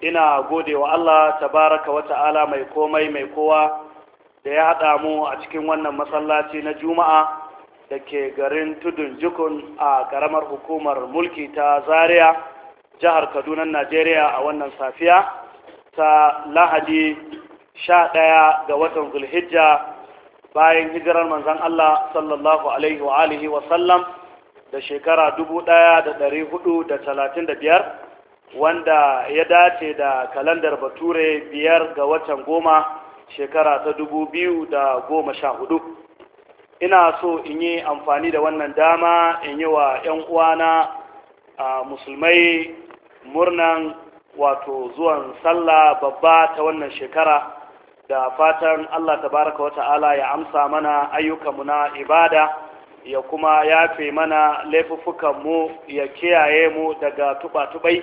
ina gode wa Allah tabaraka wa ta'ala mai komai mai kowa da ya haɗa mu a cikin wannan masallaci na juma'a da ke garin tudun Jukun a ƙaramar hukumar mulki ta zaria jihar kaduna najeriya a wannan safiya ta lahadi sha ɗaya ga watan zulhijja bayan hijirar manzan Allah sallallahu alaihi wa alihi sallam da shekara dubu ɗaya da ɗari hudu da talatin da biyar wanda ya dace da kalandar bature biyar ga watan goma shekara ta dubu biyu da goma sha hudu ina so in yi amfani da wannan dama in yi wa 'yan uwana a musulmai murnan wato zuwan sallah babba ta wannan shekara da fatan allah tabaraka wa ta'ala ya amsa mana ayyukanmu na ibada ya kuma yafe mana laifuffukanmu ya kiyaye mu daga tuba-tubai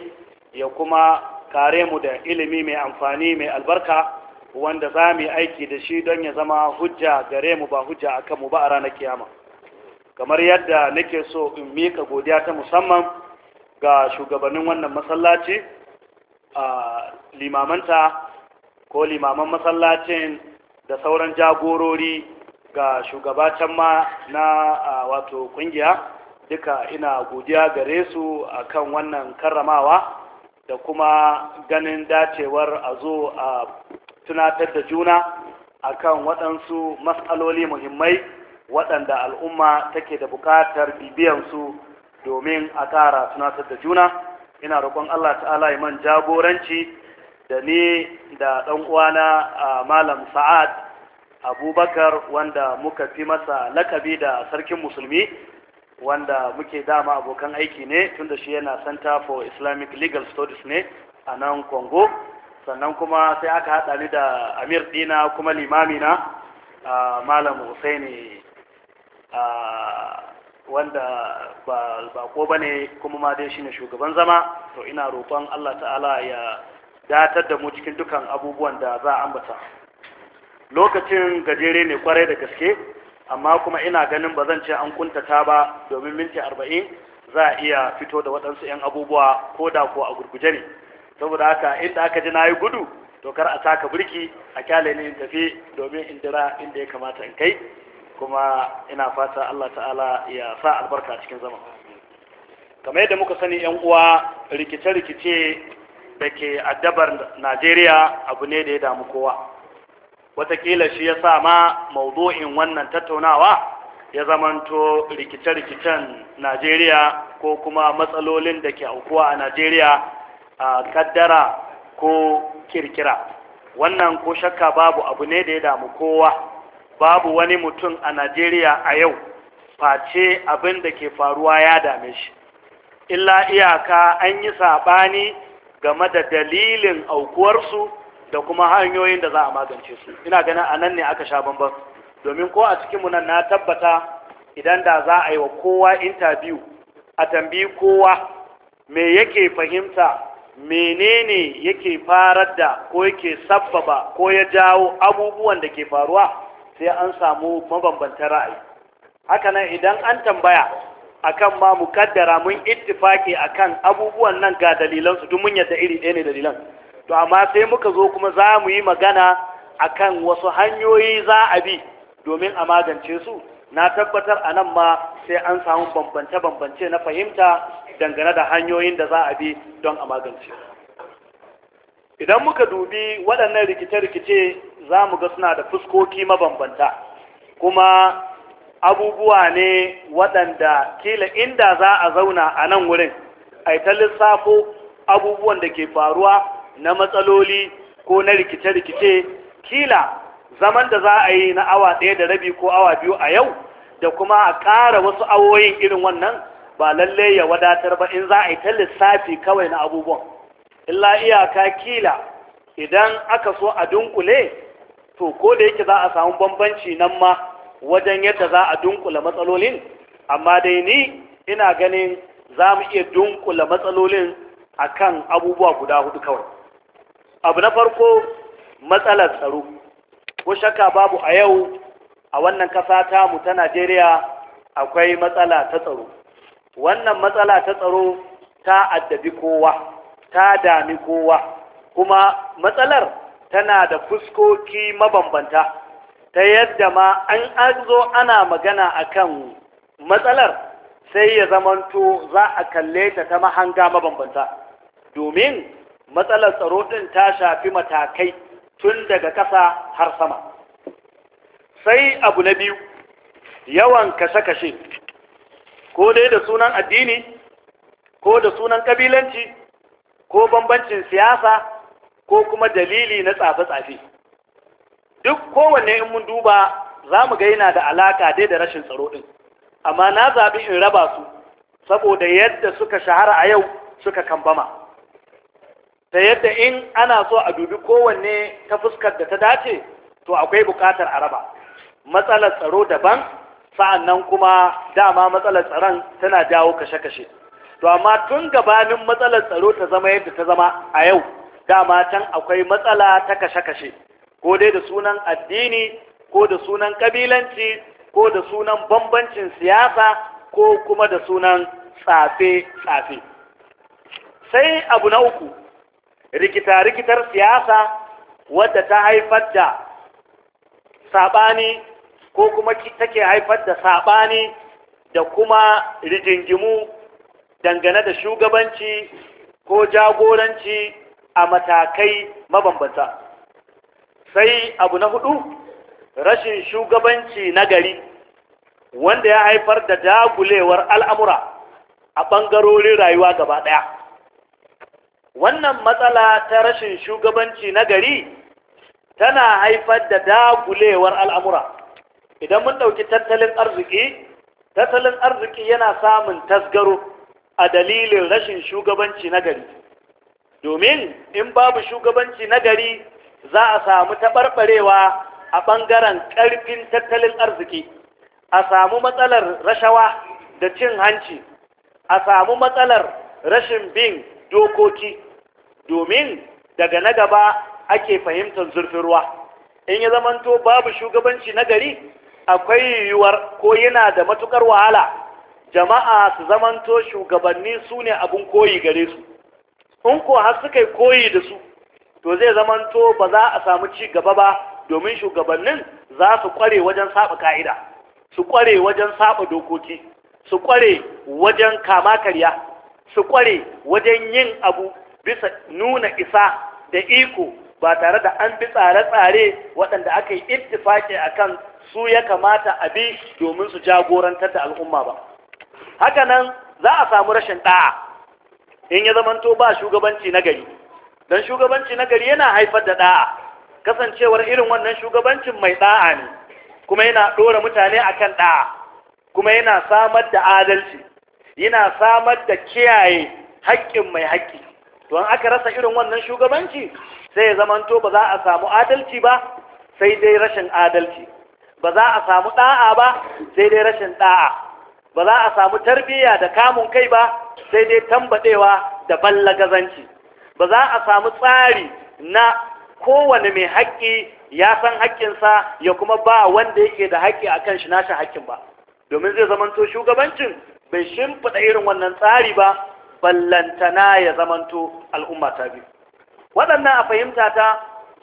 ya kuma kare mu da ilimi mai amfani mai albarka wanda za mu yi aiki da shi don ya zama hujja gare mu ba hujja a kanmu ba a ranar kiyama kamar yadda nake so in mika godiya ta musamman ga shugabannin wannan masallaci a limamanta ko limaman masallacin da sauran jagorori ga shugabacin ma na wato kungiya duka ina godiya gare su akan wannan karramawa da kuma ganin dacewar a zo a tunatar da juna a kan waɗansu matsaloli muhimmai waɗanda al'umma take da buƙatar bibiyansu domin a ƙara tunatar da juna ina roƙon Allah ta'ala ya man jagoranci da ni da ɗan uwana malam sa'ad abubakar wanda muka fi masa lakabi da sarkin musulmi wanda muke dama abokan aiki ne tunda shi yana center for islamic legal studies ne a nan congo sannan kuma sai aka haɗa ni da amir dina kuma limami na malam husaini wanda ba ko ba ne kuma ma dai shine shugaban zama to ina roƙon allah ta'ala ya datar da mu cikin dukan abubuwan da za a ambata lokacin gajere ne kwarai da gaske amma kuma ina ganin ba zan ce an kuntata ba domin minti arba'in za a iya fito da waɗansu 'yan abubuwa ko da ko a gurguje ne saboda haka inda aka ji na yi gudu to kar a taka birki a kyale ne in tafi domin in dira inda ya kamata in kai kuma ina fata Allah ta'ala ya sa albarka cikin zaman kamar yadda muka sani 'yan uwa rikice-rikice da ke addabar Najeriya abu ne da ya damu kowa watakila shi ya sa ma maudu'in wannan tattaunawa ya zamanto rikice-rikicen najeriya ko kuma matsalolin da ke aukuwa a najeriya a kaddara ko kirkira wannan ko shakka babu abu ne da ya damu kowa babu wani mutum a najeriya a yau face abin da ke faruwa ya dame shi illa iyaka an yi saɓani game da dalilin aukuwarsu da kuma hanyoyin da za a magance su ina ganin nan ne aka sha bambam domin ko a cikinmu nan na tabbata idan da za a yi wa kowa interview a tambayi kowa me yake fahimta menene yake farar da ko yake sabbaba ko ya jawo abubuwan da ke faruwa sai an samu mabambantan ra'ayi nan idan an tambaya akan ma mukaddara mun ittifaki akan abubuwan nan ga dalilansu duk mun yadda iri ɗaya ne dalilan to amma sai muka zo kuma za mu yi magana a kan wasu hanyoyi za a bi domin a magance su na tabbatar a nan ma sai an samu bambance-bambance na fahimta dangane da hanyoyin da za a bi don a magance idan muka dubi waɗannan rikice-rikice za mu ga suna da fuskoki mabambanta kuma abubuwa ne waɗanda kila inda za a zauna a nan wurin a ta lissafo abubuwan da ke faruwa na matsaloli ko na rikice-rikice kila zaman da za a yi na awa ɗaya da rabi ko awa biyu a yau da kuma a ƙara wasu awoyin irin wannan ba lallai ya wadatar ba in za a yi ta lissafi kawai na abubuwan illa iyaka kila idan aka so a dunkule to ko da yake za a samu bambanci nan ma wajen yadda za a dunkula matsalolin amma dai ni ina ganin za mu iya dunkula matsalolin a kan abubuwa guda hudu kawai abu na farko matsalar tsaro ko shakka babu a yau a wannan kasa ta mu ta najeriya akwai matsala ta tsaro wannan matsala ta tsaro ta addabi kowa ta dami kowa kuma matsalar tana da fuskoki mabambanta ta yadda ma an zo ana magana akan matsalar sai ya zamanto za a kalle ta ta mahanga mabambanta domin matsalar tsaro ɗin ta shafi matakai tun daga ƙasa har sama sai abu na biyu yawan kashe-kashe ko dai da sunan addini ko da sunan ƙabilanci ko bambancin siyasa ko kuma dalili na tsafe-tsafe duk kowanne in mun duba za mu ga yana da alaƙa dai da rashin tsaro ɗin amma na zaɓi in raba su saboda yadda suka shahara a yau suka kambama. Da yadda in ana so a dubi kowanne ta fuskar da ta dace to akwai bukatar a raba matsalar tsaro daban sa'an nan kuma dama matsalar tsaron tana jawo kashe-kashe to amma tun gabanin matsalar tsaro ta zama yadda ta zama a yau dama can akwai matsala ta kashe-kashe ko dai da sunan addini ko da sunan kabilanci ko da sunan bambancin siyasa ko kuma da sunan tsafe-tsafe sai abu na uku rikita-rikitar siyasa wadda ta haifar da saɓani ko kuma take haifar da saɓani da kuma rigingimu dangane da shugabanci ko jagoranci a matakai mabambanta sai abu na hudu rashin shugabanci na gari wanda ya haifar da dagulewar al'amura a ɓangarorin rayuwa gaba ɗaya wannan matsala ta rashin shugabanci na gari tana haifar da dagulewar al'amura idan mun ɗauki tattalin arziki tattalin arziki yana samun tasgaro a dalilin rashin shugabanci na gari domin in babu shugabanci na gari za a samu taɓarɓarewa a ɓangaren ƙarfin tattalin arziki a samu matsalar rashawa da cin hanci a samu matsalar rashin bin dokoki domin daga na gaba ake fahimtar zurfin ruwa in ya zamanto babu shugabanci na gari akwai yiwuwar ko yana da matukar wahala jama'a su zamanto shugabanni su ne abin koyi gare su in ko har suka yi koyi da su to zai zamanto ba za a samu ci gaba ba domin shugabannin za su kware wajen saba ka'ida su kware wajen saba dokoki su kware wajen kama karya su kware wajen yin abu bisa nuna isa da iko ba tare da an bi tsare-tsare waɗanda aka yi a kan su ya kamata a bi domin su jagorantar da al'umma ba hakanan za a samu rashin ɗa'a in ya zamanto ba shugabanci nagari. gari don shugabanci nagari yana haifar da ɗa'a kasancewar irin wannan shugabancin mai ɗa'a ne kuma yana ɗora mutane a kan ɗa'a kuma yana samar da adalci yana samar da kiyaye haƙƙin mai haƙƙi don aka rasa irin wannan shugabanci sai ya zamanto ba za a samu adalci ba sai dai rashin adalci ba za a samu ɗa'a ba sai dai rashin ɗa'a ba za a samu tarbiyya da kamun kai ba sai dai tambadewa da ballagazanci ba za a samu tsari na kowane mai haƙƙi ya san haƙƙinsa ya kuma ba wanda yake da haƙƙi a kan shi nashi haƙƙin ba domin zai zamanto shugabancin bai shimfiɗa irin wannan tsari ba ballantana ya zamanto al'umma ta biyu waɗannan a fahimta ta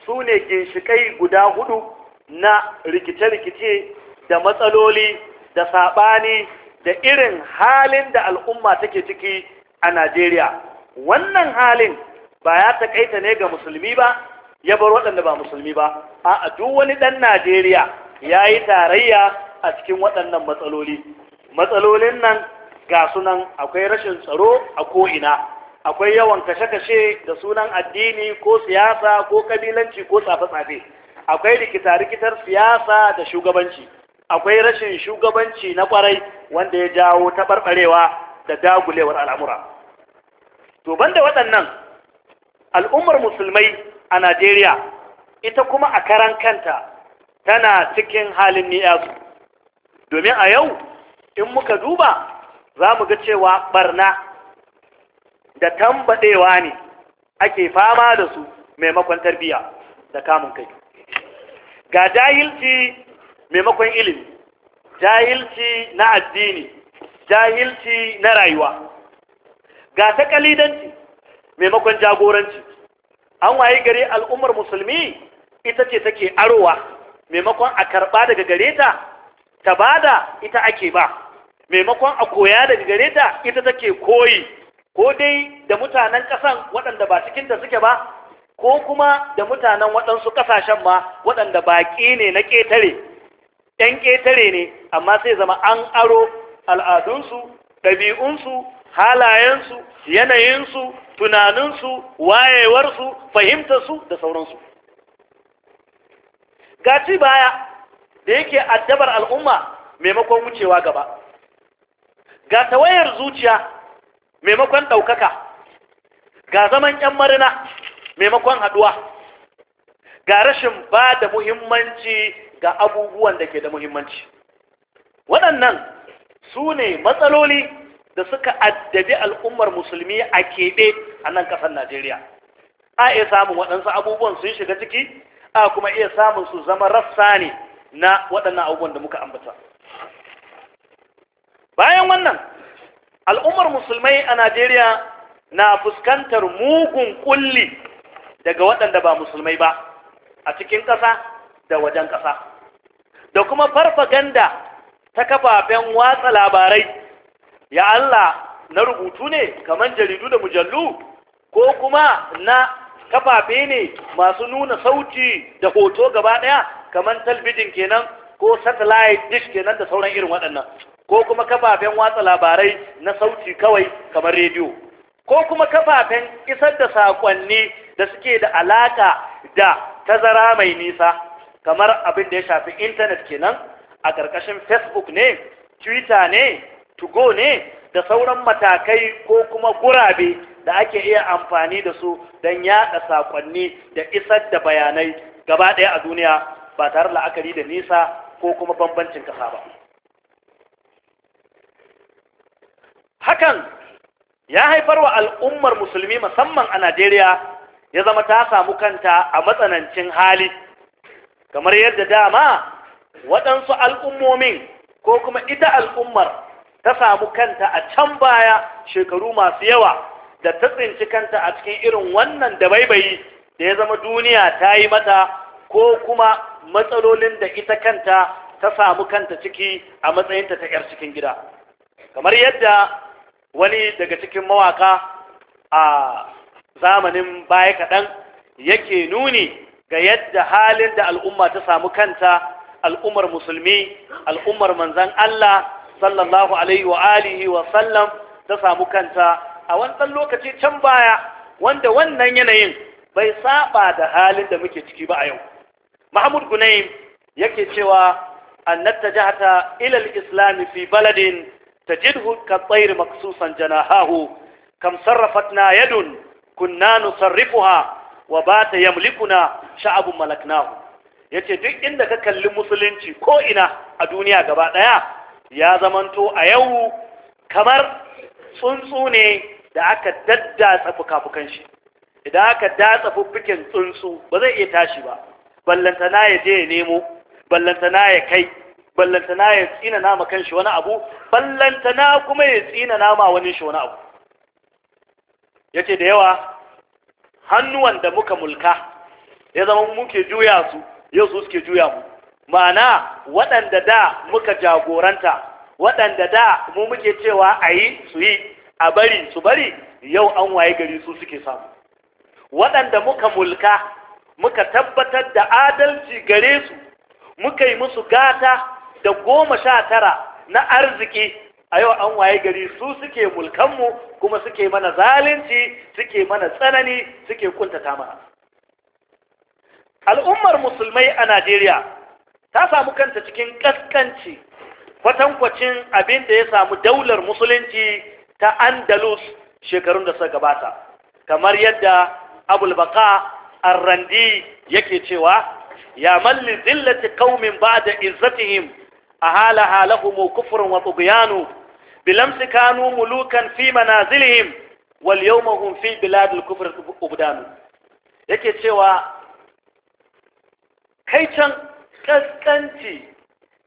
su ne ginshikai guda hudu na rikice-rikice da matsaloli da saɓani da irin halin da al'umma take ciki a najeriya wannan halin ba ya taƙaita ne ga musulmi ba ya bar waɗanda ba musulmi ba a duk wani ɗan najeriya ya yi tarayya a cikin waɗannan matsaloli matsalolin nan ga sunan akwai rashin tsaro a ko'ina akwai yawan kashe-kashe da sunan addini ko siyasa ko kabilanci ko tsafe-tsafe akwai rikita-rikitar siyasa da shugabanci akwai rashin shugabanci na kwarai wanda ya jawo taɓarɓarewa da dagulewar al'amura to banda waɗannan al'ummar musulmai a najeriya ita kuma a karan kanta tana cikin halin ni'yasu domin a yau in muka duba za mu ga cewa barna da tambadewa ne ake fama da su maimakon tarbiya da kamun kai ga jahilci maimakon ilimi jahilci na addini jahilci na rayuwa ga ta kalidanci maimakon jagoranci an waye gare al'ummar musulmi ita ce take arowa maimakon a karɓa daga gareta ta ta bada ita ake ba maimakon a koya daga gare ta ita take koyi ko dai da mutanen ƙasan waɗanda ba cikin cikinta suke ba ko kuma da mutanen waɗansu ƙasashen ma waɗanda baƙi ne na ƙetare ɗan ƙetare ne amma sai zama an aro al'adunsu ɗabi'unsu halayensu yanayinsu tunaninsu wayewarsu fahimtarsu da sauransu gaci baya da yake addabar al'umma maimakon wucewa gaba ga tawayar zuciya maimakon ɗaukaka ga zaman ƴan marina maimakon haɗuwa ga rashin ba da muhimmanci ga abubuwan da ke da muhimmanci waɗannan su ne matsaloli da suka addabi al'ummar musulmi a keɓe a nan ƙasar najeriya a iya samun waɗansu abubuwan sun shiga ciki a kuma iya samun su zama rassa ne na waɗannan abubuwan da muka ambata. bayan wannan al'ummar musulmai a najeriya na fuskantar mugun kulli daga waɗanda ba musulmai ba a cikin ƙasa da wajen ƙasa da kuma farfaganda ta kafafen watsa labarai ya Allah na rubutu ne kamar jaridu da mujallu ko kuma na kafafe ne masu nuna sauti da hoto gaba ɗaya kamar talbijin kenan ko satellite dish kenan da sauran irin waɗannan ko kuma kafafen watsa labarai na sauti kawai kamar rediyo ko kuma kafafen isar da saƙonni da suke da alaƙa da tazara mai nisa kamar abin da ya shafi intanet kenan a ƙarƙashin facebook ne twitter ne tugo ne da sauran matakai ko kuma gurabe da ake iya amfani da su don yaɗa saƙonni da isar da bayanai gaba ɗaya a duniya ba tare la'akari da nisa ko kuma bambancin ƙasa ba. hakan ya haifar wa al'ummar musulmi musamman a najeriya ya zama ta samu kanta a matsanancin hali kamar yadda dama waɗansu al'ummomin ko kuma ita al'ummar ta samu kanta a can baya shekaru masu yawa da ta tsinci kanta a cikin irin wannan dabaibayi da ya zama duniya ta yi mata ko kuma matsalolin da ita kanta ta samu kanta ciki a matsayinta ta 'yar cikin gida kamar yadda wani daga cikin mawaka a zamanin baya kaɗan yake nuni ga yadda halin da al'umma ta samu kanta al'ummar musulmi al'ummar manzan Allah sallallahu alaihi wa alihi wa sallam ta samu kanta a wancan lokaci can baya wanda wannan yanayin bai saba da halin da muke ciki ba a yau mahmud gunaim yake cewa annat tajahata ila al-islam fi baladin تجده كالطير مقصوصا جناحاه كم صرفتنا يد كنا نصرفها وبات يملكنا شعب ملكناه yace duk inda ka kalli musulunci ko ina a duniya gaba daya ya zamanto a yau kamar tsuntsu ne da aka daddatsa fukafukan shi idan aka datsa fuffuken tsuntsu ba zai iya tashi ba ballantana ya je ya nemo ballantana ya kai ballantana ya tsina nama shi wani abu ballantana kuma ya tsina nama wani shi wani abu yace da yawa hannuwan da muka mulka ya zama muke juya su yau su suke juya mu ma'ana waɗanda da muka jagoranta waɗanda da mu muke cewa a yi su yi a bari su bari yau an waye gari su suke samu waɗanda muka mulka muka tabbatar da adalci gare su muka yi musu gata da goma sha tara na arziki a yau an waye gari su suke mulkanmu kuma suke mana zalunci suke mana tsanani suke kuntata mana al'ummar musulmai a najeriya ta samu kanta cikin ƙasƙanci kwatankwacin abin da ya samu daular musulunci ta andalus shekarun da suka gabata kamar yadda abulbaka arrandi yake cewa ya malli zillati da da izzatihim ahala لهم كفر wa بلمس كانوا kanu mulukan منازلهم واليوم هم في بلاد الكفر biladil يكي تشوى yake cewa kai can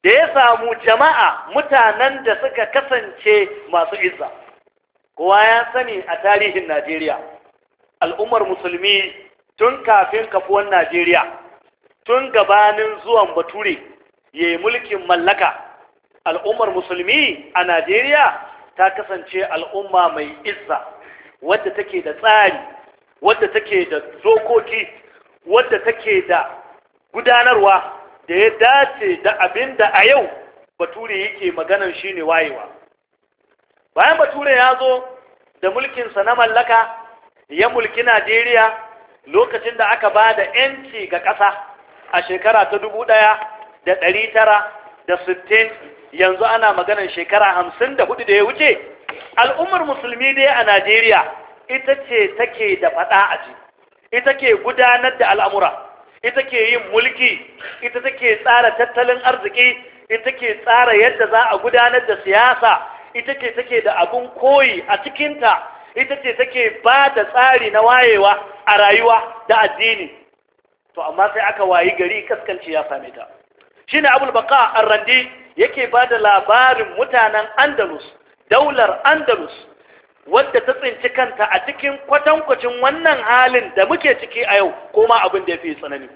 da ya samu jama'a mutanen da suka kasance masu izza kowa ya sani a tarihin Najeriya al'ummar musulmi tun kafin kafuwan Najeriya tun gabanin zuwan bature ya yi mulkin mallaka al'ummar musulmi a najeriya ta kasance al'umma mai izza wadda take da tsari wadda take da dokoki wadda take da gudanarwa da ya dace da abin da a yau bature yake maganan ne wayewa bayan bature ya zo da mulkinsa na mallaka ya mulki najeriya lokacin da aka ba da 'yanci ga ƙasa a shekara ta dubu ɗaya da ɗari tara da sittin yanzu ana maganar shekara hamsin da hudu da ya wuce al'ummar musulmi dai a najeriya ita ce take da faɗa a ji ita ke gudanar da al'amura ita ke yin mulki ita take tsara tattalin arziki ita ke tsara yadda za a gudanar da siyasa ita ce take da abin koyi a cikinta ita ce take ba da tsari na wayewa a rayuwa da addini to amma sai aka wayi gari kaskanci ya same ta shine abul baqa a randi yake bada labarin mutanen andalus daular andalus wadda ta tsinci kanta a cikin kwatankwacin wannan halin da muke ciki a yau ko ma abin da ya fi tsanani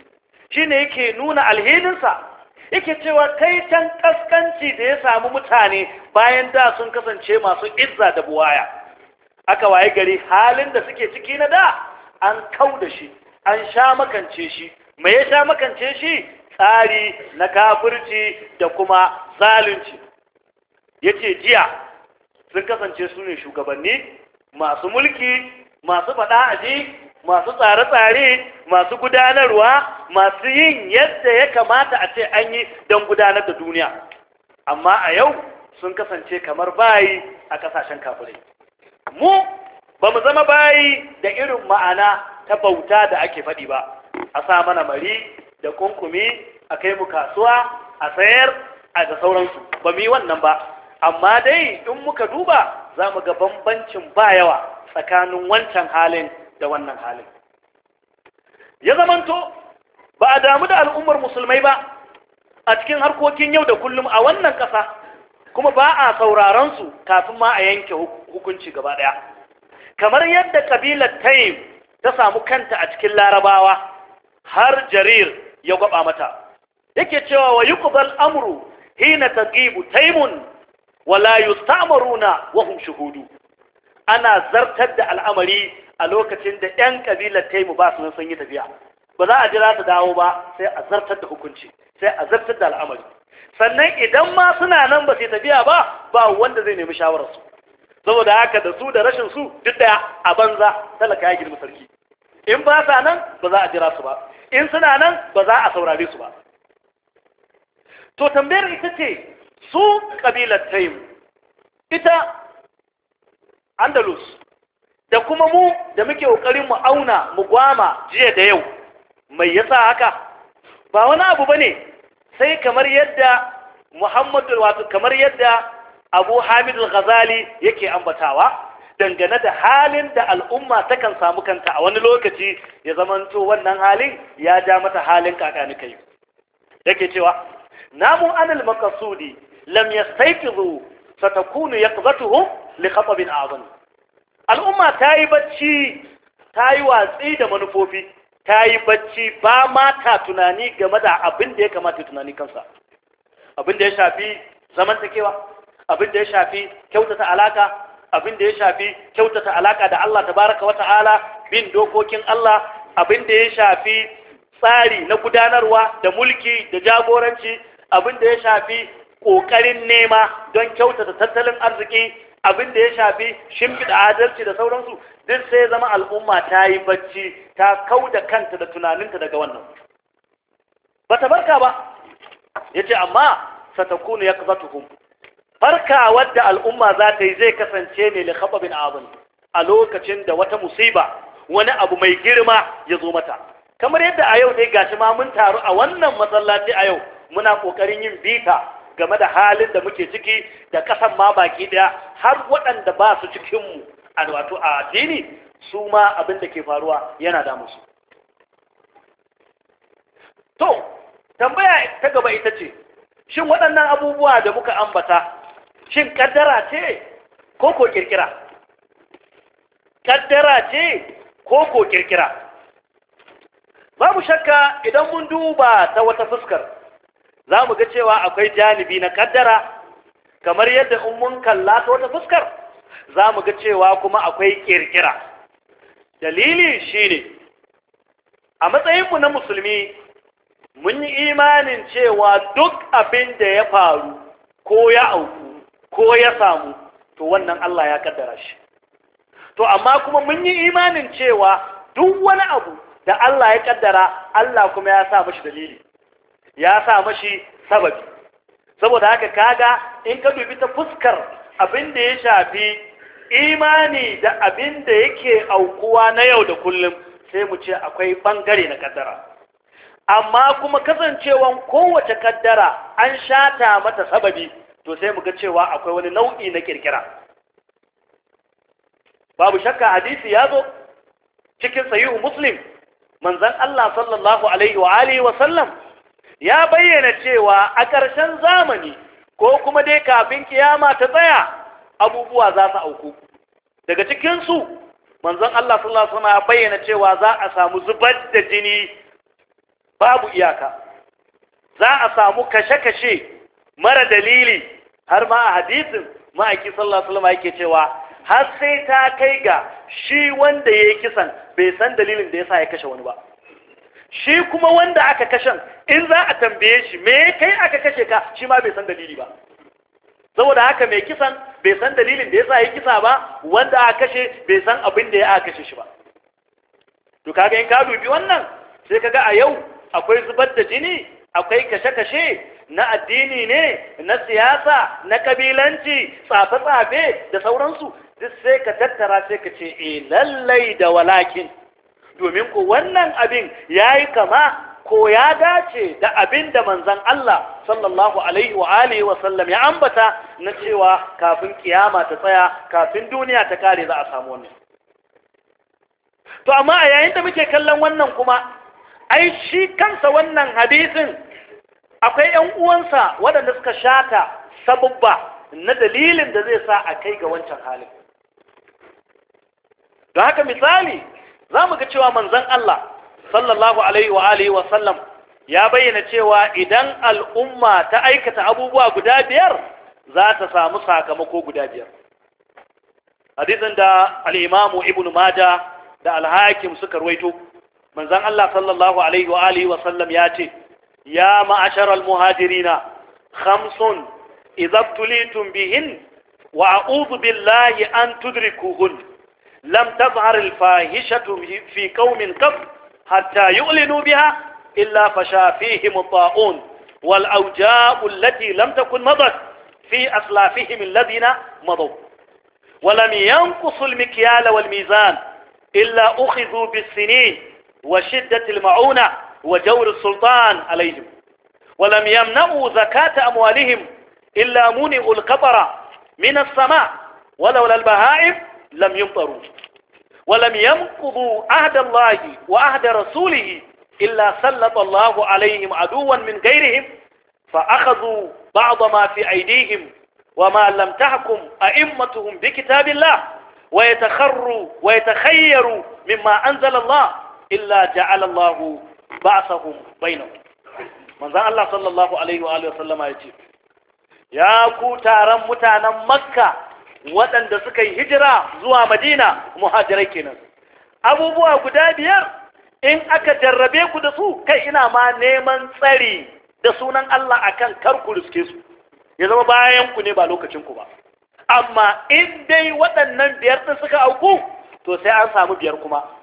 shi ne yake nuna alhininsa yake cewa kai can kaskanci da ya samu mutane bayan da sun kasance masu izza da buwaya aka waye gari halin da suke ciki na da an kau da shi an sha makance shi me ya sha makance shi tsari na kafirci da kuma zalunci ce jiya sun kasance su ne shugabanni masu mulki masu faɗa aji masu tsare-tsare masu gudanarwa masu yin yadda ya kamata a ce an yi don gudanar da duniya amma a yau sun kasance kamar bayi a ƙasashen kafirai mu ba mu zama bayi da irin ma'ana ta bauta da ake faɗi ba a sa mana mari da kunkumi a kai mu kasuwa a sayar a da sauransu ba mu yi wannan ba amma dai in muka duba za mu ga bambancin ba yawa tsakanin wancan halin da wannan halin ya zamanto ba a damu da al'ummar musulmai ba a cikin harkokin yau da kullum a wannan ƙasa kuma ba a su kafin ma a yanke hukunci gaba ɗaya kamar yadda ƙabilar taim ta samu kanta a cikin larabawa har jarir ya gwaba mata yake cewa wa yuqbal amru hina taqibu taimun wala yustamaruna wa hum shuhudu ana zartar da al'amari a lokacin da yan kabilar taimu ba su sun yi tafiya ba za a jira su dawo ba sai a zartar da hukunci sai a zartar da al'amari sannan idan ma suna nan ba su tafiya ba ba wanda zai nemi shawararsu saboda haka da su da rashin su duk da a banza talaka ya girma sarki in ba sa nan ba za a jira su ba in suna nan ba za a saurare su ba to tambayar ita ce su ƙabilar taim ita andalus da kuma mu da muke ƙoƙarin mu auna mu gwama jiya da yau mai yasa haka ba wani abu ba ne sai kamar yadda muhammadu wato kamar yadda abu hamidul ghazali yake ambatawa dangane da halin da al'umma takan samu kanta a wani lokaci ya zamanto wannan halin ya ja mata halin kakani kai yake cewa namu anil maqsudi lam yastayqizu satakunu yaqzatuhum li khatabin a'zam al'umma ta yi bacci ta yi watsi da manufofi ta yi bacci ba ma ta tunani game da abin da ya kamata tunani kansa abin da ya shafi zamantakewa abin da ya shafi kyautata alaka abin da ya shafi kyautata alaka da Allah tabaraka wa ta'ala bin dokokin Allah abin da ya shafi tsari na gudanarwa da mulki da jagoranci abin da ya shafi ƙoƙarin nema don kyautata tattalin arziki abin da ya shafi shimfiɗa adalci da sauransu duk sai zama al'umma ta yi bacci ta kau da kanta da tunaninta daga wannan ba ta barka ba ya ce amma satakunu ya kaza tuhum. farka wadda al'umma za ta yi zai kasance ne li khababin abin a lokacin da wata musiba wani abu mai girma ya zo mata kamar yadda a yau dai gashi ma mun taru a wannan masallaci a yau muna kokarin yin bita game da halin da muke ciki da kasan ma baki ɗaya har waɗanda ba su cikin mu a wato a addini su ma abin da ke faruwa yana da musu to tambaya ta gaba ita ce shin waɗannan abubuwa da muka ambata shin kaddara ce ko ko kirkira kaddara ce ko ko kirkira babu shakka idan mun duba ta wata fuskar za mu ga cewa akwai janibi na kaddara kamar yadda in mun kalla ta wata fuskar za mu ga cewa kuma akwai kirkira dalili shine a matsayinmu na musulmi mun yi imanin cewa duk abin da ya faru ko ya auku ko ya samu to wannan Allah ya kaddara shi to amma kuma mun yi imanin cewa duk wani abu da Allah ya kaddara Allah kuma ya sa mashi dalili ya sa mashi sababi saboda haka kaga in ka dubi ta fuskar abin da ya shafi imani da abin da yake aukuwa na yau da kullum sai mu ce akwai bangare na kaddara amma kuma kasancewan kowace kaddara an shata mata sababi to sai mu ga cewa akwai wani nau'i na kirkira babu shakka hadisi ya zo cikin sahihu muslim manzon Allah sallallahu alaihi wa alihi wa sallam ya bayyana cewa a ƙarshen zamani ko kuma dai kafin kiyama ta tsaya abubuwa za su auku daga cikin su manzon Allah sallallahu alaihi wa sallam ya bayyana cewa za a samu zubar da jini babu iyaka za a samu kashe-kashe mara dalili har ma a hadisin ma'aiki sallallahu alaihi yake cewa har sai ta kai ga shi wanda ya yi kisan bai san dalilin da ya sa ya kashe wani ba shi kuma wanda aka kashen in za a tambaye shi me kai aka kashe ka shi ma bai san dalili ba saboda haka mai kisan bai san dalilin da ya sa ya kisa ba wanda aka kashe bai san abin da ya aka kashe shi ba to kaga in ka dubi wannan sai kaga a yau akwai zubar da jini akwai kashe-kashe na addini ne na siyasa na kabilanci tsafe-tsafe da sauransu duk sai ka tattara sai ka ce e lallai da walakin domin ko wannan abin ya yi kama ko ya dace da abin da manzan Allah sallallahu alaihi wa alihi wa sallam ya ambata na cewa kafin kiyama ta tsaya kafin duniya ta kare za a samu wannan to amma a yayin da muke kallon wannan kuma ai shi kansa wannan hadisin akwai ‘yan uwansa waɗanda suka shata sabubba na dalilin da zai sa a kai ga wancan halin da haka misali za mu ga cewa manzan Allah sallallahu alaihi wa Alaihi wa sallam ya bayyana cewa idan al'umma ta aikata abubuwa guda biyar za ta samu sakamako guda biyar hadisin da al'imamu ibn maja da alhakim suka ruwaito manzan Allah sallallahu alaihi wa Alaihi wa sallam ya ce يا معشر المهاجرين خمس إذا ابتليتم بهن وأعوذ بالله أن تدركوهن لم تظهر الفاحشة في قوم قط حتى يؤلنوا بها إلا فشا فيهم الطاعون والأوجاء التي لم تكن مضت في أسلافهم الذين مضوا ولم ينقصوا المكيال والميزان إلا أخذوا بالسنين وشدة المعونة وجور السلطان عليهم ولم يمنعوا زكاة أموالهم إلا منعوا القطر من السماء ولولا البهائم لم يمطروا ولم ينقضوا عهد الله وعهد رسوله إلا سلط الله عليهم عدوا من غيرهم فأخذوا بعض ما في أيديهم وما لم تحكم أئمتهم بكتاب الله ويتخروا ويتخيروا مما أنزل الله إلا جعل الله ba'sahum bainahum Manzan Allah sallallahu alaihi wa alihi ya ce. ya ku taron mutanen makka waɗanda suka yi hijira zuwa madina muhajirai kenan abubuwa guda biyar in aka jarrabe ku da su kai ina ma neman tsari da sunan Allah akan kar ku riske su ya zama bayan ku ne ba lokacin ku ba amma in dai waɗannan biyar din suka auku to sai an samu biyar kuma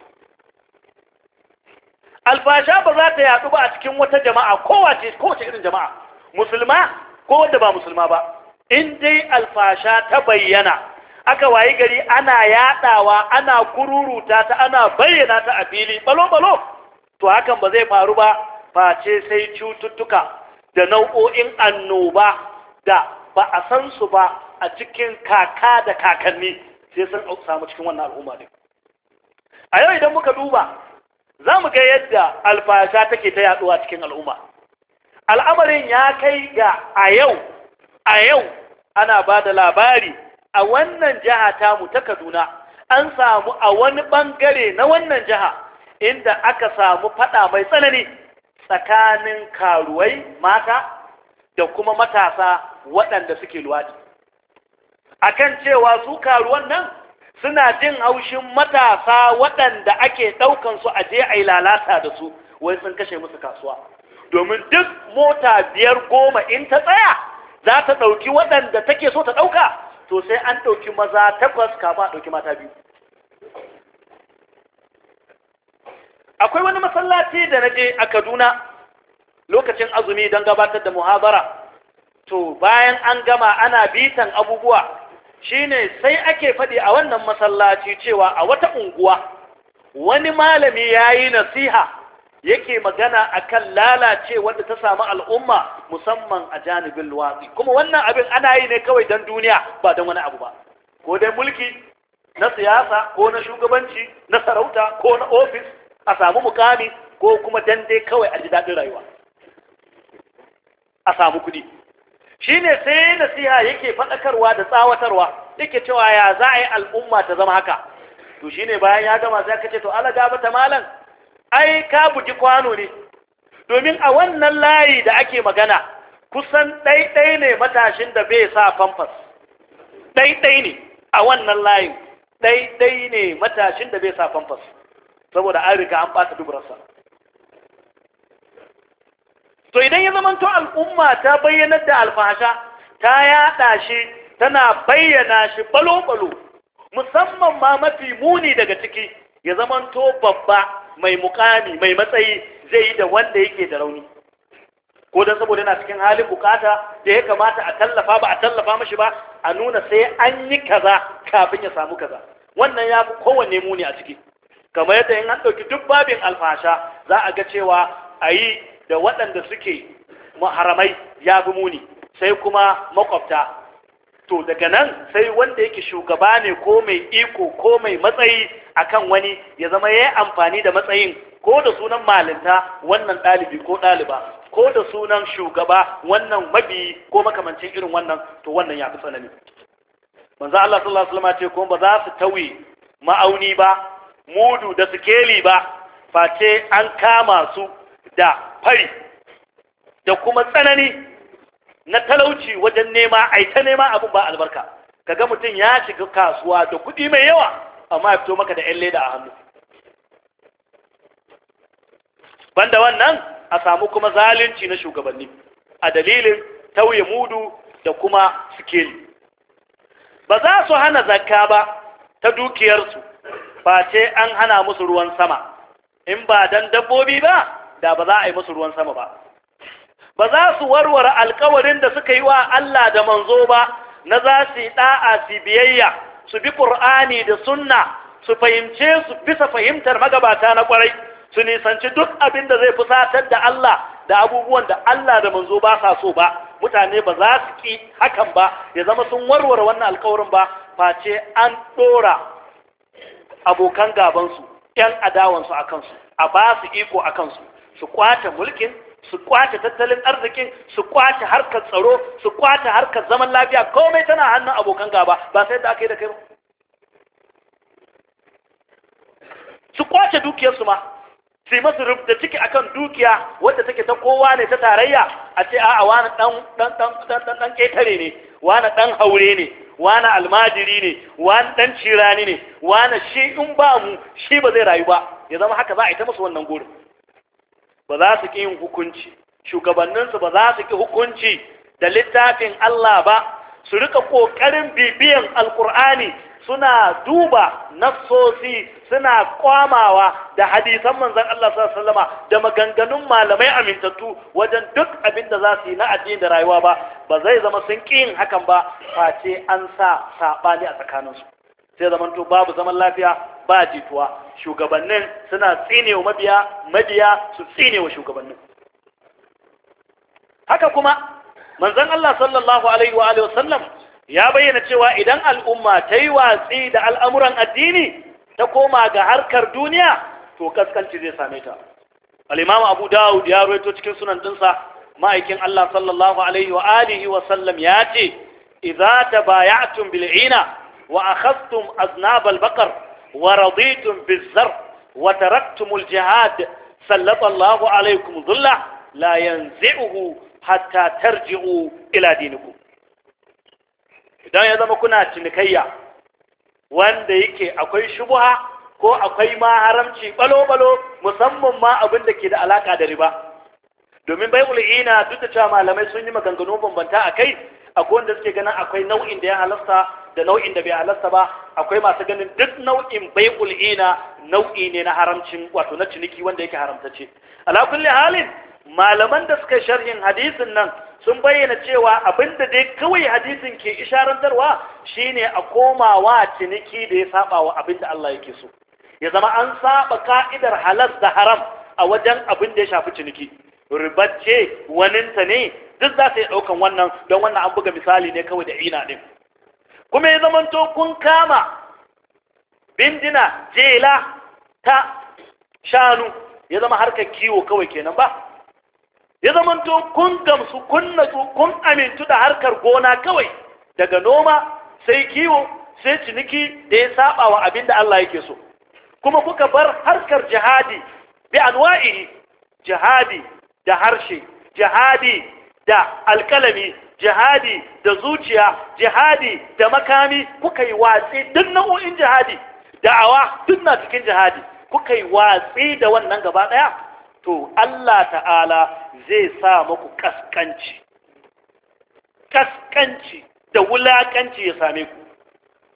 alfasha ba za ta yadu ba a cikin wata jama'a kowace kowace irin jama'a musulma ko wanda ba musulma ba in dai alfasha ta bayyana aka wayi gari ana yadawa ana kururuta ta ana bayyana ta a fili balo balo to hakan ba zai faru ba face sai cututtuka da nau'o'in annoba da ba a san su ba a cikin kaka da kakanni sai sun samu cikin wannan al'umma ne a yau idan muka duba za mu ga yadda alfasha take ta yaduwa cikin al'umma al'amarin ya kai ga a yau a yau ana ba da labari a wannan jiha tamu ta kaduna an samu a wani bangare na wannan jiha inda aka samu fada mai tsanani tsakanin karuwai mata da kuma matasa waɗanda suke luwaɗi akan cewa su karuwan nan suna jin haushin matasa waɗanda ake ɗaukansu a je a yi lalata da su wai sun kashe musu kasuwa domin duk mota biyar goma in ta tsaya za ta ɗauki waɗanda take so ta ɗauka to sai an ɗauki maza takwas kama a ɗauki mata biyu akwai wani masallaci da na je a kaduna lokacin azumi don gabatar da muhabara to bayan an gama ana bitan abubuwa shine sai ake faɗi a wannan masallaci cewa a wata unguwa wani malami ya yi nasiha yake magana akan lalace wanda ta samu al'umma musamman a janibin luwatsi kuma wannan abin ana yi ne kawai don duniya ba don wani abu ba ko dai mulki na siyasa ko na shugabanci na sarauta ko na ofis a samu mukami ko kuma dande kawai a ji daɗin rayuwa a samu kuɗi shine sai nasiha yake faɗakarwa da tsawatarwa yake cewa ya za a yi al'umma ta zama haka to shine bayan ya gama sai aka ce to ala gaba ta malam ai ka buji kwano ne domin a wannan layi da ake magana kusan ɗaiɗai ne matashin da bai sa famfas ɗaiɗai ne a wannan layin ɗaiɗai ne matashin da bai sa famfas saboda an riga an ɓata dubarsa. so idan ya zamanto al'umma ta bayyanar da alfasha, ta yada shi tana bayyana shi balo-balo musamman ma mafi muni daga ciki ya zamanto babba mai mukami mai matsayi zai yi da wanda yake da rauni ko don saboda yana cikin halin bukata da ya kamata a tallafa ba a tallafa mashi ba a nuna sai an yi kaza kafin ya samu kaza wannan ya fi kowanne muni a ciki kamar yadda in an ɗauki duk babin alfasha za a ga cewa ayi. da waɗanda suke haramai ya fi muni sai kuma makwabta to daga nan sai wanda yake shugaba ne ko mai iko ko mai matsayi akan wani ya zama ya yi amfani da matsayin ko da sunan malinta wannan ɗalibi ko ɗaliba ko da sunan shugaba wannan mabi ko makamancin irin wannan to wannan ya fi tsanani manzo Allah sallallahu alaihi wasallam ce ko ba za su tawi ma'auni ba mudu da sikeli ba face an kama su da fari da kuma tsanani na talauci wajen nema a ta nema abin ba albarka kaga mutum ya shiga kasuwa da kuɗi mai yawa amma ya fito maka da yan leda a hannu banda wannan a samu kuma zalunci na shugabanni a dalilin tauye mudu da kuma sikeli ba za su hana zakka ba ta dukiyarsu ba ce an hana musu ruwan sama in ba dan dabbobi ba da ba za a yi musu ruwan sama ba ba za su warware alkawarin da suka yi wa Allah da manzo ba na za su yi ɗa'a, su biyayya su bi Al-ƙur'ani da sunna su fahimce su bisa fahimtar magabata na kwarai su nisanci duk abin da zai fusatar da Allah da abubuwan da Allah da manzo ba sa so ba mutane ba za su ki hakan ba ya zama sun warware wannan alkawarin ba face an ɗora abokan gabansu 'yan adawansu a kansu a ba su iko a kansu su kwata mulkin su kwata tattalin arzikin su kwata harkar tsaro su kwata harkar zaman lafiya komai tana hannun abokan gaba ba sai da aka yi da kai ba su kwace dukiyarsu ma sai masu rubuta ciki akan dukiya wadda take ta kowa ne ta tarayya a ce a'a wani dan ƙetare ne wani ɗan haure ne wani almajiri ne wani ɗan cirani ne wani shi in ba mu shi ba zai rayu ba ya zama haka za a yi ta musu wannan gurin ba za su ƙi yin hukunci shugabanninsu ba za su ƙi hukunci da littafin Allah ba su rika ƙoƙarin bibiyan alƙur'ani suna duba nassosi suna kwamawa da hadisan manzon Allah sallallahu da maganganun malamai amintattu wajen duk abin da za su yi na addini da rayuwa ba ba zai zama sun ƙi yin hakan ba face an sa saɓani a tsakaninsu sai zamanto babu zaman lafiya ba jituwa shugabannin suna tsinewa mabiya mabiya su tsinewa shugabannin haka kuma manzon Allah sallallahu alaihi wa alihi wasallam ya bayyana cewa idan al'umma ta yi watsi da al'amuran addini ta koma ga harkar duniya to kaskanci zai same ta al-imam Abu Dawud ya rawaito cikin sunan dinsa ma'aikin Allah sallallahu alaihi wa alihi ya ce idza tabaya'tum bil'ina wa akhadhtum aznab al-baqar ورضيتم بالزرع وتركتم الجهاد سلط الله عليكم ظلة لا ينزعه حتى ترجعوا إلى دينكم idan ya zama kuna cinikayya wanda yake akwai shubuha ko akwai ma haramci balo-balo musamman ma abin da ke da alaka da riba domin bai ina duk da cewa malamai sun yi maganganu bambanta a kai akwai wanda suke ganin akwai nau'in da ya halasta da nau'in da bai halasta ba akwai masu ganin duk nau'in bai ina nau'i ne na haramcin wato na ciniki wanda yake haramtacce alakulli halin malaman da suka sharhin hadisin nan sun bayyana cewa abinda dai kawai hadisin ke isharantarwa shine a komawa ciniki da ya saba wa abinda Allah yake so ya zama an saba ka'idar halal da haram a wajen abin da ya shafi ciniki ribar ce waninta ne duk za ta yi ɗaukan wannan don wannan an buga misali ne kawai da ina ɗin kuma ya zamanto kun kama bindina jela ta shanu ya zama harkar kiwo kawai kenan ba ya zamanto kun gamsu kun natsu kun amintu da harkar gona kawai daga noma sai kiwo sai ciniki da ya saba wa abin da Allah yake so kuma kuka bar harkar jihadi bi anwa'i jihadi da harshe jihadi da alkalami jihadi da zuciya jihadi da makami kuka yi watsi duk nau'o'in jihadi da'awa duk na cikin jihadi kuka yi watsi da wannan gaba ɗaya to Allah ta'ala zai sa muku kaskanci kaskanci da wulakanci ya same ku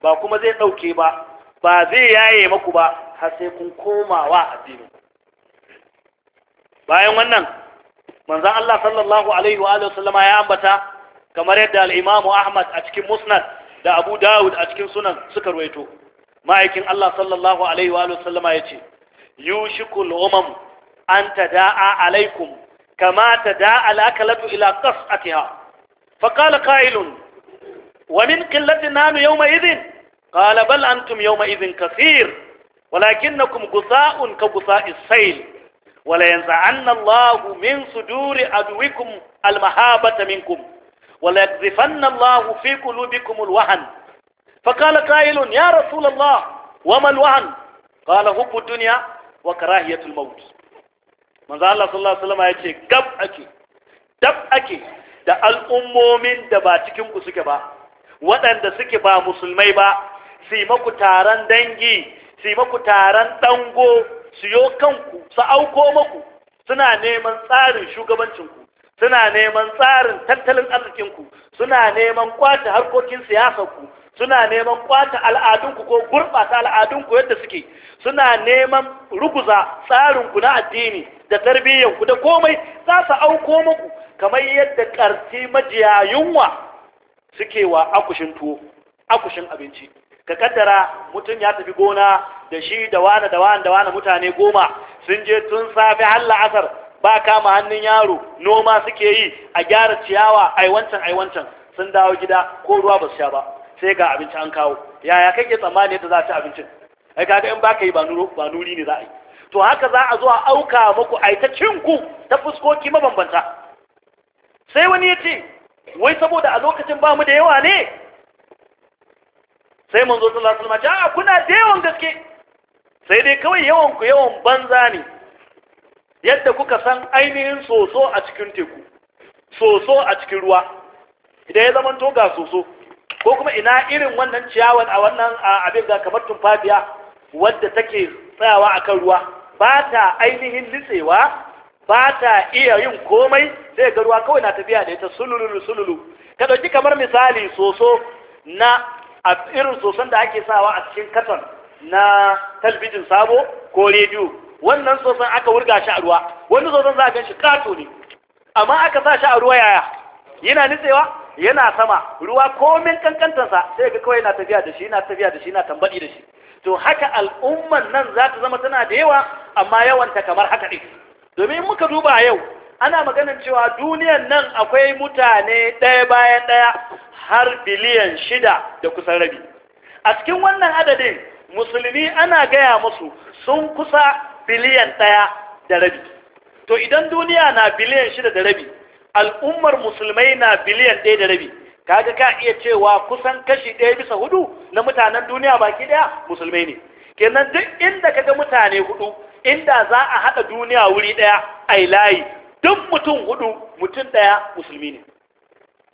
ba kuma zai ɗauke ba ba zai yaye maku ba har sai kun komawa addinin bayan wannan manzan Allah sallallahu alaihi ya ambata kamar yadda al'imamu Ahmad a cikin musnad da Abu Dawud a cikin sunan suka ruwaito ma'aikin Allah sallallahu alaihi wa ya ce yushikul umam an tada'a alaikum kama tada'a al'akalatu ila qas'atiha fa qala qa'ilun wa min qillati nanu yawma idhin Kala bal antum yawma idhin kathir gusa'un ka كغثاء السيل wala yanza'anna Allahu min suduri adwikum almahabata minkum wala yakzifanna Allahu fi qulubikum alwahn فقال قائل يا رسول الله وما الوهن قال حب الدنيا وكراهية الموت Manza Allah sallallahu alaihi wasallam yace gab ake dab ake da al'ummomin da ba cikin ku suke ba waɗanda suke ba musulmai ba su maku taron dangi su maku taron dango siyo kanku su auko maku suna neman tsarin shugabancinku suna neman tsarin tattalin arzikinku suna neman ƙwata harkokin siyasarku suna neman kwata al'adunku ko gurɓata al'adunku yadda suke suna neman ruguza tsarinku na addini da tarbiyyanku da komai za su auko muku kamar yadda ƙarfi majiya yunwa suke wa akushin tuwo akushin abinci ka kaddara mutum ya tafi gona da shi da wani da wane da wane mutane goma sun je tun safe har la'asar ba kama hannun yaro noma suke yi a gyara ciyawa aiwancan aiwancan sun dawo gida ko ruwa ba su sha ba sai ga abinci an kawo yaya kake tsammani yadda za a ci abincin ai kaga in baka yi ba nuri ne za a yi to haka za a zo a auka muku ai ta ta fuskoki mabambanta sai wani ya ce wai saboda a lokacin ba mu da yawa ne sai manzo sallallahu alaihi wasallam ya kuna da yawan gaske sai dai kawai yawan ku yawan banza ne yadda kuka san ainihin soso a cikin teku soso a cikin ruwa idan ya zama to ga soso ko kuma ina irin wannan ciyawar a wannan abin ga kamar tumfafiya wadda take tsayawa akan ruwa ba ta ainihin litsewa ba ta iya yin komai sai ga ruwa kawai na tafiya da ita sululu sululu ka ɗauki kamar misali soso na a irin soson da ake sawa a cikin katon na talbijin sabo ko rediyo wannan soson aka wurga shi a ruwa wani soson za a gan shi kato ne amma aka sa shi a ruwa yaya yana nitsewa yana sama ruwa komin kankantarsa sai ga kawai yana tafiya da shi yana tafiya da shi yana tambadi da shi to haka al'umman nan za ta zama tana da yawa amma yawanta kamar haka ne. domin muka duba yau ana maganar cewa duniyan nan akwai mutane ɗaya bayan ɗaya har biliyan shida da kusan rabi a cikin wannan adadin musulmi ana gaya musu sun kusa biliyan ɗaya da rabi to idan duniya na biliyan shida da rabi al'ummar musulmai na biliyan ɗaya da rabi kaga ka iya cewa kusan kashi ɗaya bisa hudu na mutanen duniya baki ɗaya musulmai ne kenan duk inda kaga mutane hudu inda za a haɗa duniya wuri ɗaya a layi duk mutum hudu mutum daya musulmi ne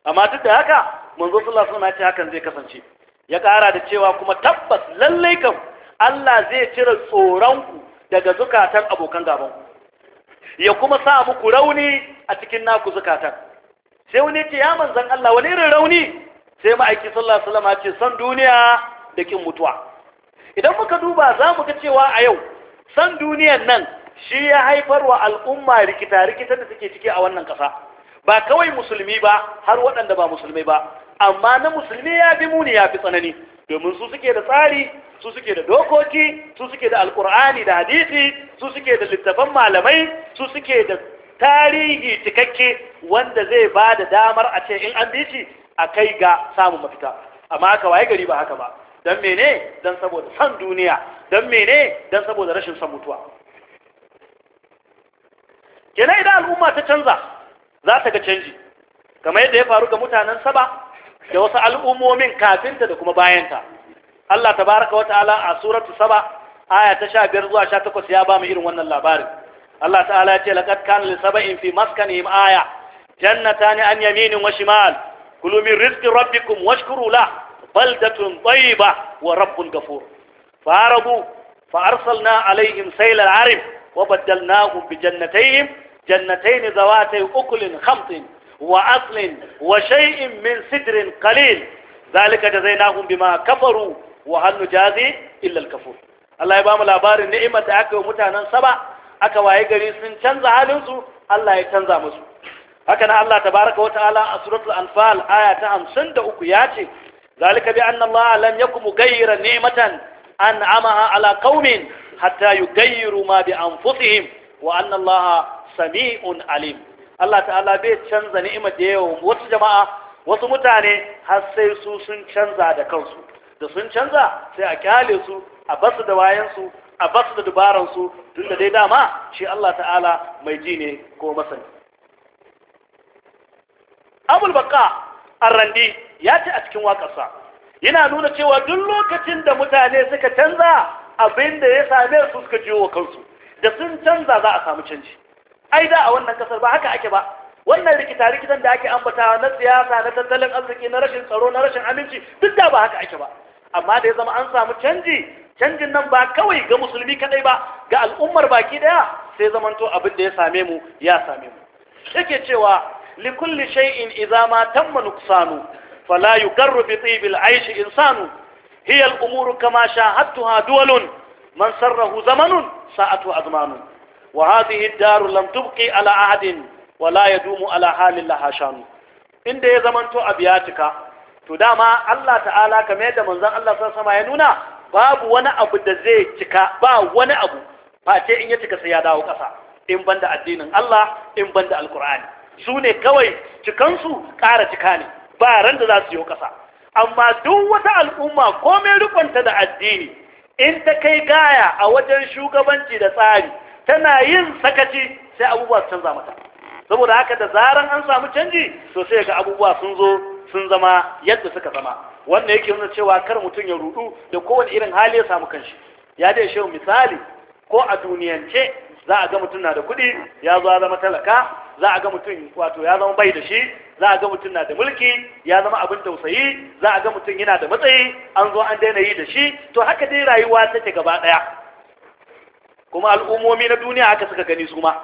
amma duk da haka manzo sallallahu alaihi wasallam ya ce hakan zai kasance ya kara da cewa kuma tabbas lalle kam Allah zai cire tsoron ku daga zukatan abokan gaban ku ya kuma sa muku rauni a cikin naku zukatan sai wani ce ya manzan Allah wani irin rauni sai ma'aiki sallallahu alaihi wasallam ce san duniya da kin mutuwa idan muka duba za mu ga cewa a yau san duniyar nan shi ya haifar wa al'umma rikita rikita da suke ciki a wannan ƙasa ba kawai musulmi ba har waɗanda ba musulmi ba amma na musulmi ya fi muni ya fi tsanani domin su suke da tsari su suke da dokoki su suke da alkur'ani da hadisi su suke da littafan malamai su suke da tarihi cikakke wanda zai ba da damar a ce in an bi a kai ga samun mafita amma haka waye gari ba haka ba don mene don saboda san duniya don mene don saboda rashin san mutuwa kenan idan al'umma ta canza za ta ga canji kamar yadda ya faru ga mutanen saba da wasu al'ummomin kafinta da kuma bayanta Allah tabaraka wata'ala a suratu saba aya ta sha biyar zuwa sha takwas ya ba mu irin wannan labarin Allah ta'ala ya ce laqad kana li saba'in fi maskanihim aya jannatani an yaminin wa shimal kulu min rizqi rabbikum washkuru la baldatun tayyiba wa rabbun ghafur farabu fa arsalna alaihim sayla wa arim jannatai بجنتيهم جنتين ذواتي أكل خمط وأصل وشيء من سدر قليل ذلك جزيناهم بما كفروا وهل نجازي إلا الكفور الله يبام الأبار النعمة أكا ومتانا سبع أكا وهيقري سن تنزع علمسو الله يتنزع مسو هكذا الله تبارك وتعالى سورة الأنفال آية همسن دعوك ياتي ذلك بأن الله لم يكن مغير نعمة أنعمها على قوم حتى يغيروا ما بأنفسهم وأن الله sami'un alim Allah ta'ala bai canza ni'ima da yawa wasu jama'a wasu mutane har sai su sun canza da kansu da sun canza sai a kyale su a basu da wayansu a basu da su, tun da dai dama shi Allah ta'ala mai ji ne ko masani abul baka arrandi ya ce a cikin waƙarsa yana nuna cewa duk lokacin da mutane suka canza abin da ya same su suka jiwo kansu da sun canza za a samu canji ai da a wannan kasar ba haka ake ba wannan rikita rikitan da ake ambatawa na siyasa na tattalin arziki na rashin tsaro na rashin aminci duk da ba haka ake ba amma da ya zama an samu canji canjin nan ba kawai ga musulmi kadai ba ga al'ummar baki daya sai zamanto abin da ya same mu ya same mu yake cewa li kulli shay'in idza ma tamma nuqsanu fala yuqarru bi tibil aish insanu hiya al umuru kama shahadtuha duwalun man sarrahu zamanun sa'atu azmanun وهذه الدار لم wala ya أحد ولا يدوم على حال لها شان إن دي زمن تو أبياتك to dama Allah ta'ala kamar da manzon Allah sallallahu ya nuna babu wani abu da zai cika ba wani abu face in ya cika sai ya dawo ƙasa in banda addinin Allah in banda alkur'ani su ne kawai cikansu ƙara cika ne ba ran da za su yi ƙasa amma duk wata al'umma komai rukunta da addini in ta kai kaya a wajen shugabanci da tsari tana yin sakaci sai abubuwa su canza mata saboda haka da zaran an samu canji to sai ga abubuwa sun zo sun zama yadda suka zama wannan yake nuna cewa kar mutum ya rudu da kowane irin hali ya samu kanshi ya dai shehu misali ko a duniyance za a ga mutum na da kuɗi ya zo zama talaka za a ga mutum wato ya zama bai da shi za a ga mutum na da mulki ya zama abin tausayi za a ga mutum yana da matsayi an zo an daina yi da shi to haka dai rayuwa take gaba ɗaya kuma al'ummomi na duniya aka suka gani su ma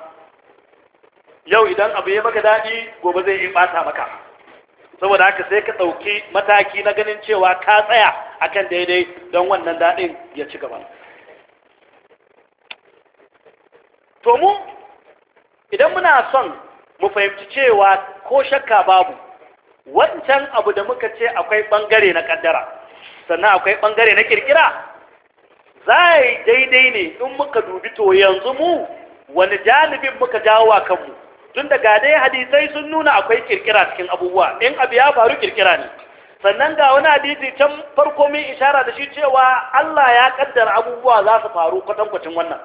yau idan abu ya maka daɗi gobe zai yi ɓata maka saboda haka sai ka ɗauki mataki na ganin cewa ka tsaya akan daidai don wannan daɗin ya ci gaba to mu idan muna son mu fahimci cewa ko shakka babu wancan abu da muka ce akwai ɓangare na ƙaddara sannan akwai ɓangare na ƙirƙira za a yi daidai ne in muka dubi to yanzu mu wani jalibin muka jawo a kanmu tun daga ga dai hadisai sun nuna akwai kirkira cikin abubuwa in abu ya faru kirkira ne sannan ga wani hadisi can farko min ishara da shi cewa Allah ya kaddara abubuwa za su faru kwatankwacin wannan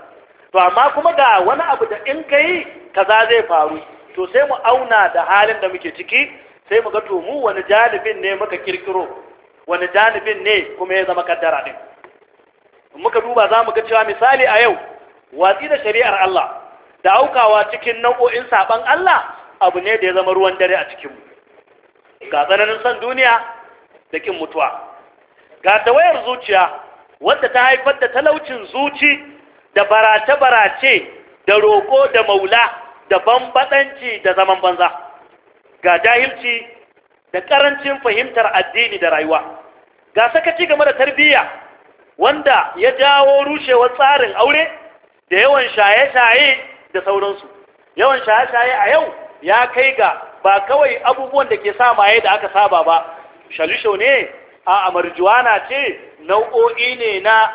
to amma kuma ga wani abu da in ka yi kaza zai faru to sai mu auna da halin da muke ciki sai mu ga to mu wani jalibin ne muka kirkiro wani jalibin ne kuma ya zama kaddara ne muka duba za mu ga cewa misali a yau watsi da shari'ar Allah da aukawa cikin nau'o'in saban Allah abu ne da ya zama ruwan dare a cikinmu ga tsananin son duniya da kin mutuwa ga tawayar zuciya wanda ta haifar da talaucin zuci da barace-barace da roƙo da maula da bambaɗanci da zaman banza ga jahilci da ƙarancin fahimtar addini da rayuwa ga sakaci game da tarbiyya wanda ya jawo rushewar tsarin aure da yawan shaye-shaye da sauransu yawan shaye-shaye a yau ya kai ga ba kawai abubuwan da ke sa maye da aka saba ba shalisho ne a amarjuwana ce nau'o'i ne na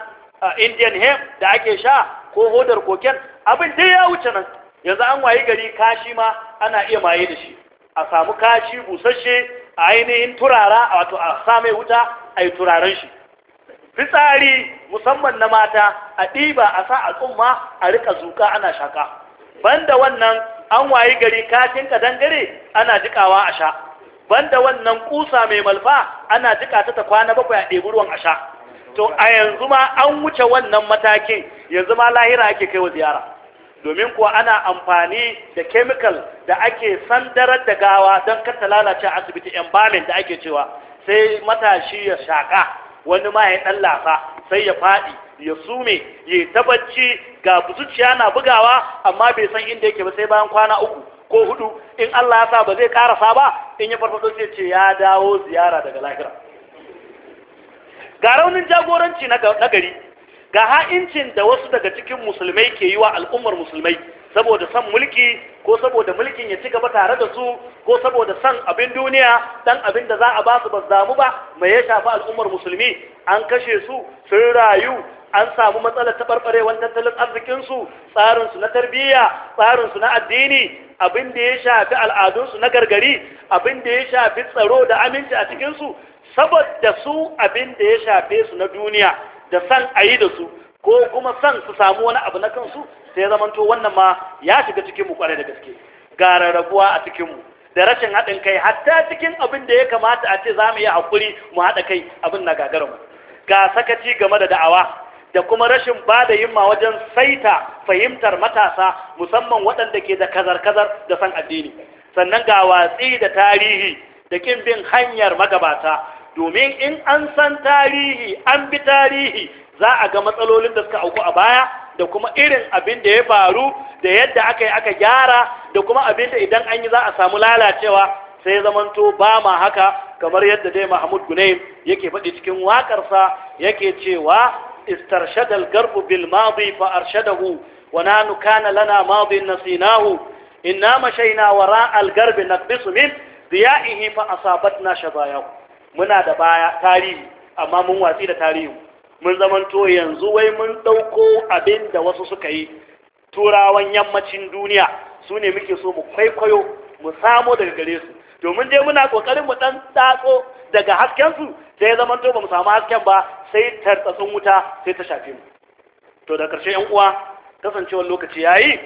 indian hem da ake sha ko hodar koken abin da ya wuce nan yanzu an wayi gari kashi ma ana iya maye da shi a samu kashi busasshe a ainihin turara wato a same wuta a yi turaren shi fitsari musamman na mata a ɗiba a sa a tsumma a rika zuka ana shaka banda wannan an wayi gari ka dangare, ana jikawa a sha banda wannan kusa mai malfa ana jika ta ta kwana bakwai a ɗebi ruwan a sha to a yanzu ma an wuce wannan matakin yanzu ma lahira ake kai wa ziyara domin kuwa ana amfani da chemical da ake sandarar da gawa don kata lalace a asibiti embalming da ake cewa sai matashi ya shaƙa wani ma ya ɗan lasa sai ya faɗi ya sume ya tabbaci ga zuciya na bugawa amma bai san inda yake ba sai bayan kwana uku ko hudu in Allah ya sa ba zai karasa ba in ya farfado sai ce ya dawo ziyara daga lahira ga raunin jagoranci na gari ga ha'incin da wasu daga cikin musulmai ke yi wa al'ummar musulmai saboda son mulki ko saboda mulkin ya ci gaba tare da su ko saboda son abin duniya dan abin da za a ba su ba zamu ba mai ya shafi al'ummar musulmi an kashe su sun rayu an samu matsalar taɓarɓarewar tattalin arzikinsu tsarinsu na tarbiyya tsarinsu na addini abin da ya shafi al'adunsu na gargari abin da ya shafi tsaro da aminci a cikinsu saboda su abin da ya shafe su na duniya da san a yi da su ko kuma san su samu wani abu na kansu sai to wannan ma ya shiga cikin mu kware da gaske ga rabuwa a cikin mu da rashin haɗin kai hatta cikin abin da ya kamata a ce za mu yi haƙuri mu haɗa kai abin na gagara mu ga sakaci game da da'awa da kuma rashin ba da yimma wajen saita fahimtar matasa musamman waɗanda ke da kazar-kazar da san addini sannan ga watsi da tarihi da kin bin hanyar magabata domin in an san tarihi an bi tarihi za a ga matsalolin da suka auku a baya da kuma irin abin da ya faru da yadda aka yi aka gyara da kuma abin da idan an yi za a samu lalacewa sai zamanto ba ma haka kamar yadda dai mahmud gunaim yake faɗi cikin waƙarsa yake cewa istarshadal garbu bil madi fa arshadahu wa nanu kana lana madin nasinahu inna mashaina wara al garbi naqbisu min diya'ihi fa asabatna shabayahu muna da baya tarihi amma mun watsi da tarihi mun zamanto yanzu wai mun ɗauko abin da wasu suka yi turawan yammacin duniya su ne muke so mu kwaikwayo mu samo daga gare su domin dai muna ƙoƙarin mu ɗan tsatso daga haskensu sai ya zamanto ba mu samu hasken ba sai tartsatsun wuta sai ta shafe mu to da ƙarshe yan uwa kasancewar lokaci yayi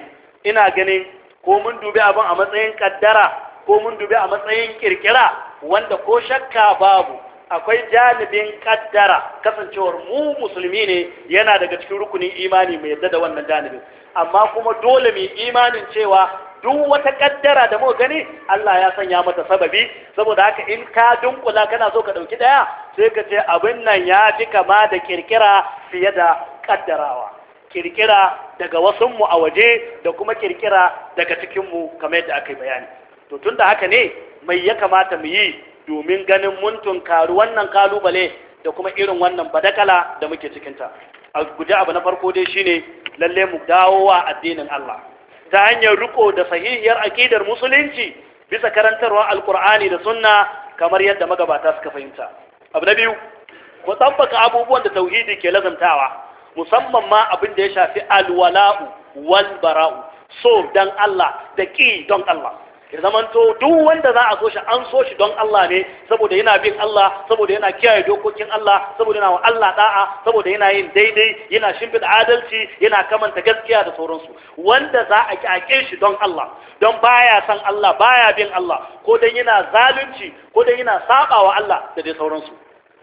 ina ganin ko mun dubi abin a matsayin ƙaddara ko mun dubi a matsayin ƙirƙira wanda ko shakka babu akwai janibin kaddara kasancewar mu musulmi ne yana daga cikin rukunin imani mai yadda da wannan janibin amma kuma dole mai imanin cewa duk wata kaddara da muka gani Allah ya sanya mata sababi saboda haka in ka dunkula kana so ka dauki daya sai ka ce abin nan ya fi kama da kirkira fiye da kaddarawa kirkira daga wasunmu a waje da kuma kirkira daga cikinmu kamar yadda aka yi bayani to tunda haka ne mai ya kamata mu yi domin ganin mun tunkari wannan kalubale da kuma irin wannan badakala da muke cikinta a guji abu na farko dai shine lalle mu dawo wa addinin Allah ta hanyar riko da sahihiyar aƙidar musulunci bisa karantarwa alkur'ani da sunna kamar yadda magabata suka fahimta abu na biyu ku tabbaka abubuwan da tauhidi ke lazantawa musamman ma abin da ya shafi alwala'u wal bara'u so dan Allah da ki don Allah ya zamanto duk wanda za a so shi an so shi don Allah ne saboda yana bin Allah saboda yana kiyaye dokokin Allah saboda yana wa Allah da'a saboda yana yin daidai yana shimfiɗa adalci yana kamanta gaskiya da sauransu wanda za a kyake shi don Allah don baya san Allah baya bin Allah ko dan yana zalunci ko dan yana saba wa Allah da dai sauransu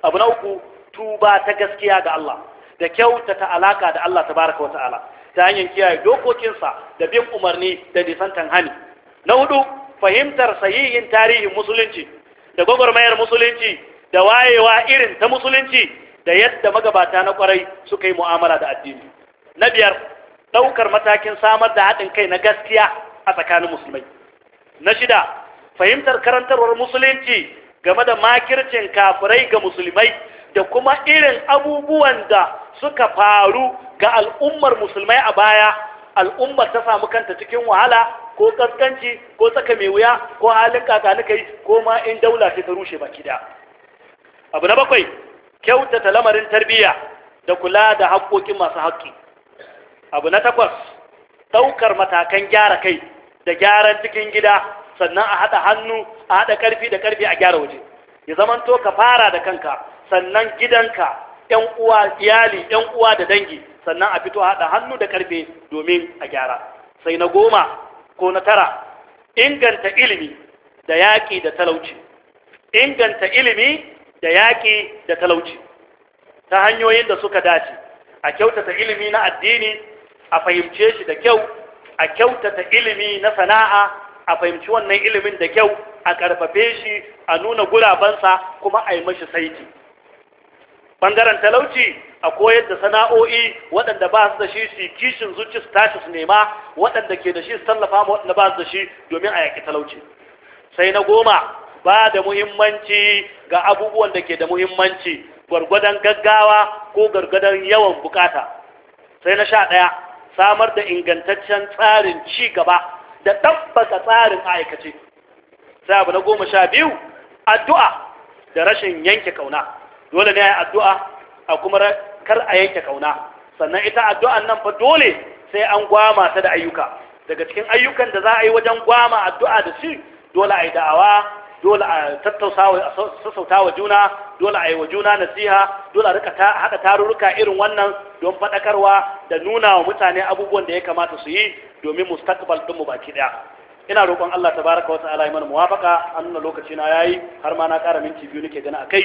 abu na uku tuba ta gaskiya ga Allah da kyautata alaka da Allah tabaraka wa ta'ala ta hanyar kiyaye dokokinsa da bin umarni da disantan hani na hudu fahimtar sahihin tarihin musulunci da gwagwarmayar musulunci da wayewa irin ta musulunci da yadda magabata na kwarai suka yi mu'amala da addini na biyar ɗaukar matakin samar da haɗin kai na gaskiya a tsakanin musulmai na shida fahimtar karantarwar musulunci game da makircin kafirai ga musulmai da kuma irin abubuwan da suka faru ga al'ummar musulmai a baya al'ummar ta samu kanta cikin wahala ko kaskanci ko saka mai wuya ko halin kakalikai ko ma in daula ta rushe baki da abu na bakwai kyautata lamarin tarbiyya da kula da haƙoƙin masu haƙƙi abu na takwas ɗaukar matakan gyara kai da gyaran cikin gida sannan a haɗa hannu a haɗa ƙarfi da ƙarfi a gyara waje ya zamanto ka fara da kanka sannan gidanka ‘yan uwa iyali ‘yan uwa da dangi sannan a fito haɗa hannu da ƙarfe domin a gyara sai na goma ko na tara inganta ilimi da yaƙi da talauci inganta ilimi da yaƙi da talauci ta hanyoyin da suka dace a kyautata ilimi na addini a fahimce shi da kyau a kyautata ilimi na sana'a a fahimci wannan ilimin da kyau a ƙarfafe shi a nuna gurabansa kuma a yi mashi saiti bangaren talauci a koyar da sana'o'i waɗanda ba su da shi su kishin zuci su tashi su nema waɗanda ke da shi su tallafa ma waɗanda ba su da shi domin a yaƙi talauci sai na goma ba da muhimmanci ga abubuwan da ke da muhimmanci gwargwadon gaggawa ko gwargwadon yawan bukata sai na sha ɗaya samar da ingantaccen tsarin ci gaba da tabbata tsarin aikace sai abu na goma sha biyu addu'a da rashin yanke kauna dole ne a addu'a a kuma kar a yanke kauna sannan ita addu'an nan fa dole sai an gwama ta da ayyuka daga cikin ayyukan da za a yi wajen gwama addu'a da shi dole a yi da'awa dole a tattausa wa juna dole a yi wa juna nasiha dole a haɗa tarurruka irin wannan don faɗakarwa da nuna wa mutane abubuwan da ya kamata su yi domin mustaqbal mu baki ɗaya ina roƙon Allah tabaraka wa ta'ala ya mana muwafaqa an nuna lokaci na yayi har ma na ƙara minti biyu nake gani akai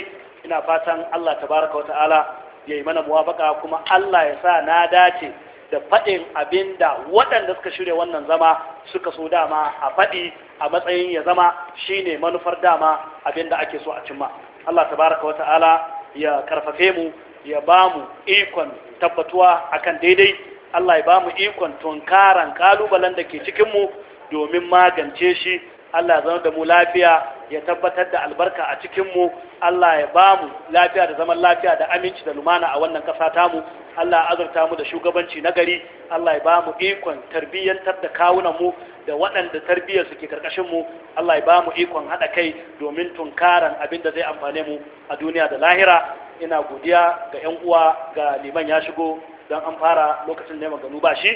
ina fatan Allah tabaraka wa ta'ala ya yi mana muwafaka kuma Allah ya sa na dace da faɗin abin da waɗanda suka shirya wannan zama suka so dama a faɗi a matsayin ya zama shine manufar dama abin da ake so a cimma Allah tabaraka wa ta'ala ya karfafe mu ya ba mu ikon tabbatuwa akan daidai Allah ya ba mu ikon tunkaran kalubalen da ke cikinmu domin magance shi Allah ya zama da mu lafiya ya tabbatar da albarka a cikinmu Allah ya ba mu lafiya da zaman lafiya da aminci da lumana a wannan ƙasa tamu Allah azurta mu da shugabanci na gari Allah ya ba mu ikon tarbiyyantar da kawunanmu da waɗanda tarbiyyar su ke mu Allah ya ba mu ikon haɗa kai domin tunkaran abin da zai amfane mu a duniya da lahira ina godiya ga 'yan uwa ga liman ya shigo don an fara lokacin neman ganu ba shi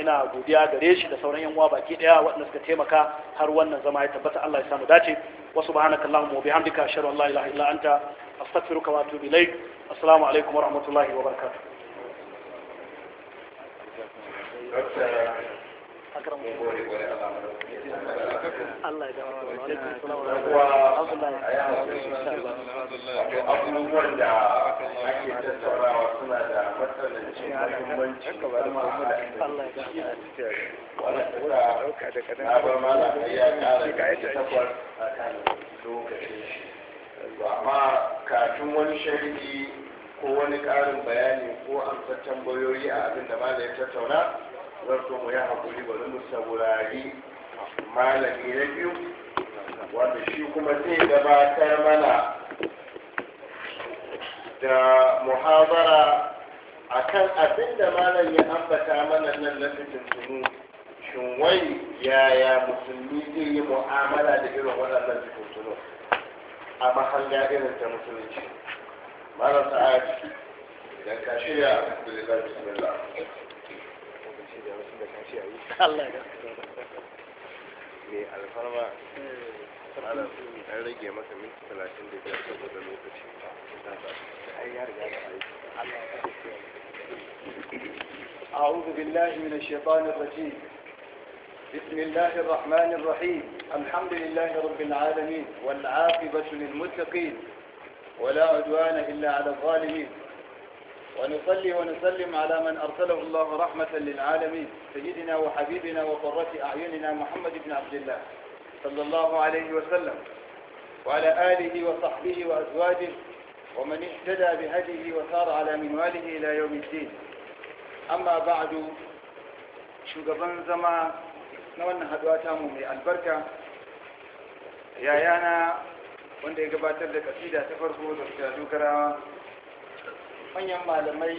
ina godiya gare shi da sauran yan uwa baki daya waɗanda suka taimaka har wannan zama ya tabbata Allah ya samu dace wa subhanaka allahumma wa bihamdika ashhadu an la ilaha illa anta astaghfiruka wa atubu ilaik assalamu alaikum wa rahmatullahi wa barakatuh akram Allah abubuwan da ake tattaunawa suna da matsalancin muhimmanci kuma Allah ya gama wa da na bar mala ya kara da takwas a kan lokacin shi amma kafin wani sharhi ko wani ƙarin bayani ko amsar tambayoyi a abin da mala ya tattauna bar mu ya haƙuri bari mu saurari malami na biyu wanda shi kuma zai gabatar mana da muhabara akan abin da malam ya ambata mana nan na fitin sunu shin wai yaya musulmi zai yi mu'amala da irin waɗannan fitin sunu a mahanga irin ta musulunci marasa a idan ka shirya bismillah إيه، أعوذ بالله من الشيطان الرجيم بسم الله الرحمن الرحيم الحمد لله رب العالمين والعاقبة للمتقين ولا عدوان إلا على الظالمين ونصلي ونسلم على من أرسله الله رحمة للعالمين سيدنا وحبيبنا وقرة أعيننا محمد بن عبد الله صلى الله عليه وسلم وعلى آله وصحبه وأزواجه ومن اهتدى بهديه وسار على منواله إلى يوم الدين أما بعد شو قبل na wannan haduwa tamu mai albarka yayana wanda ya gabatar da kasida ta manyan malamai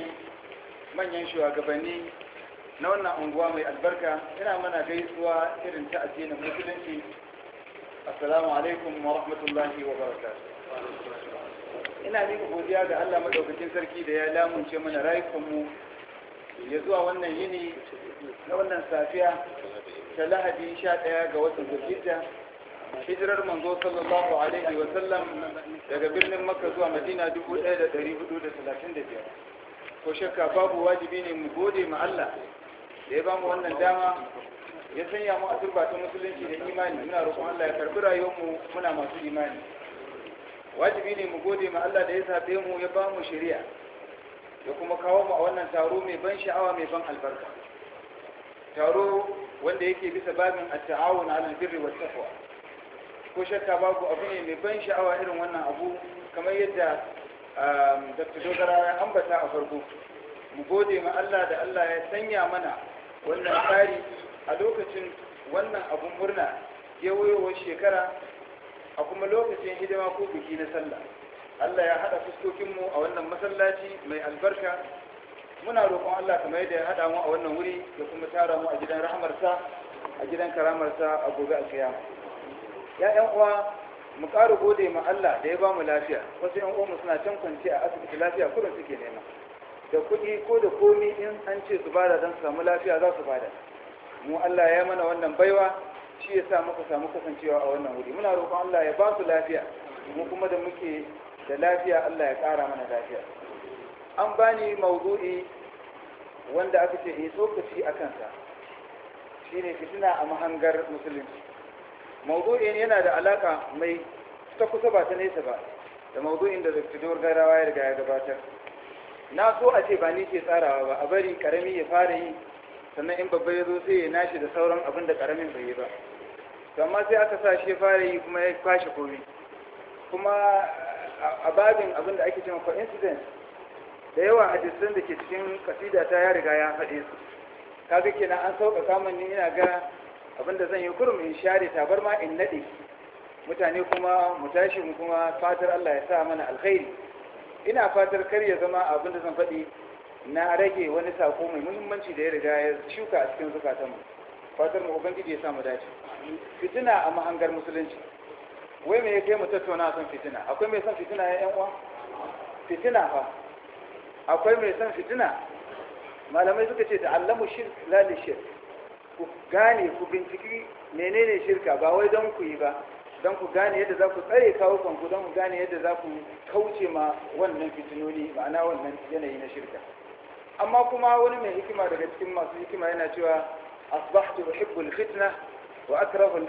manyan shugabanni na wannan unguwa mai albarka ina mana gaisuwa irin ta addinin musulunci assalamu alaikum wa rahmatullahi wa barakatuh ina nika godiya ga Allah madaukakin sarki da ya lamunce mana mu ya zuwa wannan yini na wannan safiya ta lahadi 11 ga watan zulhijja hijirar manzo sallallahu alaihi wa sallam daga birnin makka zuwa madina 1435 ko shakka babu wajibi ne mu gode ma Allah da ya bamu wannan dama ya sanya mu a ta musulunci da imani muna roƙon Allah ya karbi rayuwarmu muna masu imani wajibi ne mu gode ma Allah da ya sabe mu ya bamu shari'a ya kuma kawo mu a wannan taro mai ban sha'awa mai ban albarka taro wanda yake bisa babin at-ta'awun 'ala al-birri wat-taqwa ko shakka babu abu ne mai ban sha'awa irin wannan abu kamar yadda um, dr dogara ya ambata a farko mu gode ma Allah da Allah ya sanya mana wannan tsari a lokacin wannan abun murna gewayowar shekara a kuma lokacin hidima ko biki na sallah Allah ya haɗa fuskokinmu a wannan masallaci mai albarka muna roƙon Allah kamar yadda ya haɗa mu a wannan wuri da kuma tara mu a gidan rahamarsa a gidan karamarsa a gobe a kiyama ya yan uwa mu ƙara gode ma Allah da ya ba mu lafiya wasu yan uwa suna can kwanci a asibiti lafiya kudin suke nema da kuɗi ko da komi in an ce su bada don su samu lafiya za su bada mu Allah ya mana wannan baiwa shi ya sa muka samu kasancewa a wannan wuri muna roƙon Allah ya ba su lafiya mu kuma da muke da lafiya Allah ya ƙara mana lafiya an bani maudu'i wanda aka ce in tsokaci a kansa shine fitina a mahangar musulunci mawudu'in yana da alaka mai ta kusa ba ta nesa ba da mawudu'in da Dr. gairawa Garawa ya riga ya gabatar na so a ce ba ni ke tsarawa ba a bari karami ya fara yi sannan in babba ya zo sai ya nashi da sauran abin da karamin bai yi ba amma sai aka sa shi fara yi kuma ya kwashe komai kuma a babin abin da ake cewa coincidence da yawa hadisan da ke cikin kasida ta ya riga ya faɗe su kaga kenan an sauƙaƙa mani ina ga abinda zan yi kurum in share tabarma in nade mutane kuma mu tashi mu kuma fatar Allah ya sa mana alkhairi ina fatar kar ya zama abinda zan faɗi na rage wani sako mai muhimmanci da ya riga ya shuka a cikin mu. fatar mu ubangiji ya sa mu dace fitina a mahangar musulunci wai me ya kai mu tattauna son fitina akwai mai son fitina ya yan uwa fitina fa akwai mai son fitina malamai suka ce ta'allamu shirk la li shirk ku gane ku binciki menene shirka ba wai don ku yi ba don ku gane yadda za ku tsare kawo kanku don ku gane yadda za ku kauce ma wannan fitinoni ma'ana wannan yanayi na shirka amma kuma wani mai hikima daga cikin masu hikima yana cewa asbahtu uhibbul fitna wa akrahu al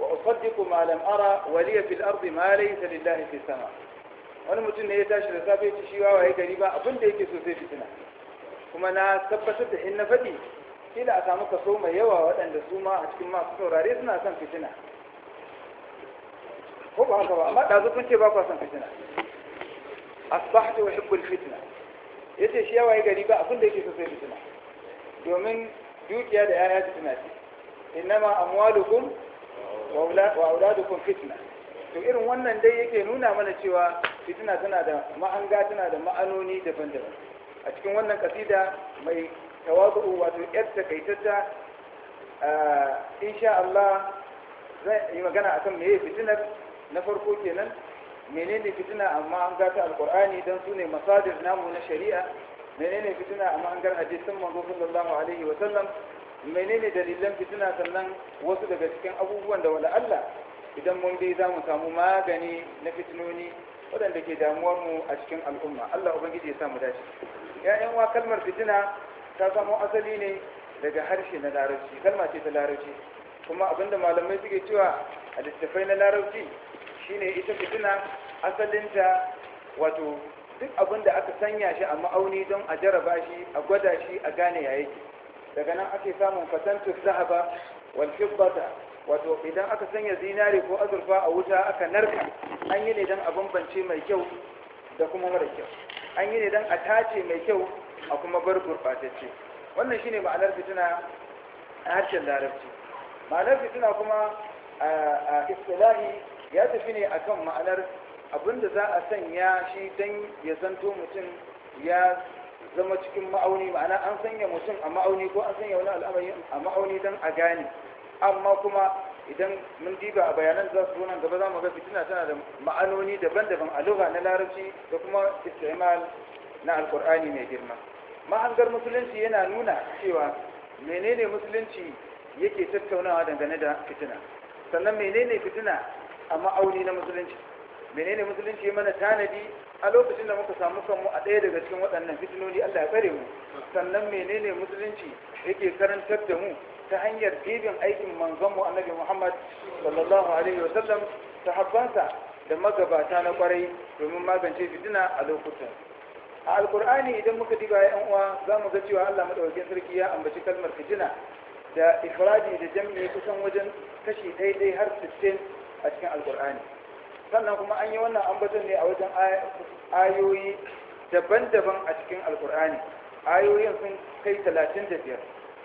wa usaddiqu ma lam ara wa liya fil ardi ma laysa lillahi fi sama wani mutum ne ya tashi da safe ci shi wawaye gari ba abin da yake so sai fitina kuma na tabbatar da in na faɗi kila a samu kaso mai yawa waɗanda su ma a cikin masu saurare suna son fitina ko ba haka ba amma ɗazu kun ce ba kwa son fitina asbahtu wa fitina fitna yace shi yawa gari ba abin da yake so sai fitina domin dukiya da yaya fitina ce innama amwalukum wa auladukum fitna to irin wannan dai yake nuna mana cewa fitina tana da ma'anga tana da ma'anoni daban-daban a cikin wannan kasida mai tawazu wato yar takaitacca eh, insha Allah zan yi magana akan meye fitinar na farko kenan menene fitina amma an gata alqur'ani dan sune masadir namu na shari'a menene fitina amma an gar hadisin manzo sallallahu alaihi wa sallam menene dalilan fitina sannan wasu daga cikin abubuwan da wala Allah idan mun bi za mu samu magani na fitinoni waɗanda ke damuwar mu a cikin al'umma Allah ubangiji ya samu dace ya'yan wa kalmar fitina ta samo asali ne daga harshe na larabci kalma ce ta larabci kuma abinda malamai suke cewa a littattafai na larabci shine ita fitina asalinta wato duk abinda aka sanya shi a ma'auni don a jaraba shi a gwada shi a gane ya yake daga nan ake samun fatantar zahaba wal wato idan aka sanya zinare ko azurfa a wuta aka narka an yi ne don a bambance mai kyau da kuma mara kyau an yi ne don a tace mai kyau a kuma bar gurɓatacce wannan shine ma'anar fitina a harshen larabci ma'anar fitina kuma a istilahi ya tafi ne akan ma'anar abinda za a sanya shi don ya zanto mutum ya zama cikin ma'auni ma'ana an sanya mutum a ma'auni ko an sanya wani al'amari a ma'auni dan a gane amma kuma idan mun diba a bayanan za su nan gaba za mu ga fitina tana da ma'anoni daban-daban a lura na larabci da kuma istimal na alkur'ani mai girma ma'angar musulunci yana nuna cewa menene musulunci yake tattaunawa dangane da fitina sannan menene fitina a ma'auni na musulunci menene musulunci ya mana tanadi a lokacin da muka samu kanmu a ɗaya daga cikin waɗannan fitinoni Allah ya tsare mu sannan menene musulunci yake karantar da mu ta hanyar bibin aikin manzon mu annabi Muhammad sallallahu alaihi wasallam sahabbansa da magabata na kwarai domin magance fitina a lokutan a alkur'ani idan muka diba yan uwa za mu ga cewa Allah madaukakin sarki ya ambaci kalmar kajina da ifradi da jam'i kusan wajen kashi daidai har 60 a cikin alkur'ani sannan kuma an yi wannan ambaton ne a wajen ayoyi daban-daban a cikin alkur'ani ayoyin sun kai 35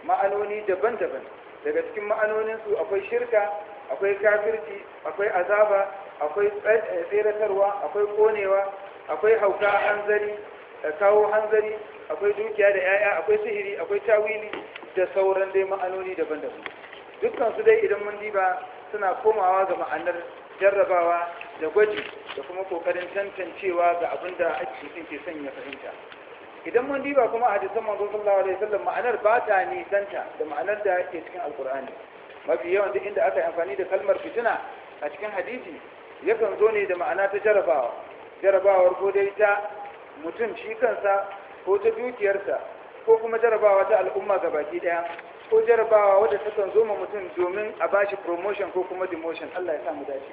ma'anoni daban-daban daga cikin ma'anoninsu akwai shirka akwai kafirci akwai azaba akwai tseratarwa akwai konewa akwai hauka hanzari kawo hanzari akwai dukiya da yaya akwai sihiri akwai tawili da sauran dai ma'anoni daban-daban dukkan su dai idan mun diba suna komawa ga ma'anar jarrabawa da gwaji da kuma kokarin tantancewa ga abin da ake ke sanya fahimta idan mun diba kuma hadisan manzon sallallahu alaihi wasallam ma'anar ba ta nisanta da ma'anar da yake cikin alkur'ani mafi yawan duk inda aka yi amfani da kalmar fitina a cikin hadisi yakan zo ne da ma'ana ta jarabawa jarabawar ko dai ta mutum shi kansa ko ta dukiyarsa ko kuma jarabawa ta al'umma ga baki daya ko jarabawa wadda takan kan zoma mutum domin a bashi promotion ko kuma demotion Allah ya samu dace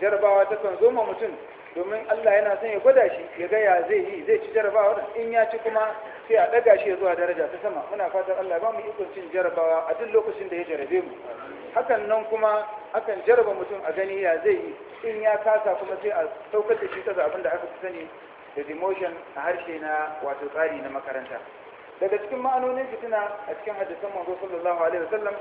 jarabawa takan kan zoma mutum domin Allah yana son ya gwada shi ya ga ya zai yi zai ci jarabawa in ya ci kuma sai a daga shi ya zuwa daraja ta sama muna fatan Allah ba mu ikon cin jarabawa a duk lokacin da ya jarabe mu hakan nan kuma akan jaraba mutum a gani ya zai yi in ya kasa kuma sai a saukar da shi kaza abin da aka fi sani da demotion a harshe na wato tsari na makaranta daga cikin ma'anonin fitina a cikin hadisan manzo sallallahu alaihi wasallam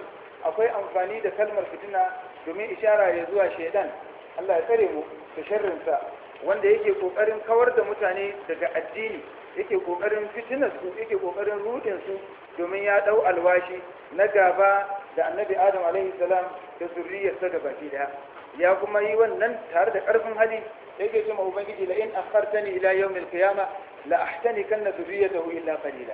akwai amfani da kalmar fitina domin ishara ya zuwa shaydan Allah ya tsare mu da sharrinsa wanda yake kokarin kawar da mutane daga addini yake kokarin fitinar su yake kokarin rudin su domin ya dau alwashi na gaba da annabi adam alaihi salam da zuriyarsa gaba daya ya kuma yi wannan tare da karfin hali yake ce ma ubangiji da in ni ila yawmil qiyama la ahtanikanna dhurriyyatahu illa qalila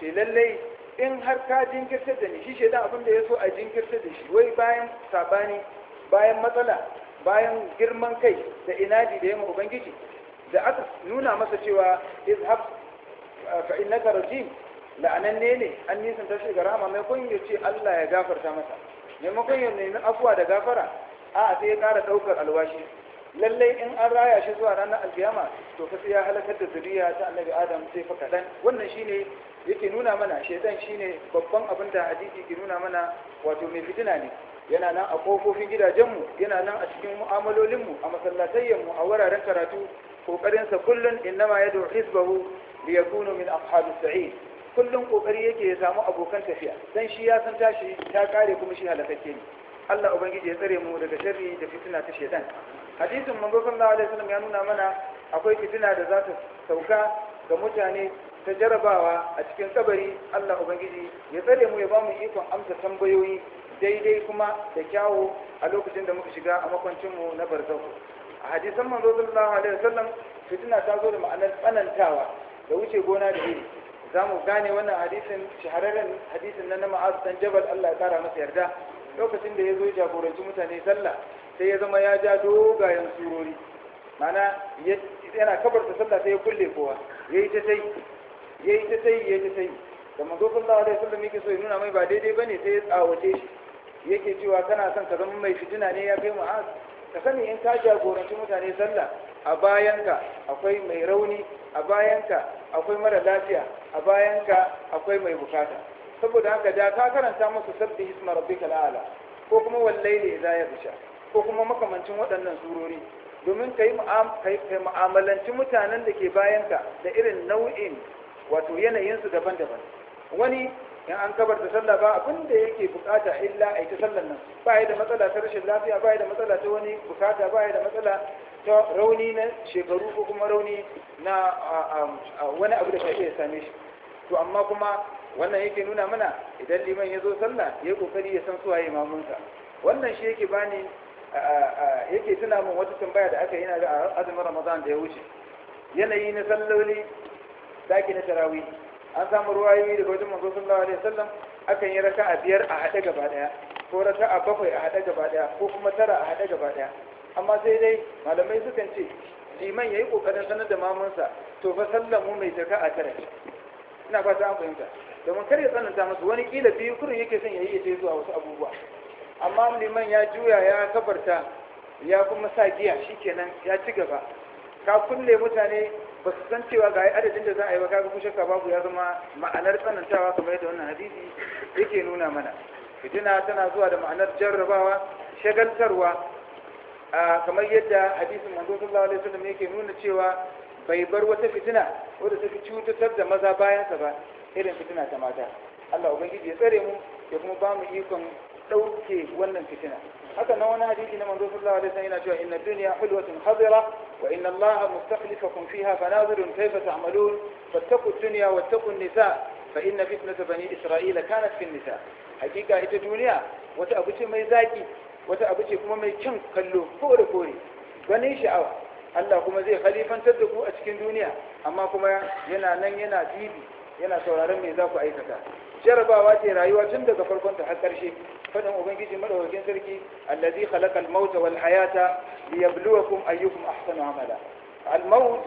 sai lallai in har ka jinkirta da ni shi shedan abin da yaso a jinkirta da shi wai bayan sabani bayan matsala bayan girman kai da inadi da yamma ubangiji da aka nuna masa cewa izhab fa innaka rajim la'ananne ne an nisan tashi ga rahama maimakon ya ce Allah ya gafarta masa maimakon ya nemi afuwa da gafara a sai ya kara ɗaukar alwashi lallai in an raya shi zuwa ranar alkiyama to fa ya halakar da zuriya ta annabi adam sai fa kaɗan wannan shine yake nuna mana shaitan shine babban abin da hadisi ke nuna mana wato mai fitina ne yana nan a kofofin gidajenmu yana nan a cikin mu'amalolinmu a masallatayyanmu a wuraren karatu kokarinsa kullun innama da ya liyakunu min ashabis sa'id kullum kokari yake ya samu abokan tafiya dan shi ya san tashi ta kare kuma shi halakakke ne Allah ubangiji ya tsare mu daga sharri da fitina ta shaitan hadisin manzo sallallahu alaihi wasallam ya nuna mana akwai fitina da za ta sauka ga mutane ta jarabawa a cikin kabari Allah ubangiji ya tsare mu ya bamu ikon amsa tambayoyi daidai kuma da kyawu a lokacin da muka shiga a makwancin mu na barzahu a hadisan manzo sallallahu alaihi wasallam fitina ta zo da ma'anar tsanantawa da wuce gona da iri za mu gane wannan hadisin shahararren hadisin na na ma'az dan jabal Allah ya kara masa yarda lokacin da ya zo jagoranci mutane sallah sai ya zama ya ja dogayen surori mana yana kabarta sallah sai ya kulle kowa ya yi ta sai ya yi ta sai ya yi ta sai da manzo sallallahu alaihi wasallam yake so ya nuna mai ba daidai bane sai ya tsawace shi yake cewa kana son ka zama mai fitina ne ya kai mu'az ka sani in ka jagoranci mutane sallah a bayanka akwai mai rauni a bayanka akwai mara lafiya a bayanka akwai mai bukata saboda haka da ka karanta musu sabbi hisma rabbikal a'la ko kuma wallai ne za ya sha ko kuma makamancin waɗannan surori domin ka yi mu'amalanci mutanen da ke bayanka da irin nau'in wato yanayinsu daban-daban wani in an kabar da sallah ba abin da yake bukata illa a yi ta sallar nan ba ya da matsala ta rashin lafiya ba ya da matsala ta wani bukata ba ya da matsala ta rauni na shekaru ko kuma rauni na wani abu da ka iya same shi to amma kuma wannan yake nuna mana idan liman ya zo sallah ya yi kokari ya san suwaye mamunsa wannan shi yake bani yake tuna min wata tambaya da aka yi na azumin ramadan da ya wuce yanayi na salloli daki na tarawi an samu ruwayoyi daga wajen manzo sallallahu alaihi wasallam akan yi raka a biyar a haɗe gaba ɗaya ko a bakwai a haɗe gaba ɗaya ko kuma tara a haɗe gaba ɗaya amma sai dai malamai sukan ce liman yayi kokarin sanar da mamansa, to fa sallamu mai zaka a tare ina fata an fahimta domin kar ya tsananta musu wani kila biyu kurin yake son yayi ya zuwa wasu abubuwa amma liman ya juya ya kabarta ya kuma sa giya shikenan ya ci gaba ka kulle mutane ba su san cewa ga adadin da za a yi ba kaga kushe ka babu ya zama ma'anar tsanantawa kamar yadda wannan hadisi yake nuna mana fitina tana zuwa da ma'anar jarrabawa shagaltarwa kamar yadda hadisin manzo sallallahu alaihi wasallam yake nuna cewa bai bar wata fitina wadda ta fi cutar da maza bayansa ba irin fitina ta mata Allah ubangiji ya tsare mu ya kuma ba mu ikon ɗauke wannan fitina haka na wani hadisi na manzo sallallahu alaihi wasallam yana cewa inna dunya hulwatun hadira wa inna allaha mustakhlifakum fiha fanazirun kayfa ta'malun fattaqu dunya wattaqu nisa fa inna fitnata bani isra'ila kanat fi nisa hakika ita duniya wata abu ce mai zaki wata abu ce kuma mai kyan kallo kore kore ganin sha'awa Allah kuma zai khalifantar da ku a cikin duniya amma kuma yana nan yana bibi yana sauraron me za ku aikata jarabawa ce rayuwa tun daga farkon ta har ƙarshe fadin ubangiji madaukakin sarki allazi khalaqal mauta wal hayata liyabluwakum ayyukum ahsanu amala al maut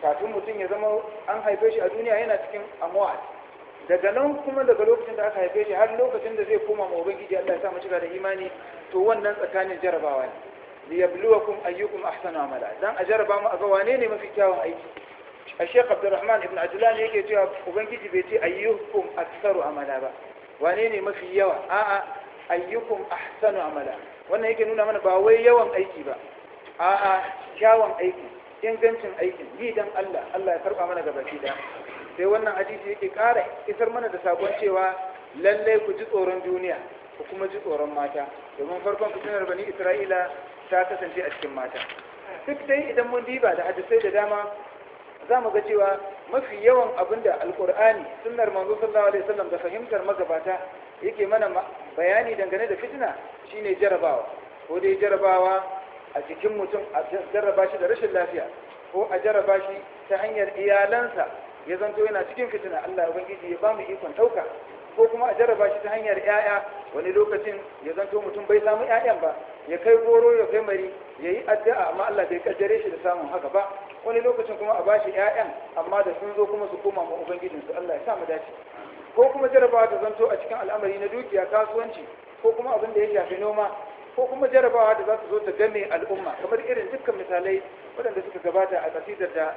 kafin mutum ya zama an haife shi a duniya yana cikin amwat daga nan kuma daga lokacin da aka haife shi har lokacin da zai koma ma ubangiji Allah ya sa mu cika da imani to wannan tsakanin jarabawa ne liyabluwakum ayyukum ahsanu amala dan a jaraba mu a ga wane ne mafi kyawun aiki a shekh abdurrahman ibn ajlan yake cewa ubangiji bai ce ayyukum aktsaru amala ba wane ne mafi yawa a'a ayyukum ahsanu amala wannan yake nuna mana ba wai yawan aiki ba a'a kyawun aiki ingancin aikin yi dan Allah Allah ya karba mana gabaki da sai wannan hadisi yake ƙara isar mana da sabon cewa lalle ku ji tsoron duniya ku kuma ji tsoron mata domin farkon fitinar bani Isra'ila ta kasance a cikin mata duk dai idan mun diba da hadisai da dama za mu ga cewa mafi yawan abinda da alkur'ani sunnar manzo sallallahu alaihi wasallam da fahimtar magabata yake mana bayani dangane da fitina shine jarabawa ko dai jarabawa a cikin mutum a jaraba shi da rashin lafiya ko a jaraba shi ta hanyar iyalansa ya zanto yana cikin fitina Allah ubangiji ya bamu ikon dauka ko kuma a jaraba shi ta hanyar yaya wani lokacin ya zanto mutum bai samu yayan ba ya kai goro ya kai mari ya addu'a amma Allah bai kaddare shi da samun haka ba wani lokacin kuma a bashi yayan amma da sun zo kuma su koma ma su Allah ya sa mu dace ko kuma jarabawa ta zanto a cikin al'amari na dukiya kasuwanci ko kuma abin da ya shafi noma ko kuma jarabawa da za su zo ta game al'umma kamar irin dukkan misalai waɗanda suka gabata a kasidar da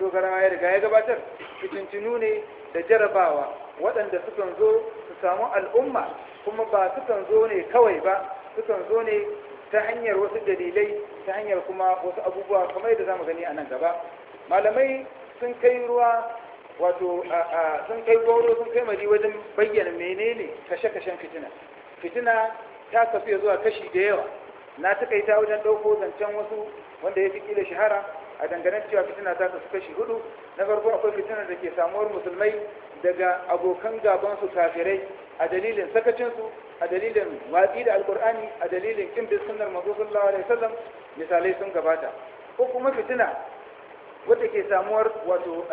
dogarawa ya riga ya gabatar fitintinu ne da jarabawa waɗanda sukan zo su samu al'umma kuma ba sukan zo ne kawai ba sukan zo ne ta hanyar wasu dalilai ta hanyar kuma wasu abubuwa kamar yadda za mu gani a nan gaba malamai sun kai ruwa wato sun kai goro sun kai mari wajen bayyana menene kashe-kashen fitina fitina ta kafiya zuwa kashi da yawa na ta wajen ɗauko zancen wasu wanda ya fi ƙila shahara a dangane cewa fitina ta kasu kashi hudu na farko akwai fitina da ke samuwar musulmai daga abokan gabansu kafirai a dalilin sakacinsu a dalilin watsi da alkur'ani a dalilin kin bin sunnar manzo sallallahu alaihi misalai sun gabata ko kuma fitina wadda ke samuwar wato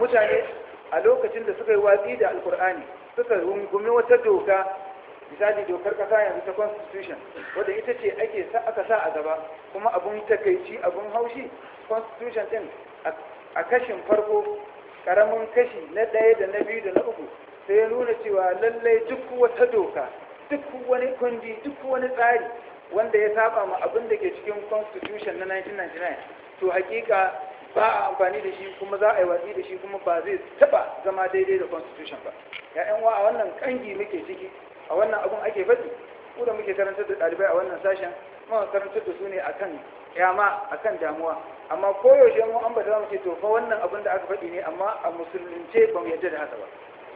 mutane a lokacin da suka yi watsi da alkur'ani suka rungumi wata doka misali dokar kasa yanzu ta constitution wadda ita ce ake aka sa a gaba kuma abun takaici abun haushi constitution din a kashin farko karamin kashi na ɗaya da na biyu da na uku sai ya nuna cewa lallai duk wata doka duk wani kundi duk wani tsari wanda ya saba ma abin da ke cikin constitution na 1999 to hakika ba a amfani da shi kuma za a yi watsi da shi kuma ba zai taba zama daidai da constitution ba ya'yan wa a wannan kangi muke ciki a wannan abun ake faɗi ko da muke karantar da ɗalibai a wannan sashen Mun karantar da su ne akan yama, akan damuwa amma koyaushe mun an ba za mu ce to fa wannan abin da aka faɗi ne amma a musulunce ba mu yarda da haka ba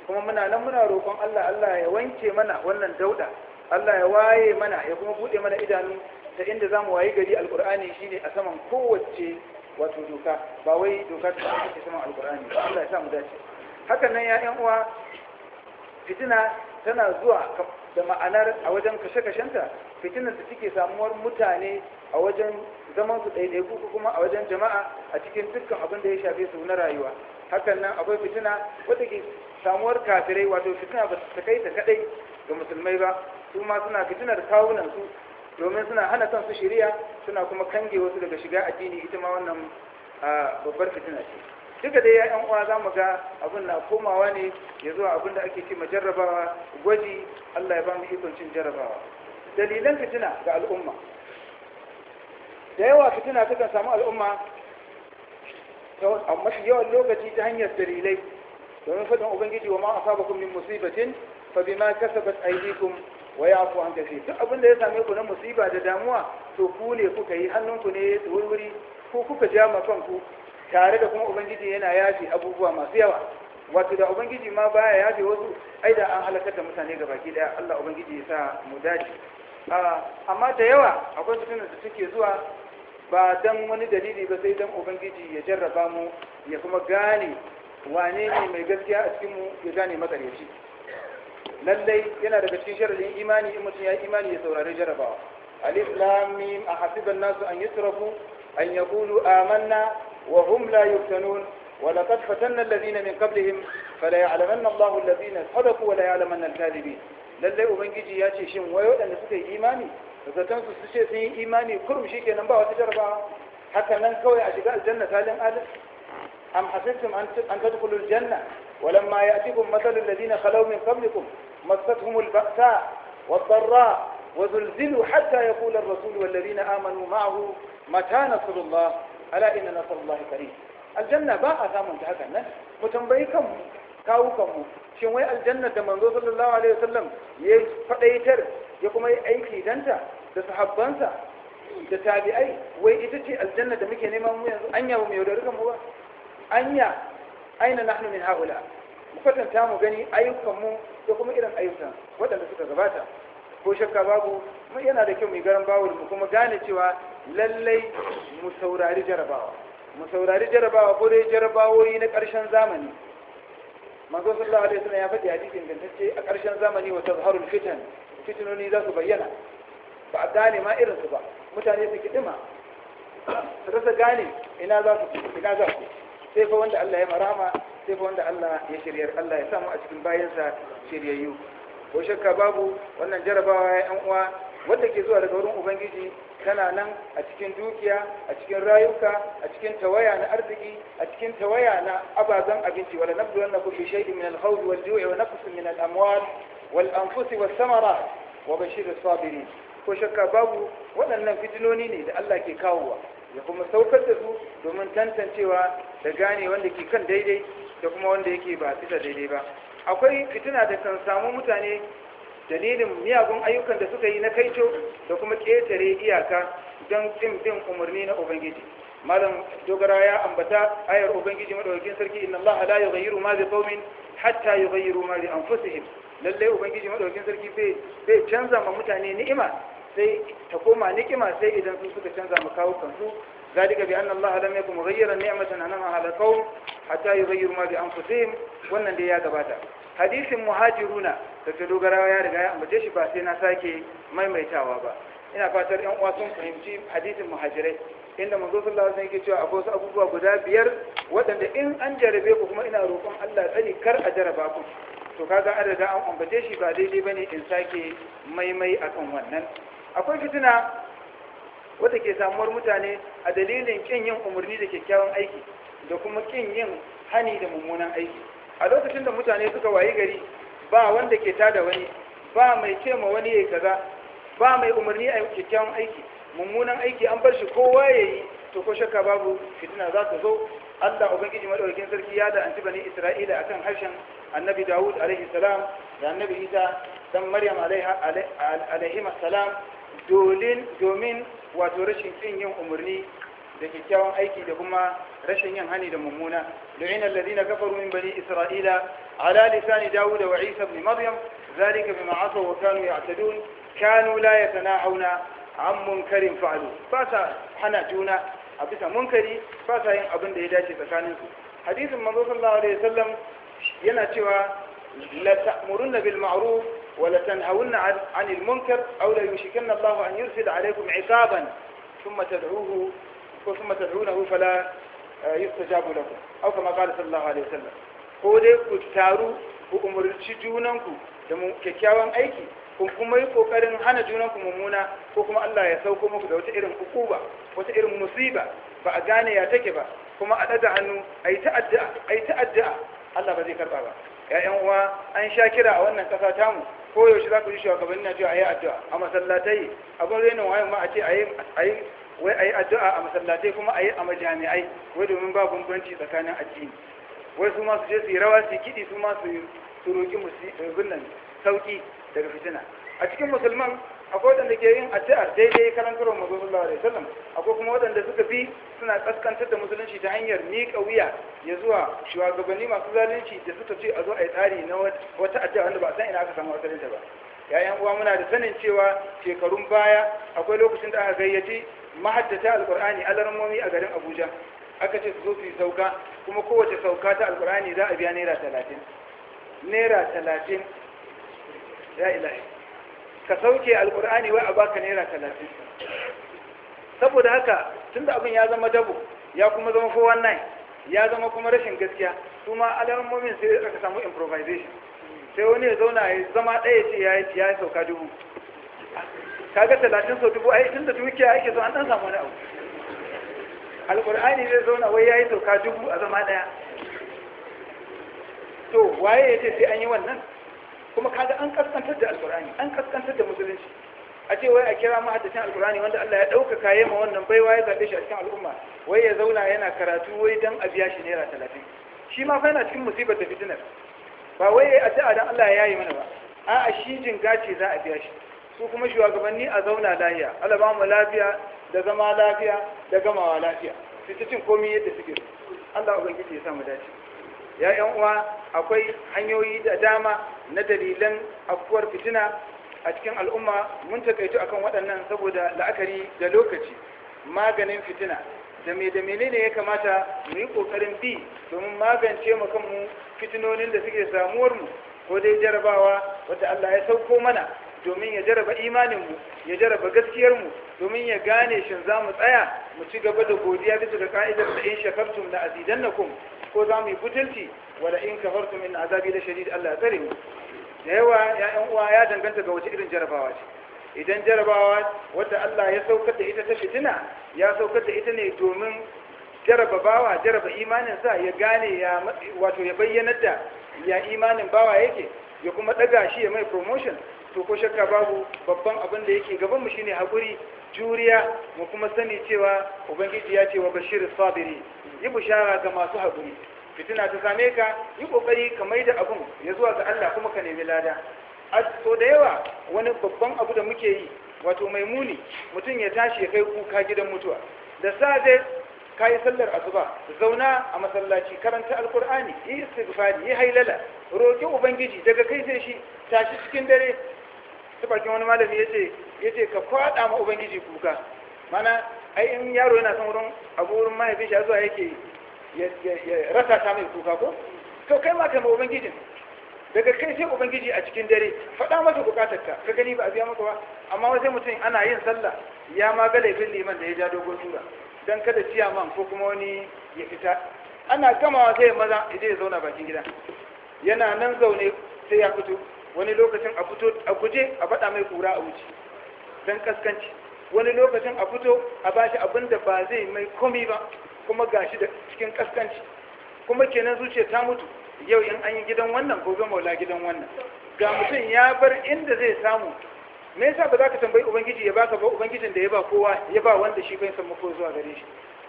kuma muna nan muna roƙon Allah Allah ya wanke mana wannan dauda Allah ya waye mana ya kuma buɗe mana idanu ta inda zamu mu wayi gari shi shine a saman kowace wato doka ba wai doka ta take saman alkur'ani ba Allah ya sa mu dace hakan nan ya 'yan uwa fitina tana zuwa da ma'anar a wajen kashe-kashenta fitinar da take samuwar mutane a wajen zaman su daidai ko kuma a wajen jama'a a cikin dukkan abin da ya shafe su na rayuwa hakan nan akwai fitina wadda ke samuwar kafirai wato fitina ba ta kai ta kaɗai ga musulmai ba su ma suna fitinar kawunan su domin suna hana kansu shirya suna kuma kange wasu daga shiga addini ita ma wannan babbar fitina ce duka dai ya'yan uwa za mu ga abin na komawa ne ya zuwa abin da ake ce ma jarrabawa gwaji Allah ya ba mu ikon cin jarrabawa dalilan fitina ga al'umma da yawa fitina ta samu al'umma a mafi yawan lokaci ta hanyar dalilai domin faɗin ubangiji wa ma asabakum min musibatin fa bima kasabat aidikum Waya ya an duk abin da ya same ku na musiba da damuwa to ku ne kuka yi hannunku ne wuri-wuri ko kuka ja ma kanku tare da kuma ubangiji yana yafi abubuwa masu yawa wato da ubangiji ma baya yafi wasu ai da an halakar da mutane ga baki daya Allah ubangiji ya sa mu dace amma da yawa akwai fitinar da suke zuwa ba dan wani dalili ba sai dan ubangiji ya jarraba mu ya kuma gane wane ne mai gaskiya a cikin mu ya gane matsalaci lallai yana daga cikin sharadin imani in mutum ya yi imani ya saurari jarabawa alif lam a hasiban nasu an yusrafu an yaqulu amanna wa hum la yuftanun ولقد فتنا الذين من قبلهم فلا يعلمن الله الذين صدقوا ولا يعلمن الكاذبين Lallai ubangiji ya ce shin wayo waɗanda suka yi imani zaton su su ce sun yi imani kurum shi nan ba wata jarrabawa. haka nan kawai a shiga aljanna salin alif am hasibtum an tadkhulul janna walamma ya'tikum mathalul ladina khalaw min qablikum مستهم البأساء والضراء وزلزلوا حتى يقول الرسول والذين آمنوا معه متى نصر الله ألا إن نصر الله قريب الجنة باء ثامن تهكا متنبئكم كاوكم شنو الجنة من صلى الله عليه وسلم يفتيتر يقوم أي كي دنتا تسحبانسا تتابعي أي وي إتتي الجنة مكي نيما أنيا ومي هو أنيا أين نحن من هؤلاء مفتن تامو بني أيكم da kuma irin ayyukan waɗanda suka gabata ko shakka babu mu yana da kyau mu garan bawul mu kuma gane cewa lallai mu saurari jarabawa mu saurari jarabawa ko dai jarabawoyi na ƙarshen zamani manzo sallallahu alaihi wasallam ya faɗi da ingantacce a ƙarshen zamani wa tazharul fitan fitinoni za su bayyana ba a gane ma irin su ba mutane su kidima su rasa gane ina za su ina za su sai fa wanda Allah ya marama sai fa wanda Allah ya shiryar Allah ya samu a cikin bayansa shiryayyu ko shakka babu wannan jarabawa ya yan uwa wanda ke zuwa daga wurin ubangiji tana nan a cikin dukiya a cikin rayuka a cikin tawaya na arziki a cikin tawaya na ababen abinci wala nabdu wannan bi shay'in min al-khawf wal-ju'i wa naqsin min al-amwal wal-anfus wa samarat wa bashir as-sabirin ko shakka babu waɗannan fitinoni ne da Allah ke kawowa ya kuma saukar da su domin tantancewa da gane wanda ke kan daidai da kuma wanda yake ba da daidai ba akwai fitina da kan samu mutane dalilin miyagun ayyukan da suka yi na kaito da kuma ƙetare iyaka don tsim din umarni na ubangiji malam dogara ya ambata ayar ubangiji madaukakin sarki inna allaha la yughayyiru ma bi qaumin hatta yughayyiru ma bi anfusihim lalle ubangiji madaukakin sarki bai canza ma mutane ni'ima sai ta koma ni'ima sai idan su suka canza mu kawo kansu ذلك بأن الله لم يكن مغيرا نعمة أنعمها على القوم حتى يغيروا ما بأنفسهم wannan da ya gabata hadisin muhajiruna da ta dogarawa ya riga ya ambace shi ba sai na sake maimaitawa ba ina fatar yan uwa sun fahimci hadisin muhajirai inda manzo sallallahu alaihi wasallam yake cewa akwai wasu abubuwa guda biyar waɗanda in an jarabe ku kuma ina roƙon Allah tsani kar a jaraba ku to kaga an riga an ambace shi ba daidai bane in sake maimai akan wannan akwai fitina wata ke samuwar mutane a dalilin kin yin umarni da kyakkyawan aiki da kuma kin yin hani da mummunan aiki a lokacin da mutane suka wayi gari ba wanda ke tada wani ba mai ce ma wani yi kaza ba mai umarni a kyakkyawan aiki mummunan aiki an bar shi kowa ya yi to ko shakka babu fitina za ta zo Allah ubangiji madaukakin sarki ya da anti bani Isra'ila akan harshen Annabi Dawud alaihi salam da Annabi Isa dan Maryam alaiha alaihi salam domin wato rashin cin yin umarni da kyakkyawan aiki da kuma rashin yin hani da mummuna lu'ina alladhina kafaru min bani isra'ila ala lisani dawud wa isa ibn maryam zalika bima asaw wa kanu ya'tadun kanu la yatana'una an munkarin fa'alu ba sa hana juna a bisa munkari ba sa yin abin da ya dace tsakanin su hadisin manzo sallallahu alaihi wasallam yana cewa la ta'muruna bil ma'ruf ولتنهون عن المنكر أو لا يوشكن الله أن يرسل عليكم عقابا ثم تدعوه ثم تدعونه فلا آه، يستجاب لكم أو كما قال صلى الله عليه وسلم قولي كتارو وأمر جونك ككياوان أيكي كم كم يكو كارن حنا جونك ممونا كم الله يسوكم كدو تئرم أقوبة وتئرم مصيبة فأجاني يا تكبا كما أدعى أنه أي تأدع أي تأدع الله بذيك الباب يا أموا أن شاكرا أو أن تامو koyaushe za ku ji shugabanni na cewa a yi addu'a a masallatai abin rena wayan ma a ce a yi wai a yi addu'a a masallatai kuma a yi a majami'ai wai domin ba bambanci tsakanin addini wai su ma su je su yi rawa su kiɗi su ma su roƙi musulman eh, sauƙi daga fitina a cikin musulman akwai wadanda ke yin addu'ar daidai karantarwar manzo sallallahu alaihi wasallam akwai kuma wadanda suka fi suna kaskantar da musulunci ta hanyar miƙa wuya ya zuwa shugabanni masu zalunci da suka ce a zo a yi tsari na wata addu'a wanda ba san ina aka samu asalin ta ba yayan uwa muna da sanin cewa shekarun baya akwai lokacin da aka gayyaci mahaddata alqur'ani alarmomi a garin Abuja aka ce su zo su yi sauka kuma kowace sauka ta alqur'ani za a biya naira talatin naira talatin ya ilahi ka sauke alkur'ani wai a baka naira talatin saboda haka tun da abin ya zama dabo ya kuma zama 419 ya zama kuma rashin gaskiya su ma alamomin sai aka samu improvisation sai wani ya zauna ya zama ɗaya ce ya yi sauka dubu kaga talatin sau dubu ai tun da dukiya ake zo an ɗan samu wani abu alkur'ani zai zauna wai ya yi sauka dubu a zama ɗaya to waye ya ce sai an yi wannan kuma kaga an kaskantar da alkur'ani an kaskantar da musulunci a ce wai a kira mahaddacin alkur'ani wanda Allah ya kaye ma wannan baiwa ya zaɓe shi a cikin al'umma wai ya zauna yana karatu wai dan a biya shi naira talatin shi ma fa yana cikin musibar da fitinar ba wai ya addu'a dan Allah ya yi mana ba a'a shi jinga ce za a biya shi su kuma shugabanni a zauna lafiya Allah ba mu lafiya da zama lafiya da gamawa lafiya su ta cin komai yadda suke Allah ubangiji ya sa mu dace ya yan uwa akwai hanyoyi da dama na dalilan afuwar fitina a cikin al'umma mun takaitu akan waɗannan saboda la'akari da lokaci maganin fitina da me da menene ya kamata mu yi ƙoƙarin bi domin magance mu kanmu fitinonin da suke samuwar mu ko dai jarabawa wadda Allah ya sauko mana domin ya jaraba imaninmu ya jaraba gaskiyarmu domin ya gane shin za mu tsaya mu ci gaba da godiya bisa ga ka'idar da in shakartum la azidannakum ko za mu yi butulci wala in ka farko in azabi la shadid Allah tsare mu da yawa ya'yan uwa ya danganta ga wace irin jarabawa ce idan jarabawa wadda Allah ya saukar da ita ta fitina ya saukar da ita ne domin jaraba bawa jaraba imanin sa ya gane ya wato ya bayyana da ya imanin bawa yake ya kuma daga shi ya mai promotion to ko shakka babu babban abin da yake gaban mu shine hakuri juriya mu kuma sani cewa ubangiji ya ce wa bashir sabiri yi bushara ga masu haƙuri fitina ta same ka yi ƙoƙari ka mai da abun ya zuwa ga Allah kuma ka nemi lada a so da yawa wani babban abu da muke yi wato mai muni mutum ya tashi ya kai kuka gidan mutuwa da safe ka yi sallar asuba zauna a masallaci karanta alkur'ani yi istighfari yi hailala roƙi ubangiji daga kai sai shi tashi cikin dare ta bakin wani malami yace ce ka kwada ma ubangiji kuka mana ai in yaro yana son wurin abu wurin mahaifin shi zuwa yake ya rasa ta mai kuka ko to kai ma kai ma ubangijin daga kai sai ubangiji a cikin dare faɗa masa bukatarka ka gani ba a biya maka ba amma wani mutum ana yin sallah ya ma ga laifin liman da ya ja dogon tura don kada ciyaman ko kuma wani ya fita ana gamawa sai maza idan ya zauna bakin gida yana nan zaune sai ya fito wani lokacin a fito a guje a faɗa mai kura a wuce don kaskanci wani lokacin a fito a bashi abin da ba zai mai komi ba kuma ga shi da cikin kaskanci kuma kenan zuciya ta mutu yau in an yi gidan wannan gobe maula gidan wannan ga mutum ya bar inda zai samu me yasa ba za ka tambayi ubangiji ya baka ba ubangijin da ya ba kowa ya ba wanda shi bai samu ko zuwa gare shi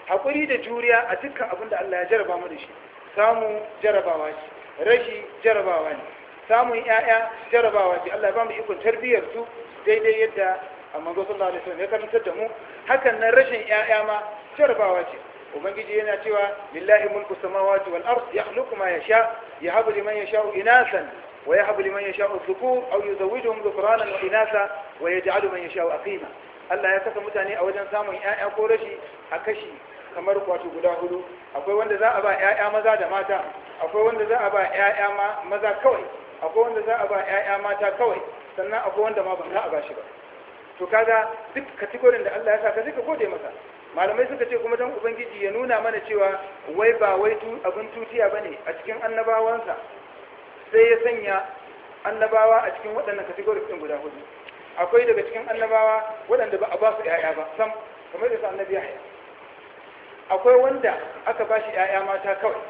hakuri da juriya a dukkan abin da Allah ya jaraba mu da shi samu jarabawa shi rashi jarabawa ne samun ƴaƴa jarabawa shi Allah ya ba mu ikon tarbiyyar su daidai yadda amma zo sallallahu alaihi wasallam ya karantar da mu hakan nan rashin ƴaƴa ma jarabawa ce ubangiji yana cewa lillahi mulku samawati wal ard yakhluqu ma yasha yahabu liman yasha'u inasan wa yahabu liman yasha'u dhukur aw yuzawwijuhum dhukranan wa inasa wa yaj'alu man yasha'u aqima Allah ya saka mutane a wajen samun ƴaƴa ko rashi a kashi kamar wato guda hudu akwai wanda za a ba ƴaƴa maza da mata akwai wanda za a ba ƴaƴa maza kawai akwai wanda za a ba ƴaƴa mata kawai sannan akwai wanda ma ba za a ba shi ba to kaga duk kategorin da Allah ya saka sai ka gode masa malamai suka ce kuma dan ubangiji ya nuna mana cewa wai ba wai tu abin tutiya bane a cikin annabawansa sai ya sanya annabawa a cikin waɗannan kategorin din guda hudu akwai daga cikin annabawa waɗanda ba a ba su ƴaƴa ba sam kamar da su annabi Yahya akwai wanda aka ba shi ƴaƴa mata kawai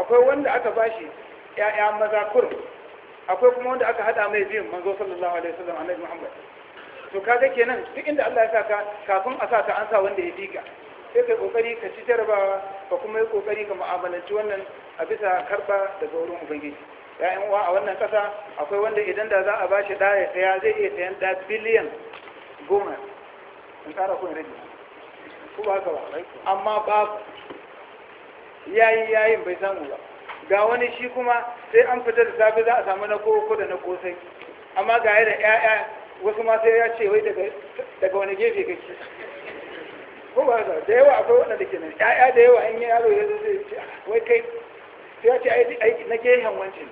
akwai wanda aka ba shi ƴaƴa maza kurum akwai kuma wanda aka hada mai biyun manzo sallallahu alaihi wasallam annabi Muhammad to kaga kenan duk inda Allah ya saka kafin a saka an sa wanda ya diga sai kai kokari ka ci jarabawa ka kuma yi kokari ka mu'amalanci wannan a bisa karba daga wurin ubangiji ya'yan uwa a wannan kasa akwai wanda idan da za a bashi da ya saya zai iya sayan da biliyan goma in kara kun rage ku ba haka ba amma babu yayi yayin bai samu ba ga wani shi kuma sai an fitar da safe za a samu na koko da na kosai amma ga da 'ya'ya wasu ma sai ya ce wai daga wani gefe kake ko ba za da yawa akwai waɗanda ke nan 'ya'ya da yawa an yi yaro ya zo zai ce ah, wai kai sai ya ce aiki, na gehen wancin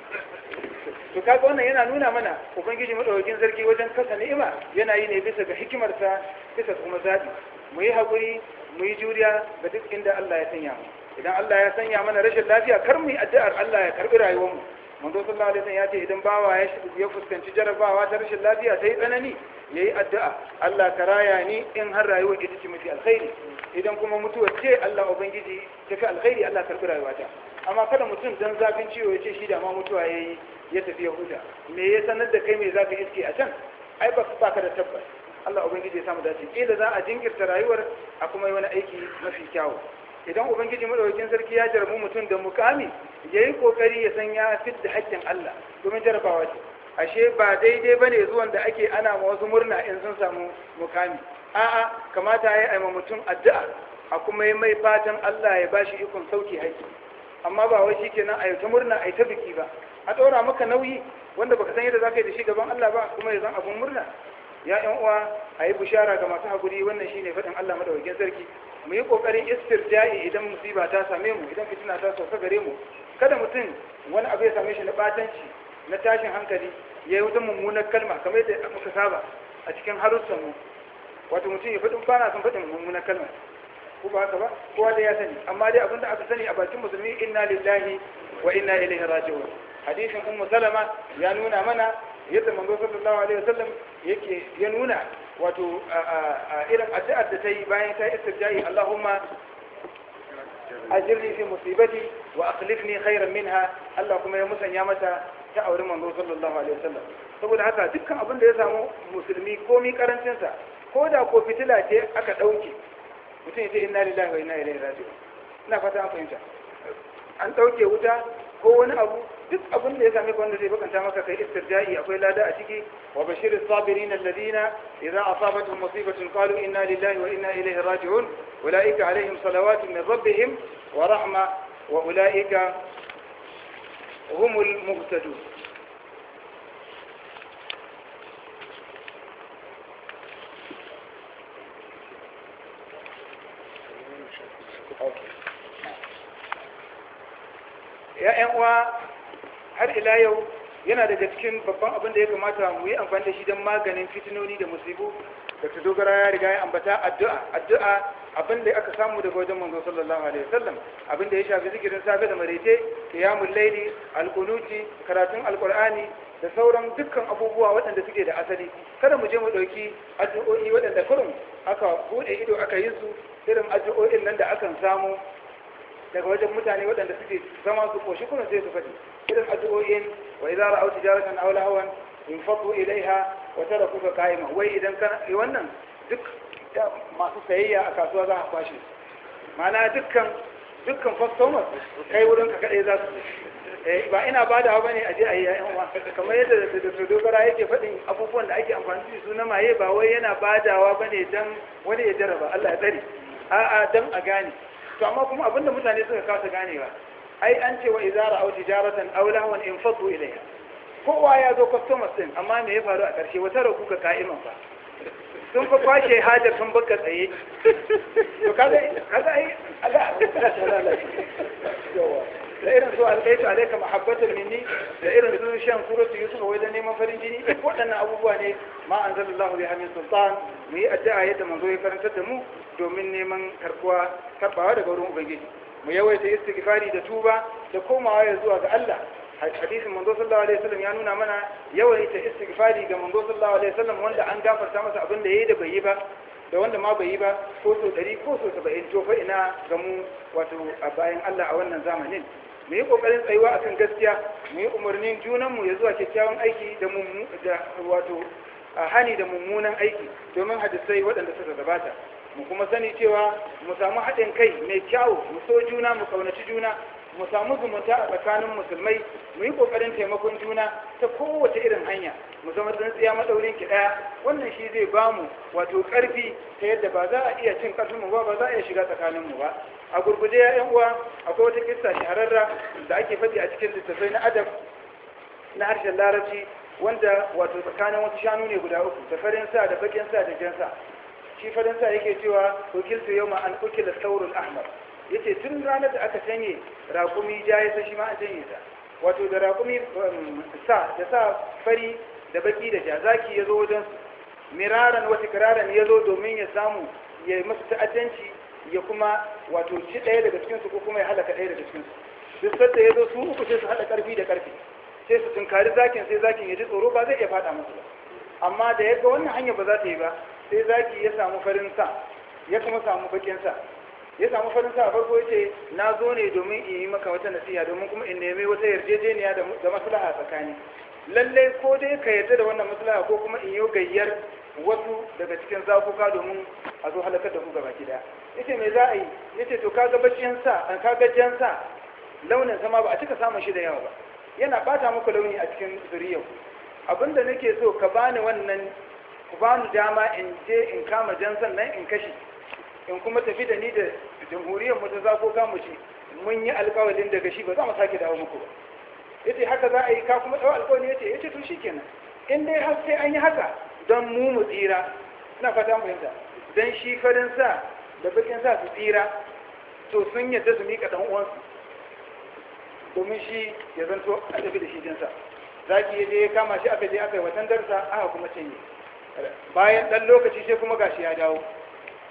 to kaga wannan yana nuna mana ubangiji madaukakin zargi wajen kasa ni'ima yana yi ne bisa ga hikimarsa bisa kuma zaɓi mu yi haƙuri mu yi juriya ga duk inda Allah ya sanya mu idan Allah ya sanya mana rashin lafiya kar mu yi addu'ar Allah ya karbi rayuwar mu manzo sallallahu alaihi wasallam ya ce idan bawa ya ya fuskanci jarabawa ta rashin lafiya sai tsanani yayi addu'a Allah ka raya ni in har rayuwar ita ce mafi alkhairi idan kuma mutuwa ce Allah ubangiji ta fi alkhairi Allah karbi rayuwata amma kada mutum dan zafin ciwo ya ce shi da ma mutuwa yayi ya tafi ya huta me ya sanar da kai me zaka iske a can ai ba ka da tabbas Allah ubangiji ya samu dace kila za a jinkirta rayuwar a kuma yi wani aiki mafi kyawu idan ubangiji madaukakin sarki ya jarabu mutum da mukami ya kokari ya san ya fit da haƙƙin Allah domin jarabawa ce ashe ba daidai bane zuwan da ake ana ma wasu murna in sun samu mukami a'a kamata ya yi mutum addu'a a kuma yi mai fatan Allah ya bashi ikon sauki haƙƙi amma ba wai shikenan a yi ta murna a yi ta biki ba a ɗora maka nauyi wanda baka san yadda ka yi da shi gaban Allah ba kuma ya abun murna ya 'yan uwa a yi bishara ga masu haƙuri wannan shine faɗin Allah madaukakin sarki mu yi kokarin istirja'i idan musiba ta same mu idan fitina ta sauka gare mu kada mutum wani abu ya same shi na batanci na tashin hankali ya yi wata mummunar kalma kamar yadda muka saba a cikin harussan mu wato mutum ya faɗin na son faɗin mummunar kalma ko ba haka ba kowa da ya sani amma dai abinda aka sani a bakin musulmi inna lillahi wa inna ilaihi raji'un hadishin ummu salama ya nuna mana yadda manzo sallallahu alaihi wasallam yake ya nuna wato irin addu'ar da ta yi bayan ta istirja'i Allahumma ajirni fi musibati wa akhlifni khairan minha Allah kuma ya musanya mata ta aure manzo sallallahu alaihi wasallam saboda haka dukkan abin da ya samu musulmi komi karancin sa ko da ko fitila ce aka dauke mutum ya ce inna lillahi wa inna ilaihi raji'un ina fata an fahimta an dauke wuta ko wani abu duk abin da ya same ka wanda zai bakanta maka kai istirja'i akwai lada a ciki wa bashir as-sabirin alladhina idza asabatuhum musibatun qalu inna lillahi wa inna ilayhi raji'un ulaika alaihim salawatu min rabbihim wa rahma wa ulaika humul muhtadun ya uwa har ila yau yana daga cikin babban abin da ya kamata mu yi amfani da shi don maganin fitinoni da musibu ta dogara ya riga ya ambata addu'a addu'a abin da aka samu daga wajen manzo sallallahu alaihi wasallam abin da ya shafi zikirin safe da maraice qiyamul laili alqunuti karatun alkur'ani da sauran dukkan abubuwa waɗanda suke da asali kada mu je mu ɗauki addu'o'i waɗanda kurum aka buɗe ido aka yi su irin addu'o'in nan da akan samu daga wajen mutane waɗanda suke zama su koshi kuna sai su faɗi irin addu'o'in wa idza ra'aw tijaratan aw lahwan infatu ilaiha wa tarakuka qa'ima wai idan kana eh, wannan duk masu sayayya a kasuwa za a kwashe mana dukkan dukkan customers kai wurin ka kadai za su eh, ba ina ba da bane aje a yi yayin wa kamar yadda da su dogara yake faɗin abubuwan da ake amfani da su na maye ba wai yana badawa bane dan wani ya jaraba Allah ya tsare a'a dan a gane to amma kuma abinda mutane suka kasa ganewa ai an ce wa izara au tijaratan aw lahwan in fadu ilayha kowa ya zo customers din amma me ya faru a karshe wata roku ka ka'iman fa sun fa kwashe hajar sun baka tsaye to kaga kaga ai Allah da irin su alkaitu alaika mahabbatar minni da irin su shan suratu yusuf wai dan neman farin jini duk waɗannan abubuwa ne ma anzalallahu bi hamin sultan mu yi addu'a yadda manzo ya karantar da mu domin neman karkuwa daga wurin ubangiji mu yawaita istighfari da tuba da komawa ya zuwa ga Allah hadisin manzo sallallahu alaihi wasallam ya nuna mana yawaita istighfari ga manzo sallallahu alaihi wasallam wanda an gafarta masa abin da yayi da bai yi ba da wanda ma bai yi ba ko so 100 ko so 70 to fa ina ga mu wato a bayan Allah a wannan zamanin mu yi kokarin tsayuwa a kan gaskiya mu yi umarnin junanmu ya zuwa kyakkyawan aiki da wato a hani da mummunan aiki domin hadisai waɗanda suka gabata mu kuma sani cewa mu samu haɗin kai mai kyawu mu so juna mu ƙaunaci juna mu samu zumunta a tsakanin musulmai mu yi ƙoƙarin taimakon juna ta kowace irin hanya mu zama tsantsiya matsaurin ki ɗaya wannan shi zai bamu wato ƙarfi ta yadda ba za a iya cin ƙarfinmu ba ba za a iya shiga tsakaninmu ba a gurguje ya uwa akwai wata kissa shahararra da ake faɗi a cikin littattafai na adam na harshen larabci wanda wato tsakanin wasu shanu ne guda uku da farin sa da bakin sa da jan shi farin sa yake cewa wakiltu yau ma an ukila saurin ahmar yace tun ranar da aka canye rakumi ja ya san shi ma canye ta wato da rakumi um, sa da sa fari da baki da ja zaki ya zo wajen miraran wata kiraran ya zo domin ya samu ya yi masu ta'addanci ya kuma wato ci ɗaya daga cikinsu ko kuma ya halaka ɗaya daga cikinsu duk sadda ya zo su uku sai su haɗa ƙarfi da ƙarfi sai su tunkari zakin sai zakin ya ji tsoro ba zai iya faɗa musu ba amma da ya ga wannan hanya ba za ta yi ba sai zaki ya samu farin sa ya kuma samu bakin sa ya samu farin sa a farko ya ce na zo ne domin in yi maka wata nasiha domin kuma in nemi wata yarjejeniya da maslaha tsakani lallai ko dai ka yarda da wannan maslaha ko kuma in yi gayyar wasu daga cikin zakuka domin a zo halakar da ku gaba gida ita me za a yi Ya ce to ka bacin sa an jan launin sama ba a cika samun shi da yawa ba yana bata muku launi a cikin zuriyar abinda nake so ka bani wannan ku bani dama in je in kama jan sannan in kashi in kuma tafi da ni da jamhuriyar mu ta zakuka mu ce mun yi alkawalin daga shi ba za mu sake dawo muku ba yace haka za a yi ka kuma ya ce ya ce to shi kenan. in dai har sai an yi haka don mu mu tsira ina fata mu fahimta dan shi farin sa da bakin sa su tsira to sun yadda su mika dan uwansu domin shi ya zanto a tafi da shi jinsa zaki ya je ya kama shi aka je aka yi watan darsa aka kuma cinye bayan dan lokaci sai kuma gashi ya dawo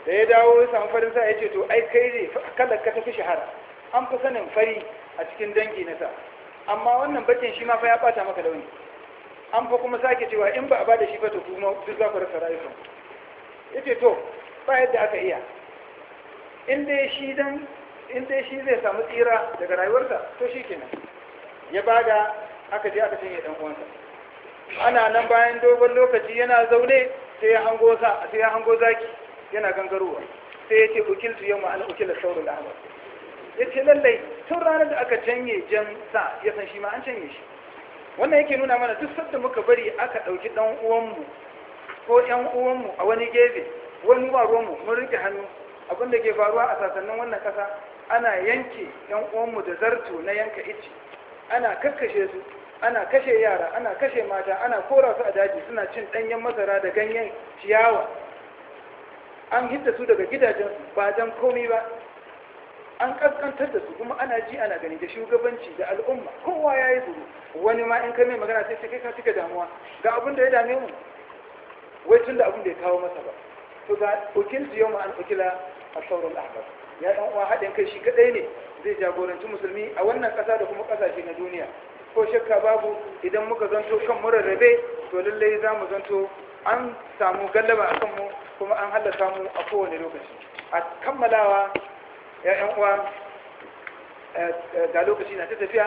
da ya dawo ya samu farin sa ya ce to ai kai ne kalar ka tafi shahara an fi sanin fari a cikin dangi na sa amma wannan bakin shi ma fa ya bata maka launi an fa kuma sake cewa in ba a bada shi ba to kuma duk za ku rasa rayukan yace to ba yadda aka iya in dai shi zai samu tsira daga rayuwarsa to shi kenan ya bada aka je aka cinye dan uwansa ana nan bayan dogon lokaci yana zaune sai ya hango sa sai zaki yana gangarowa sai ya ce ukiltu yamma an ukila saurul ahmad ya ce lallai tun ranar da aka canye jan sa ya san shi ma an canye shi wannan yake nuna mana duk sadda muka bari aka ɗauki ɗan uwanmu ko yan uwanmu a wani gefe wani ba ruwanmu mun rike hannu abinda ke faruwa a sasannin wannan ƙasa. ana yanke yan uwanmu da zarto na yanka ici ana kakkashe su ana kashe yara ana kashe mata ana kora su a daji suna cin ɗanyen masara da ganyen ciyawa an hidda su daga gidajen ba don komai ba an kaskantar da su kuma ana ji ana gani da shugabanci da al'umma kowa ya yi zuru wani ma in ka mai magana sai kai ka cika damuwa ga abin da ya dame mu wai tun da abin da ya kawo masa ba to ga ukiltu yau ma'an ukila a sauran ahmad ya ɗan uwa haɗin kai shi kaɗai ne zai jagoranci musulmi a wannan ƙasa da kuma ƙasashe na duniya ko shakka babu idan muka zanto kan mu rarrabe to lallai za mu zanto an samu gallaba a kanmu kuma an hallaka mu a kowane lokaci a kammalawa ‘ya'yan uwa eh, eh, ga lokaci na ta tafiya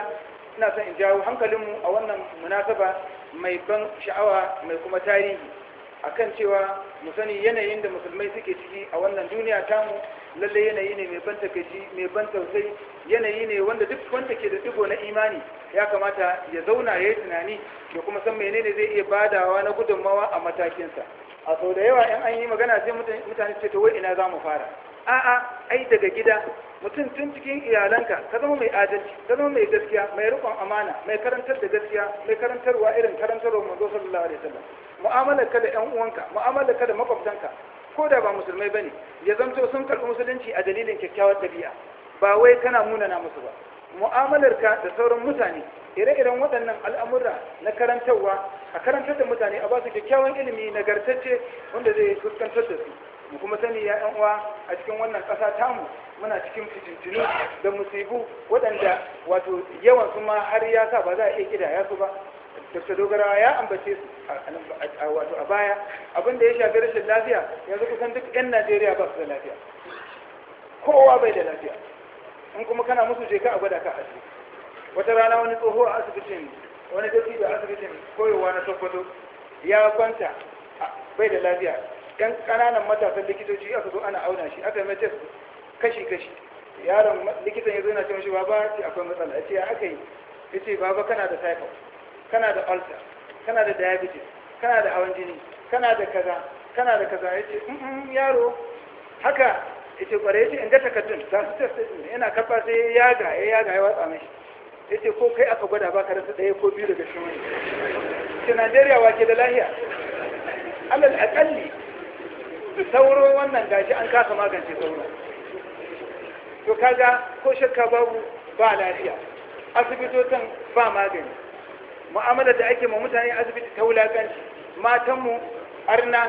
ina son in jawo hankalinmu a wannan munasaba mai ban sha'awa mai kuma tarihi akan cewa mu sani yanayin da musulmai suke ciki a wannan duniya tamu lalle yanayi ne mai ban takaici mai ban tausayi yanayi ne wanda duk wanda ke da digo na imani ya kamata ya zauna ya yi tunani ya kuma san menene zai iya badawa na gudunmawa a matakinsa a sau da yawa in an yi magana sai mutane ce to wai ina za mu fara a'a ai daga gida mutum tun cikin iyalanka ka zama mai adalci ka zama mai gaskiya mai rikon amana mai karantar da gaskiya mai karantarwa irin karantarwa manzo sallallahu alaihi wasallam mu'amalar ka da 'yan uwanka mu'amalar ka da makwabtanka ko da ba musulmai ba ne? ya zanto sun karɓi musulunci a dalilin kyakkyawar ɗabi'a ba wai kana munana musu ba mu'amalar ka da sauran mutane ire-iren waɗannan al'amura na karantarwa a karantar da mutane a basu su kyakkyawan ilimi nagartacce wanda zai fuskantar da su mu kuma sani ya yan uwa a cikin wannan ƙasa tamu muna cikin fitintinu da musibu waɗanda wato yawan su ma har ya sa ba za a iya kida ya su ba Dokta dogara ya ambace su wato a baya abinda ya shafi rashin lafiya yanzu kusan duk 'yan najeriya ba su da lafiya kowa bai da lafiya in kuma kana musu je ka a gwada ka ce. wata rana wani tsoho a asibitin wani dauki da asibitin koyowa na sokoto ya kwanta bai da lafiya yan ƙananan matasan likitoci aka zo ana auna shi aka yi test kashi-kashi yaron likitan ya zo yana cewa ba ce akwai matsala ya ce ya aka yi ya ce baba kana da typhoid kana da ulcer kana da diabetes kana da hawan jini kana da kaza kana da kaza yace mm yaro haka yace kware yace in ga takaddun ta su test din yana kafa sai ya yaga ya yaga ya watsa ya yace ko kai aka gwada ba ka rasa daya ko biyu daga cikin wani ce Najeriya wake da lahiya alal akalli sauro wannan gashi an kasa magance sauro to kaga ko shakka babu ba lafiya asibitocin ba magani mu'amalar da ake ma mutane asibiti ta wulakanci matanmu arna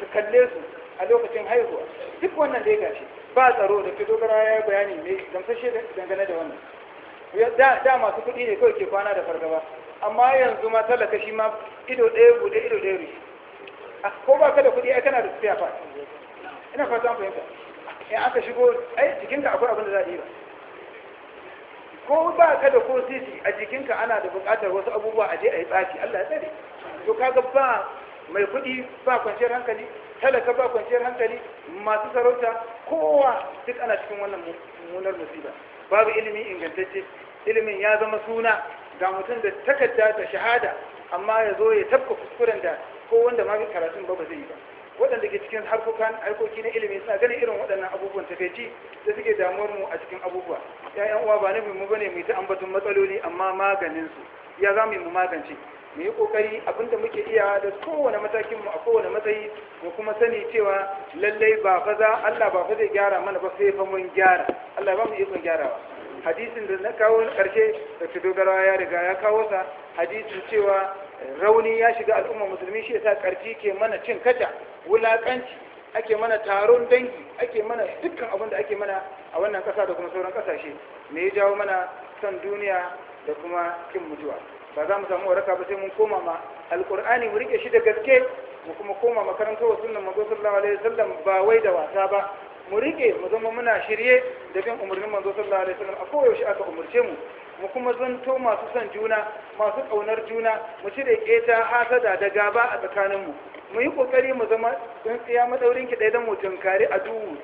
su kalle su a lokacin haihuwa duk wannan da ya gashi ba tsaro da fito dogara ya yi bayani mai gamsashe dangane da wannan da masu kuɗi ne kawai ke kwana da fargaba amma yanzu ma talaka shi ma ido ɗaya buɗe ido ɗaya rufe ko ba ka da kuɗi ai kana da tafiya fa ina fata an fahimta in aka shigo ai jikinka akwai abin da za a yi ba ko ba ka da ko sisi a jikinka ana da bukatar wasu abubuwa a je a yi tsafi Allah ya tsare to kaga ba mai kuɗi ba kwanciyar hankali talaka ba kwanciyar hankali masu sarauta kowa duk ana cikin wannan munar musiba babu ilimin ingantacce ilimin ya zama suna ga mutum da takarda da shahada amma ya zo ya tafka kuskuren da ko wanda ma karatun ba ba zai yi ba waɗanda ke cikin harkokan harkoki na ilimi suna ganin irin waɗannan abubuwan tafeci da suke damuwar mu a cikin abubuwa ƴaƴan uwa ba nufin mu bane mu ta ambaton matsaloli amma maganin su ya za mu yi mu magance mu yi kokari abinda muke iya da kowane matakin mu a kowane matsayi mu kuma sani cewa lallai ba fa za Allah ba fa zai gyara mana ba sai fa mun gyara Allah ba mu ikon gyarawa hadisin da na kawo karshe da dogarawa ya riga ya kawo sa hadisin cewa rauni ya shiga al'umma musulmi shi yasa karfi ke mana cin kaca wulakanci ake mana taron dangi ake mana dukkan abin da ake mana a wannan kasa da kuma sauran kasashe me ya jawo mana son duniya da kuma kin mutuwa ba za mu samu waraka ba sai mun koma ma alkur'ani mu rike shi da gaske mu kuma koma makarantar wa manzo sallallahu alaihi wasallam ba wai da wasa ba mu rike mu zama muna shirye da bin umarnin manzo sallallahu alaihi wasallam a koyaushe aka umarce mu mu kuma zanto masu son juna masu ƙaunar juna mu cire ƙeta hasada da gaba a tsakaninmu mu yi ƙoƙari mu zama tsintsiya madaurin ki ɗaya don mu tunkari a duhu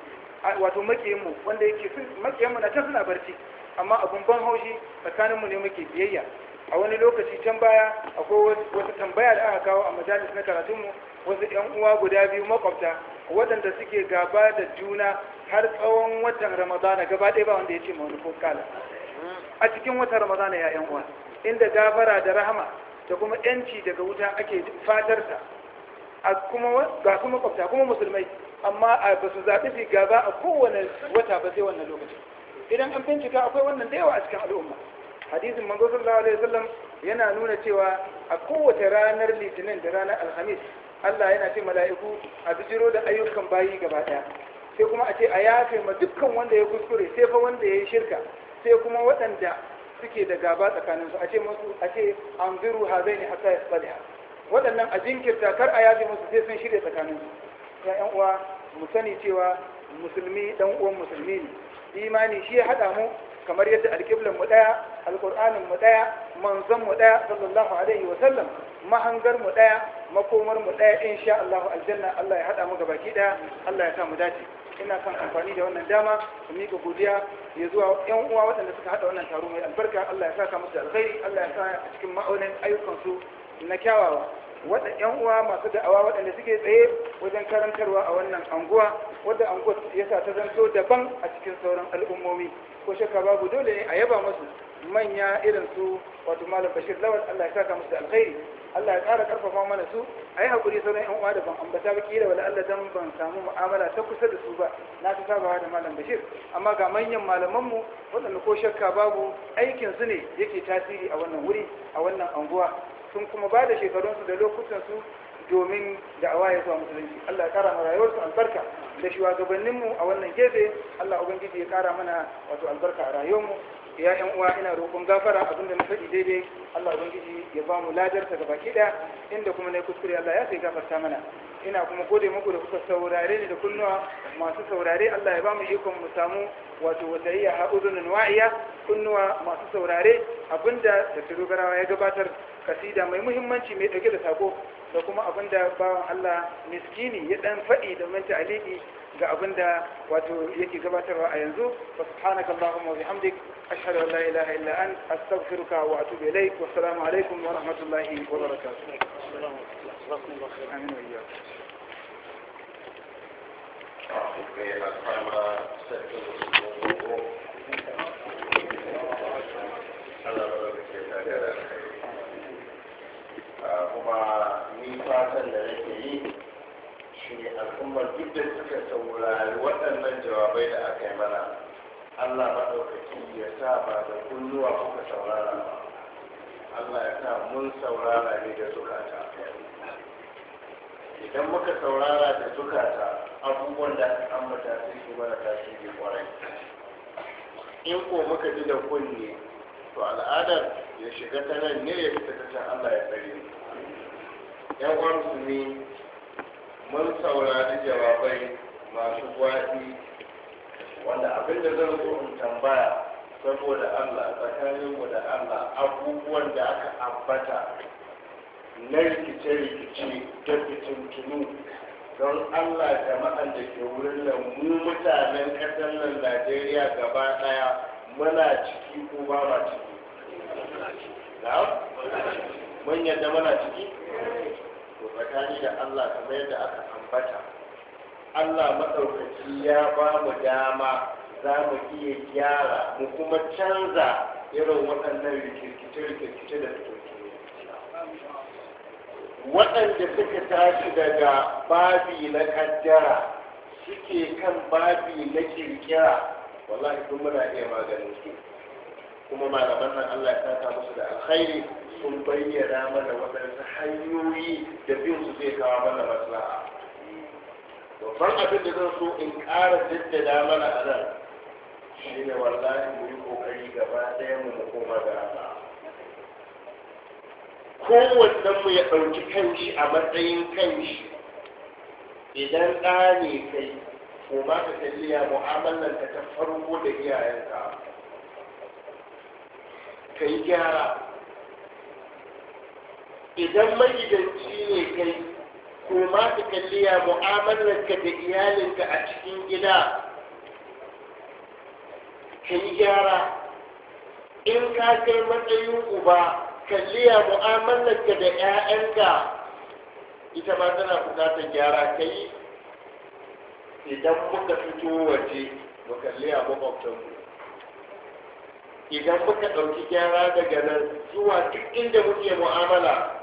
wato makiyinmu wanda yake makiyinmu na can suna barci amma abun ban haushi tsakaninmu ne muke biyayya a wani lokaci can baya akwai wasu tambaya da aka kawo a majalis na karatunmu wasu 'yan uwa guda biyu makwabta waɗanda suke gaba da juna har tsawon watan ramadana gaba ɗaya ba wanda ya ce ma wani ko kala a cikin wata ramadana ya yanwa inda gafara da rahama da kuma yanci daga wuta ake fatarsa ga kuma kwafta kuma musulmai amma a ba su zaɓi fi gaba a kowane wata ba sai wannan lokacin idan an bincika akwai wannan da yawa a cikin al'umma hadisin manzo sallallahu alaihi wasallam yana nuna cewa a kowace ranar litinin da ranar alhamis Allah yana ce mala'iku a bijiro da ayyukan bayi gaba ɗaya, sai kuma a ce a yafe ma dukkan wanda ya kuskure sai fa wanda ya yi shirka sai kuma waɗanda suke da gaba tsakaninsu a ce masu a ce an biru ha zai ne sa ya tsali waɗannan a jinkirta kar a yaji musu sai sun shirya tsakaninsu ya yan uwa mu sani cewa musulmi dan uwan musulmi ne imani shi ya haɗa mu kamar yadda alƙiblan mu ɗaya alƙur'anin mu ɗaya manzon mu ɗaya sallallahu alaihi wa sallam mahangar mu ɗaya makomar mu ɗaya insha Allah aljanna Allah ya haɗa mu gabaki ɗaya Allah ya sa mu dace ina kan amfani da wannan dama su miƙa godiya ya zuwa yan uwa waɗanda suka haɗa wannan taro mai albarka Allah ya saka musu da alkhairi Allah ya sa a cikin ma'aunin ayyukansu na kyawawa wadda yan uwa masu da'awa waɗanda suke tsaye wajen karantarwa a wannan anguwa wadda anguwa ya sa ta zanto daban a cikin sauran al'ummomi ko shakka babu dole a yaba masu manya irin su wato malam bashir lawal Allah ya saka musu da alkhairi Allah ya kara karfafa mana su a yi haƙuri sauran yan uwa da ban ambata ba kila wala Allah dan ban samu mu'amala ta kusa da su ba na ta saba da malam bashir amma ga manyan mu waɗanda ko shakka babu aikin su ne yake tasiri a wannan wuri a wannan anguwa sun kuma ba da shekarunsu da lokutansu domin da a ya zuwa musulunci Allah ya kara mana rayuwarsu albarka da gabaninmu a wannan gefe Allah ubangiji ya kara mana wato albarka a rayuwarmu ya yan uwa ina roƙon gafara abinda na faɗi daidai Allah ubangiji ya ba mu ladar ta gaba kida inda kuma na kuskure Allah ya sai gafarta mana ina kuma gode maku da kuka saurare ni da kunnuwa masu saurare Allah ya ba mu ikon mu samu wato wata ha uzunin wa'iya kunnuwa masu saurare abinda da Garawa ya gabatar kasida mai muhimmanci mai ɗauke da sako da kuma abinda bawan Allah miskini ya dan fadi da manta aliki ga abinda wato yake gabatarwa a yanzu fa subhanaka allahumma wa bihamdik ashhadu an la ilaha illa ant astaghfiruka wa atubu ilaik wa assalamu alaikum wa rahmatullahi wa barakatuh amin wa iyyakum Allah kuma ni fatan da nake yi shi ne al'ummar duk da suka saurari waɗannan jawabai da aka yi mana allah maɗaukaki ya sa ba da kunnuwa kuka saurara ba allah ya sa mun saurara ne da zukata idan muka saurara da zukata abubuwan da an ambata sai su mana tasiri kwarai in ko muka ji da kunne to al'adar ya shiga ta nan ne ya fita ta Allah ya tsare mu yan uwansu ne mun saurari jawabai masu gwaɗi wanda abin da zan so in tambaya saboda Allah tsakaninmu da Allah abubuwan da aka ambata na rikice-rikice da fitintunu don Allah jama'an da ke wurin nan mu mutanen ƙasar nan Najeriya gaba ɗaya muna ciki ko ba ma ciki. Na'am? Mun yadda muna ciki? tsakani da Allah kamar yadda aka ambata Allah maɗaukaci ya ba mu dama za mu iya gyara mu kuma canza irin waɗannan rikirkice-rikirkice da suke waɗanda suka tashi daga babi na kaddara suke kan babi na kirkira wallahi kuma muna iya maganin su kuma malaman nan Allah ya sata musu da alkhairi sun bayyana mana waɗansu hanyoyi da bin su zai kawo mana maslaha babban abin da zan so in ƙara jaddada mana a nan shi ne wallahi mu yi ƙoƙari gaba ɗaya mu koma da haka kowanne mu ya ɗauki shi a matsayin shi idan ɗa ne kai ko ma ka kalliya mu'amalar ka ta farko da iyayenka ka yi gyara idan magidanci ne kai ko ma ka kalli ya ka da iyalinka a cikin gida ka yi gyara in ka kai matsayin uba kalli ya ka da 'ya'yanka ita ma tana bukatar gyara ka yi idan muka fito waje mu kalli a makwabtanmu idan muka ɗauki gyara daga nan zuwa duk inda muke mu'amala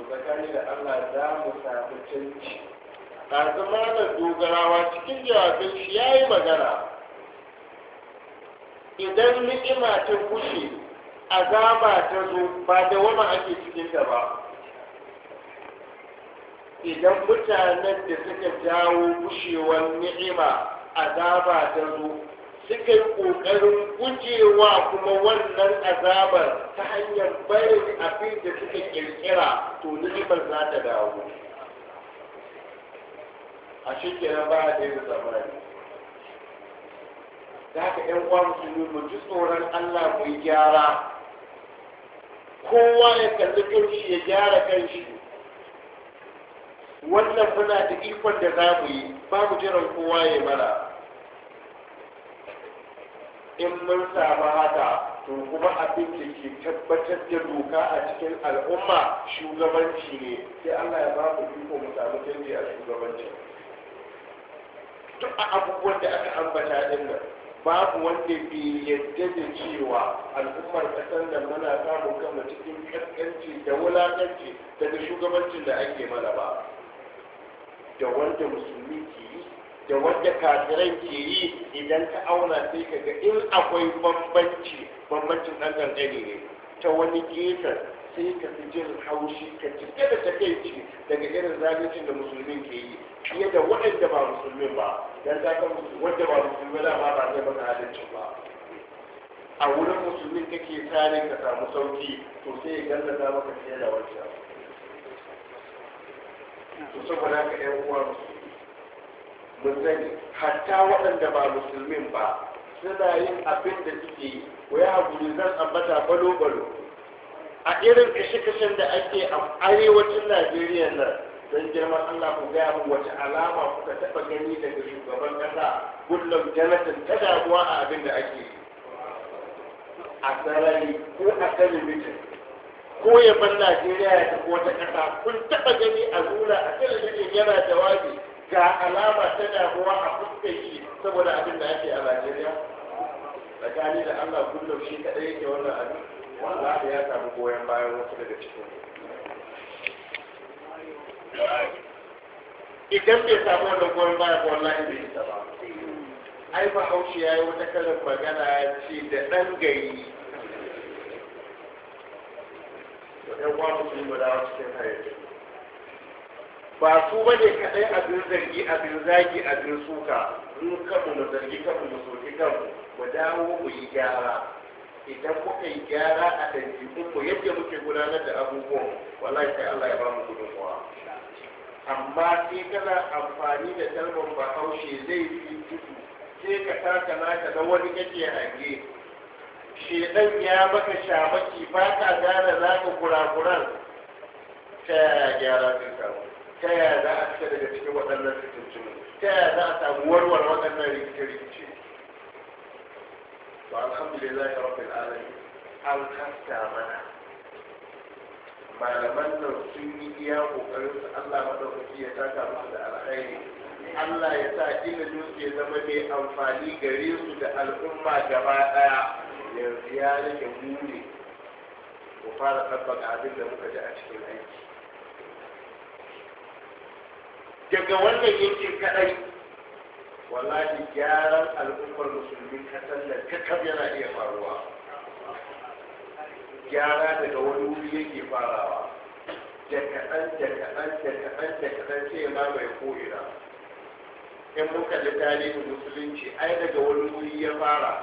to tsakani da Allah za mu samu canji ɗazu malam dogarawa cikin jawabin shi ya yi magana idan ni'ima ta gushe azaba ta zo ba da wama ake cikin ta ba idan mutanen da suka jawo gushewar ni'ima azaba ta zo suka yi ƙoƙarin gujewa kuma wannan azabar ta hanyar barin abin da suka ƙirƙira to ni'imar za ta dawo a shi ba a daina zamani da haka ‘yan uwa musulmi mu ji tsoron Allah mu gyara kowa ya kalli kanshi ya gyara kanshi wannan muna da ikon da za mu yi babu jiran kowa ya mara in mun samu haka to kuma abin da ke tabbatar da doka a cikin al'umma shugabanci ne sai Allah ya ba mu iko mu samu canji a shugabanci duk abubuwan da aka ambata din nan babu wanda bai yadda da cewa al'ummar kasar nan muna samun kanmu cikin kaskanci da wulakanci daga shugabancin da ake mana ba da wanda musulmi ke da wanda kafirai ke yi idan ka auna sai ka ga in akwai bambanci bambancin ɗan ɗanɗani ne ta wani gefen sai ka fi jin haushi ka cike da takaici daga irin zaluncin da musulmin ke yi fiye da waɗanda ba musulmin ba dan za ka wanda ba musulmi na ma ba zai maka halaccin ba a wurin musulmin kake tare ka samu sauki to sai ya gallaza maka fiye da wancan to saboda ka ƴan uwa musulmi mun sani hatta waɗanda ba musulmin ba suna yin abin da suke waya ko zan ambata balo-balo a irin kashe-kashen da ake a arewacin najeriya nan don girman allah ku gaya mu wace alama kuka taɓa gani daga shugaban ƙasa gullum jonathan ta damuwa a abin da ake yi a sarari ko a talibijin ko ya ban najeriya ya tafi wata ƙasa kun taɓa gani a nuna a talibijin yana jawabi ga alama ta damuwa a fuskar shi saboda abin da ake a Najeriya tsakani da Allah kullum shi kadai yake wannan abin wallahi ya samu goyon bayan wasu daga cikin idan bai samu wannan goyon bayan wallahi bai isa ba ai ba haushi ya yi wata karin magana ce da ɗan gari da ɗan kwa musulmi da cikin hayyacin ba su ba ne kaɗai abin zargi abin zagi abin suka in kanmu mu zargi kanmu mu soke kanmu mu dawo mu yi gyara idan muka yi gyara a ɗabi'un mu yadda muke gudanar da abubuwan wallahi sai Allah ya ba mu gudunmuwa amma sai kana amfani da kalmar bahaushe zai fi tudu sai ka taka naka da wani kake hange shedan ya maka shamaki ba ka gane za ka kurakuran ta gyara sai samu ta yaya za a fita daga cikin waɗannan fitintunu ta yaya za a samu warware waɗannan rikice-rikice to alhamdulillah ya rabbil alamin an kasta mana malaman nan sun yi iya kokarin su Allah madaukaki ya taka musu da alkhairi Allah ya sa ilimin su ya zama mai amfani gare su da al'umma gaba ɗaya. yanzu ya rage mu ne ku fara tabbata abin da muka ji a cikin aiki daga wannan yankin kadai wallahi gyaran al'ummar musulmi kasar da kakab yana iya faruwa gyara daga wani wuri yake farawa da kaɗan da kaɗan da kaɗan da kaɗan sai ma mai ko'ina in muka da tarihin musulunci ai daga wani wuri ya fara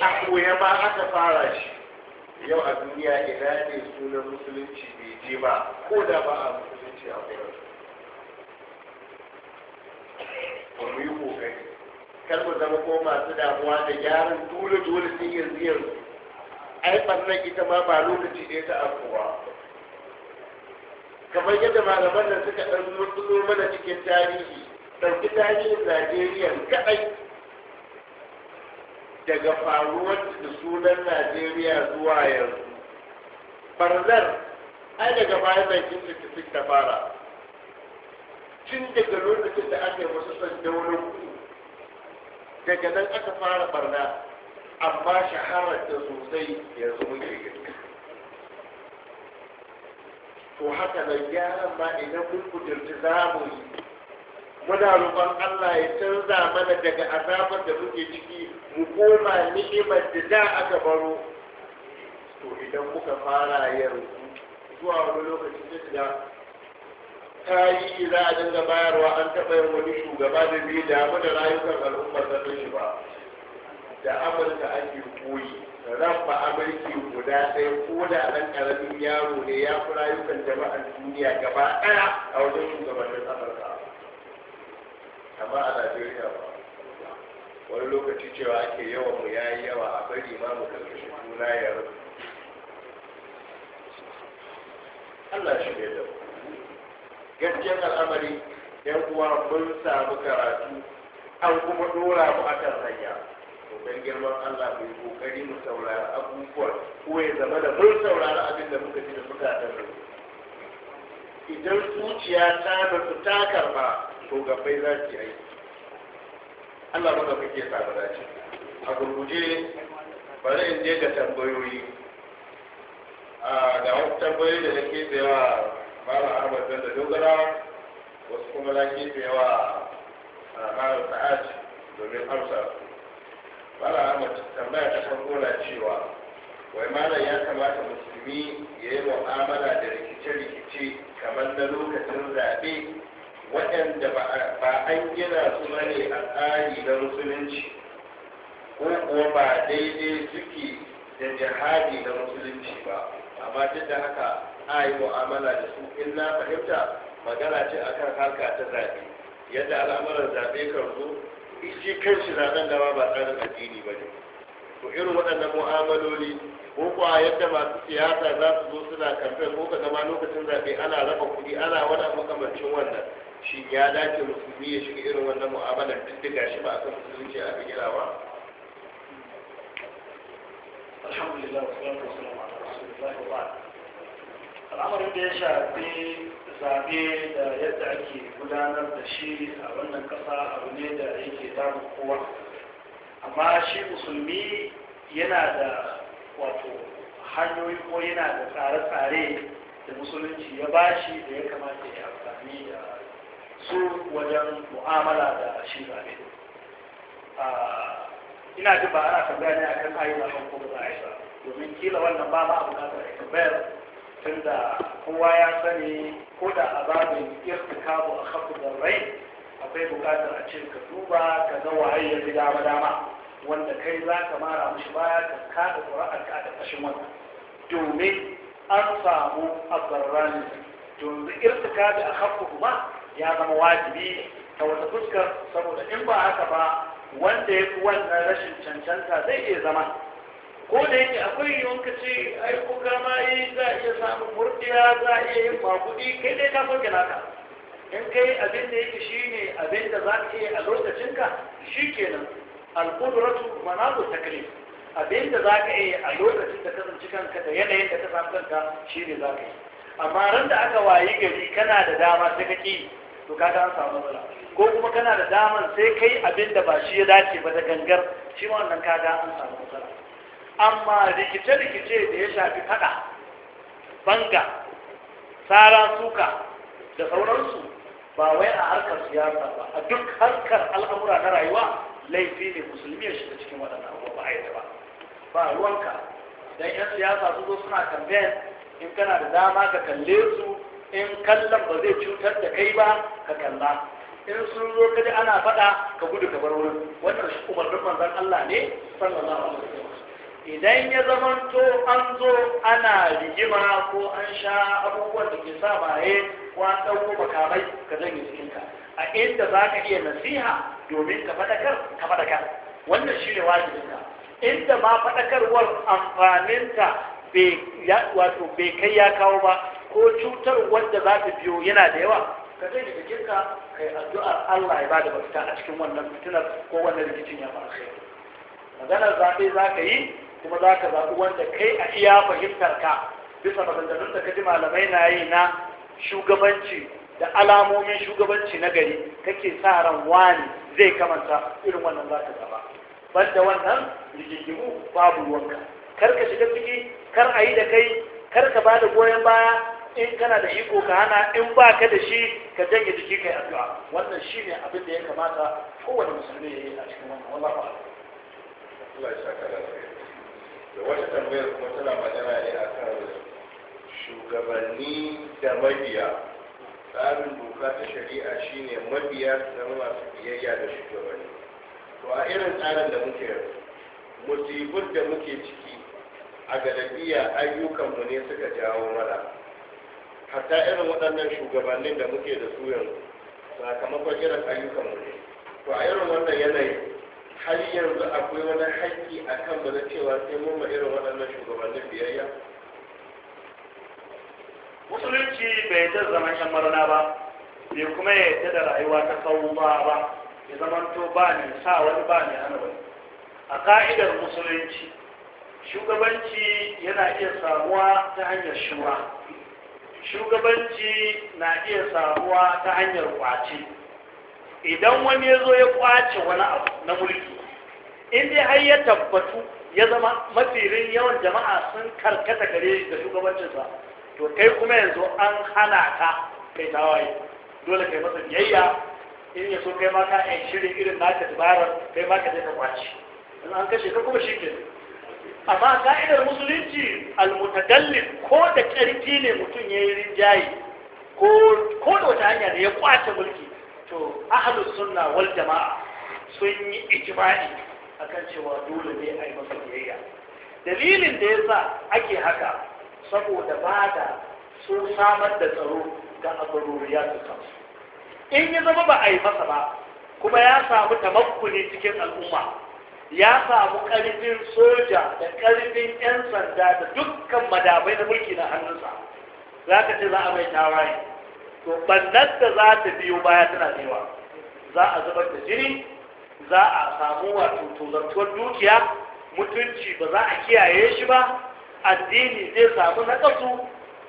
a ya ba aka fara shi yau a duniya ina ne sunan musulunci bai je ba ko da ba a musulunci a wurin ba mu yi kokari kar mu zama ko masu damuwa da gyaran dole dole sai yanzu yanzu ai ɓarnar ita ma ba lokaci ɗaya ta afuwa kamar yadda malaman da suka ɗan mutsulo mana cikin tarihi ɗauki tarihin najeriya kaɗai daga faruwar da sunan najeriya zuwa yanzu barzar ai daga bayan 1956 ta fara tun daga lokacin da aka yi wasu sandaunin kuɗi daga nan aka fara barna amma shaharar da sosai ya zama gani to haka nan gyaran ma idan mun kudurci za mu yi muna roƙon Allah ya canza mana daga azabar da muke ciki mu koma ni'imar da da aka baro to idan kuka fara yanzu zuwa wani lokaci da tarihi za a dinga bayarwa an taɓa yin wani shugaba da bai damu da rayukan al'ummar da shi ba da amurka ake koyi rabba amurki guda ɗaya ko da ɗan ƙaramin yaro ne ya fi rayukan jama'ar duniya gaba ɗaya a wajen shugabannin amurka amma a najeriya ba wani lokaci cewa ake yawa mu yayi yawa a bari ma mu karkashi juna ya rabu Allah shi ne da mu Gajiyar al'amari yan uwa mun samu karatu an kuma dora mu kan hanya to ban girman Allah mu yi kokari mu saurari abubuwan ko ya zama da mun saurari abin da muka ji da muka tafi idan zuciya ta nufi ta karba to gabbai za ki aiki Allah maka kake sa za ki a gurguje bari in je ga tambayoyi a ah, ga wata tambayoyi da nake tsaye malam ahmad da dogara wasu kuma na yawa wa malam sa'ad domin amsa malam ahmad tambaya ta farko na cewa wai malam ya kamata musulmi ya yi mu'amala da rikice-rikice kamar na lokacin zaɓe waɗanda ba an gina su ne a tsari na musulunci ko kuwa ba daidai suke da jihadi na musulunci ba amma duk da haka a yi mu'amala da su in na fahimta magana ce a kan harka ta zaɓe yadda al'amuran zaɓe kan zo shi kan shi zaɓen gaba ba tsarin addini ba ne to irin waɗannan mu'amaloli ko kuwa yadda masu siyasa za su zo suna kamfen ko ka zama lokacin zaɓe ana raba kuɗi ana wani makamancin wannan shi ya dace musulmi ya shiga irin wannan mu'amalar duk da gashi ba a kan musulunci a kan girawa alhamdulillah wasu wasu al'amarin da ya shafi zaɓe da yadda ake gudanar da shi a wannan ƙasa abu ne da yake damun kowa amma shi musulmi yana da wato hanyoyi ko yana da tsare-tsare da musulunci ya ba shi da ya kamata ya amfani da su wajen mu'amala da shi zaɓe ina jin ba ana tambaya ne akan ayi ko ba za a yi ba domin kila wannan ba ma abu na da tambayar tunda kowa ya sani ko da azabin irtikabu a kafin rai akwai bukatar a ce ka duba ka ga waye ya fi dama dama wanda kai za ka mara mishi baya ka kada ƙura'ar ka da fashin wannan domin an samu azarrani domin irtikabi a kafin kuma ya zama wajibi ta wata fuskar saboda in ba haka ba wanda ya fi wannan rashin cancanta zai iya zama ko da yake akwai yiwuwar ka ce ai kuka ma yi za a iya samun murtiya za a iya yin makudi kai dai ka soke naka in kai abin da yake shi ne abin da za ka iya a lokacinka shi kenan alƙuduratu manazu taklif abin da za ka iya a lokacin da ka tsinci kanka da yanayin da ka samu kanka shi ne za ka yi amma ran da aka wayi gari kana da dama sai ka to ka an samu matsala ko kuma kana da daman sai kai abin da ba shi ya dace ba da gangar shi ma wannan kaga an samu matsala amma rikice-rikice da ya shafi fada banga tsara suka da sauransu ba wai a harkar siyasa ba a duk harkar al'amura na rayuwa laifi ne musulmi ya shiga cikin waɗannan abubuwa ba a ba ba ruwanka don yan siyasa su zo suna kamfen in kana da dama ka kalle su in kallon ba zai cutar da kai ba ka kalla in sun zo kaji ana faɗa ka gudu ka bar wurin wannan umarnin manzon Allah ne sallallahu alaihi wasallam idan ya zamanto an zo ana rigima ko an sha abubuwan da ke sa baye ko an ɗauko makamai ka yi jikinka a inda za ka iya nasiha domin ka faɗakar ka faɗakar wannan shi ne wajibinka inda ma faɗakarwar amfaninta wato bai kai ya kawo ba ko cutar wanda za ta biyo yana da yawa ka zai yi jikinka kai addu'ar Allah ya bada mafita a cikin wannan fitinar ko wannan rikicin ya faru maganar zaɓe za ka yi kuma za ka zaɓi wanda kai a iya fahimtar ka bisa maganganun da ka ji malamai na yi na shugabanci da alamomin shugabanci na gari kake sa ran wani zai kamanta irin wannan za ka zaɓa da wannan rigingimu babu ruwanka kar ka shiga ciki kar a yi da kai kar ka ba da goyon baya in kana da iko ka hana in ba ka da shi ka janye jiki kai addu'a wannan shi ne abin da ya kamata kowane musulmi ya yi a cikin wannan wani ba Allah ya saka lafiya da wata tambayar kuma tana magana ne a kan shugabanni da mabiya tsarin doka ta shari'a shine mabiya su zama masu biyayya da shugabanni to a irin tsarin da muke yanzu musibin da muke ciki a galabiya ayyukanmu ne suka jawo mana hatta irin waɗannan shugabannin da muke da su yanzu sakamakon irin ayyukanmu ne to a irin wannan yanayin har yanzu akwai wani haƙƙi a kan ba na cewa sai mun ma irin waɗannan shugabannin biyayya musulunci bai ta zaman yan marana ba bai kuma ya yadda da rayuwa ta kawo ba ba ya to ba ne sa wani ba ne hana wani a ka'idar musulunci shugabanci yana iya samuwa ta hanyar shura shugabanci na iya samuwa ta hanyar kwace idan wani ya zo ya kwace wani abu na mulki in dai har ya tabbatu ya zama mafirin yawan jama'a sun karkata gare shi da shugabancinsa to kai kuma yanzu an hana ka kai tawaye dole kai masa biyayya in ya so kai ma ka yan shirin irin naka dabarar kai ma ka je ka kwace in an kashe ka kuma shi ke amma ka'idar musulunci almutadallin ko da ƙarfi ne mutum ya yi rinjaye ko da wata hanya da ya kwace mulki to ahalus sunna wal jama'a sun yi ijma'i akan cewa dole ne a yi masa biyayya dalilin da yasa ake haka saboda ba da sun samar da tsaro ga abaruriya su kansu in ya zama ba a yi masa ba kuma ya samu tamakkuni cikin al'umma ya samu ƙarfin soja da ƙarfin 'yan sanda da dukkan madabai na mulki na hannunsa za ka ce za a mai tawaye to bannan da za ta biyo baya tana da yawa za a zubar da jini za a samu wato tozartuwar dukiya mutunci ba za a kiyaye shi ba addini zai samu naƙasu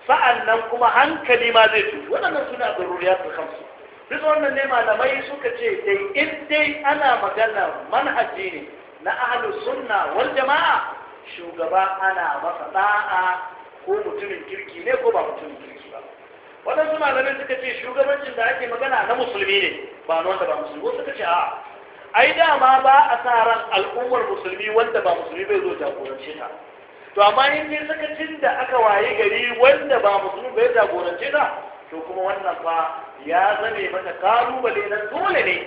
sa'annan kuma hankali ma zai cutu waɗannan suna zaruriya su kansu duk wannan ne malamai suka ce dai in dai ana magana manhaji ne na ahlu sunna wal jama'a shugaba ana masa da'a ko mutumin kirki ne ko ba mutumin kirki waɗansu malamai suka ce shugabancin da ake magana na musulmi ne ba na wanda ba musulmi wasu suka ce a ai dama ba a sa ran al'ummar musulmi wanda ba musulmi bai zo jagorance ta to amma in ne sakacin da aka waye gari wanda ba musulmi bai jagorance ta to kuma wannan fa ya zame mata kalubale na dole ne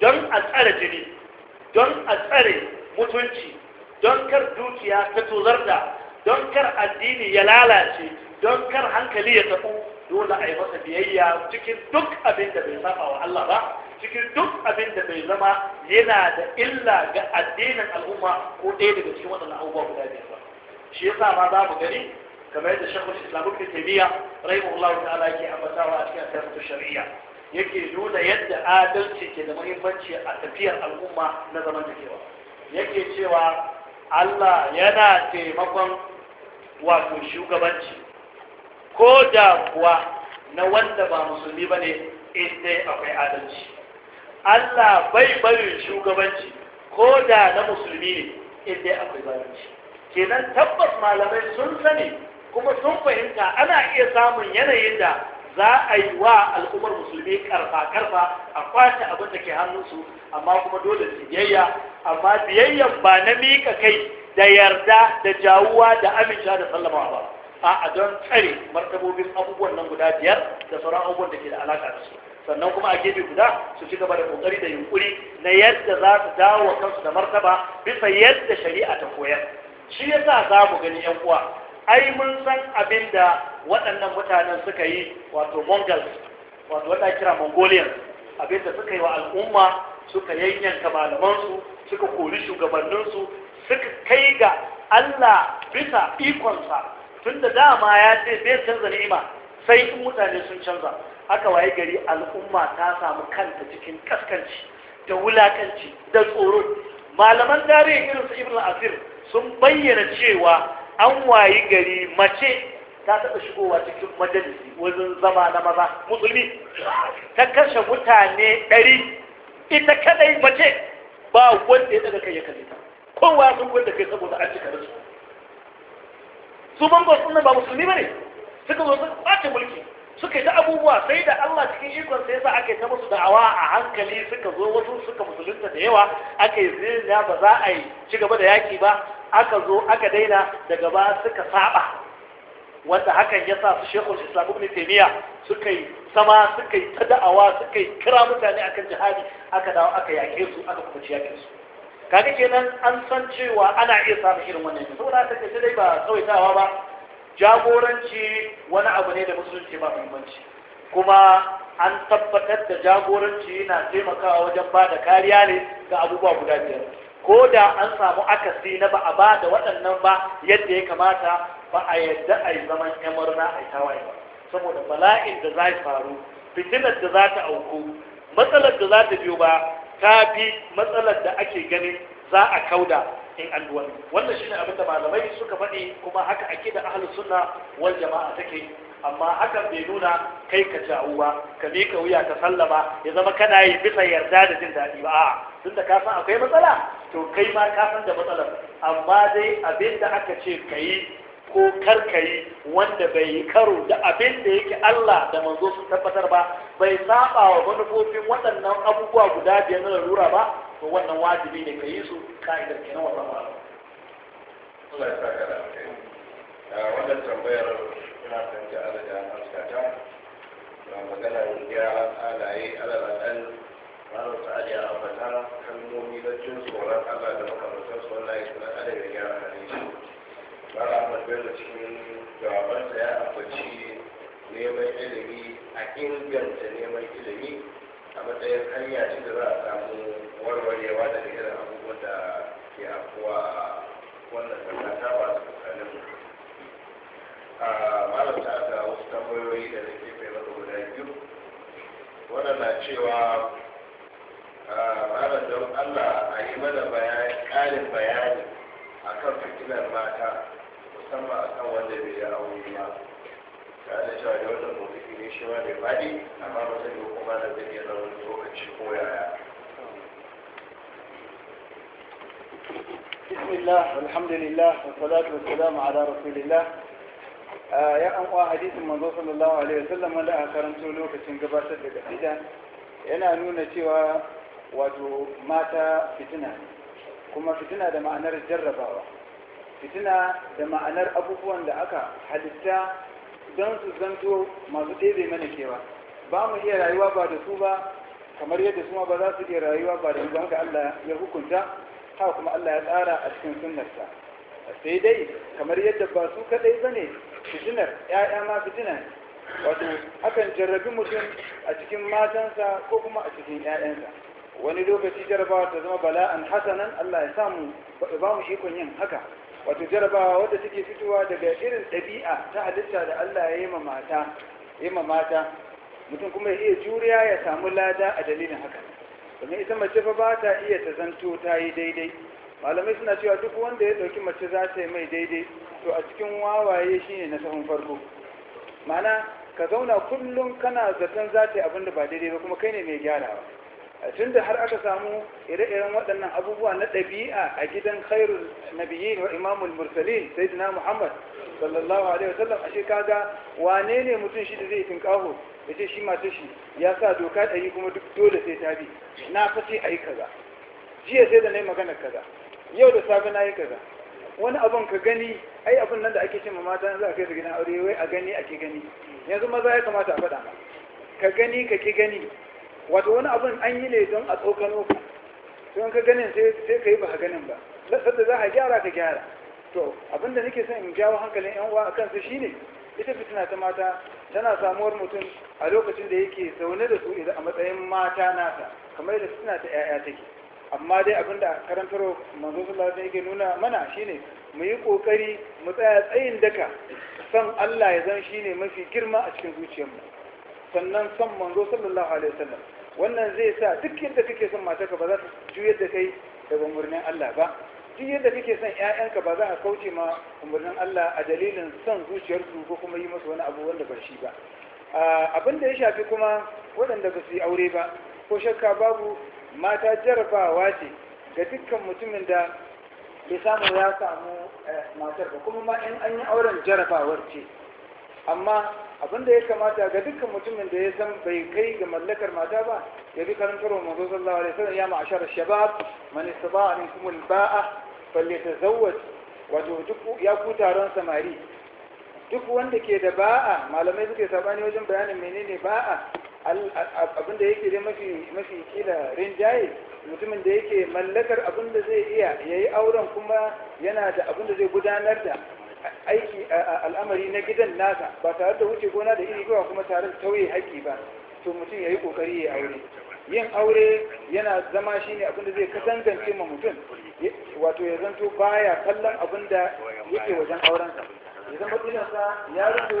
don a tsare jini don a tsare mutunci don kar dukiya ta tozar da don kar addini ya lalace don kar hankali ya tafi dole a yi masa biyayya cikin duk abin da bai saba wa Allah ba cikin duk abin da bai zama yana da illa ga addinin al'umma ko ɗaya daga cikin waɗannan abubuwa guda biyar ba shi yasa ma za mu gani kamar yadda shekul islam ibn taymiya rahimahullahu ta'ala yake ambatawa a cikin asiratu shari'a yake nuna yadda adalci ke da muhimmanci a tafiyar al'umma na zamantakewa yake cewa Allah yana taimakon wato shugabanci ko da kuwa na wanda ba musulmi ba ne inda akwai adalci Allah bai bari shugabanci ko da na musulmi ne inda akwai zalunci kenan tabbas malamai sun sani kuma sun fahimta ana iya samun yanayin da za a yi wa al'ummar musulmi karfa-karfa a kwace abin da ke hannunsu amma kuma dole su biyayya amma biyayyan ba na mika kai da yarda da jawuwa da amincewa da sallama ba A'a don tsare martabobin abubuwan nan guda biyar da sauran abubuwan da ke da alaƙa da su sannan kuma a gefe guda su ci gaba da kokari da yunkuri na yadda za su dawo kansu da martaba bisa yadda shari'a ta koyar shi sa za mu gani yan uwa ai mun san abin da waɗannan mutanen suka yi wato mongols wato wanda kira mongolians abin da suka yi wa al'umma suka yanyanka malamansu suka kori shugabanninsu suka kai ga allah bisa ikonsa tun da dama ya ce bai canza ni'ima sai in mutane sun canza aka waye gari al'umma ta samu kanta cikin kaskanci da wulakanci da tsoro malaman tarihin irin su ibn asir sun bayyana cewa an wayi gari mace ta taɓa shigowa cikin majalisi wajen zama na maza musulmi ta kashe mutane ɗari ita kadai mace ba wanda ya daga kai ya kalle ta kowa sun gwada kai saboda an cika da su su bangon ɗin ba musulmi ba ne suka zo suka ɓace mulki suka yi ta abubuwa sai da Allah cikin ikon sai sa aka yi ta musu da'awa a hankali suka zo wasu suka musulunta da yawa aka yi zina ba za a yi ci gaba da yaki ba aka zo aka daina daga ba suka saba wanda hakan ya sa su shekul islam ibn taymiya suka yi sama suka yi ta da'awa suka yi kira mutane akan jihadi aka dawo aka yake su aka kuma ci yakin su kaga kenan an san cewa ana iya samun irin wannan saboda ta kace dai ba tsawaitawa ba jagoranci wani abu ne da musulunci ba muhimmanci kuma an tabbatar da jagoranci yana taimakawa wajen ba da kariya ne ga abubuwa guda biyar ko da an samu akasi na ba a ba da waɗannan ba yadda ya kamata ba a yadda a yi zaman yan murna a yi tawaye ba saboda bala'in da za faru fitinar da za ta auku matsalar da za ta biyo ba ta fi matsalar da ake ganin za a kauda in an wannan shine abin da malamai suka faɗi kuma haka ake da ahlus sunna wal jama'a take amma hakan bai nuna kai ka jawo ba ka ka wuya ka sallama ya zama kana yi bisa yarda da jin daɗi ba a'a tunda ka san akwai matsala to kai ma ka san da matsalar amma dai abin da aka ce ka yi ko karkayi wanda bai yi karo da abin da yake Allah da manzo sun tabbatar ba bai saba wa manufofin waɗannan abubuwa guda biyar na lura ba to wannan wajibi ne ka yi su ka'idar kenan wannan ba Allah ya saka da ah, wannan tambayar ina tantance alaja haskata ba magana ya alaye alalalan malam sa'ad ya ambata kalmomi na jin tsoron Allah da makamantar sunan Allah ya suna adabi ya hare shi mara da cikin jawabansa ya ambaci neman ilimi a inganta neman ilimi a matsayin hanya ce da za a samu warwarewa da irin abubuwan da ke afuwa a wannan kasa ba su tsakanin a malamta ga wasu tambayoyi da nake mai maka guda biyu wannan na cewa malam don allah a yi mana ƙarin bayani akan fitilar mata musamman kan wanda bai yi aure ba ta da cewa da wannan motsi ne shi ma bai faɗi amma ba zai yi kuma da zai iya zama lokaci ko yaya بسم الله والحمد لله والصلاة والسلام على رسول الله يا حديث صلى الله عليه وسلم لا gabatar da قصيدة yana nuna cewa wato mata fitina kuma fitina da ma'anar jarrabawa fitina da ma'anar abubuwan da aka halitta don su zanto masu ɗebe mana kewa ba mu iya rayuwa ba da su ba kamar yadda su ma ba za su iya rayuwa ba da su haka Allah ya hukunta haka kuma Allah ya tsara a cikin sunnarsa sai dai kamar yadda ba su kaɗai ba ne fitinar ‘ya'ya ma fitina wato akan jarrabi mutum a cikin matansa ko kuma a cikin ‘ya'yansa wani lokaci jarabawa ta zama bala'an hasanan Allah ya samu ba mu ikon yin haka wato jarabawa wadda take fitowa daga irin ɗabi'a ta halitta da Allah ya yi ma mata mutum kuma ya iya juriya ya samu lada a dalilin haka domin ita mace fa ba ta iya ta zanto ta yi daidai malamai suna cewa duk wanda ya ɗauki mace za ta yi mai daidai to a cikin wawaye shine na sahun farko ma'ana ka zauna kullum kana zaton za ta yi abin da ba daidai ba kuma kai ne mai gyarawa Tunda har aka samu ire-iren waɗannan abubuwa na ɗabi'a a gidan khairul nabiyyin wa imamul mursalin sayyidina muhammad sallallahu alaihi wasallam ashe kaga wane ne mutum shi da zai tinkaho ya ce shi mata shi ya sa doka ɗari kuma duk dole sai ta bi na fashe a yi kaza jiya sai da na yi maganar kaza yau da safe na yi kaza wani abun ka gani ai abun nan da ake ce ma mata za a kai su gidan aure wai a gani ake gani yanzu maza ya kamata a faɗa ka gani ka ke gani wato wani abin an yi ne don a tsokano ka don ka ganin sai ka yi ba ganin ba da za a gyara ka gyara to abinda nake son in jawo hankalin yan uwa a kansu shine ita fitina ta mata tana samuwar mutum a lokacin da yake zaune da su idan a matsayin mata nasa kamar da fitina ta yaya take amma dai abinda karantarwa manzo sallallahu alaihi yake nuna mana shine mu yi kokari mu tsaya tsayin daka san Allah ya zan shine mafi girma a cikin zuciyarmu sannan son manzo sallallahu alaihi wasallam wannan zai sa duk yadda kake son matarka ba za ta juyar da kai daga umarnin Allah ba duk yadda kake son ƴaƴanka ba za a kauce ma umarnin Allah a dalilin son su ko kuma yi musu wani abu wanda ba shi ba abin da ya shafi kuma waɗanda ba su yi aure ba ko shakka babu mata jarabawa ce ga dukkan mutumin da bai samu ya samu eh, matar ba kuma ma in an yi auren jarabawar ce amma Abin da ya kamata ga dukkan mutumin da ya san bai kai ga mallakar mata ba ya bi karantarwa mazo sallallahu alaihi wasallam ya ma'ashar shabab man istata'a minkum al-ba'a falyatazawwaj wato duk ya ku taron samari duk wanda ke da ba'a malamai suke sabani wajen bayanin menene ba'a abin da yake da mafi mafi kila rinjaye mutumin da yake mallakar abin da zai iya yayi auren kuma yana da abin da zai gudanar da aiki al'amari na gidan nasa ba tare da wuce gona da iri ba kuma tare da tauye haƙi ba to mutum ya yi ƙoƙari ya aure yin aure yana zama shi ne abinda zai kasangance ma mutum wato ya zanto baya kallon abinda yake wajen aurensa ya zama ilinsa ya rufe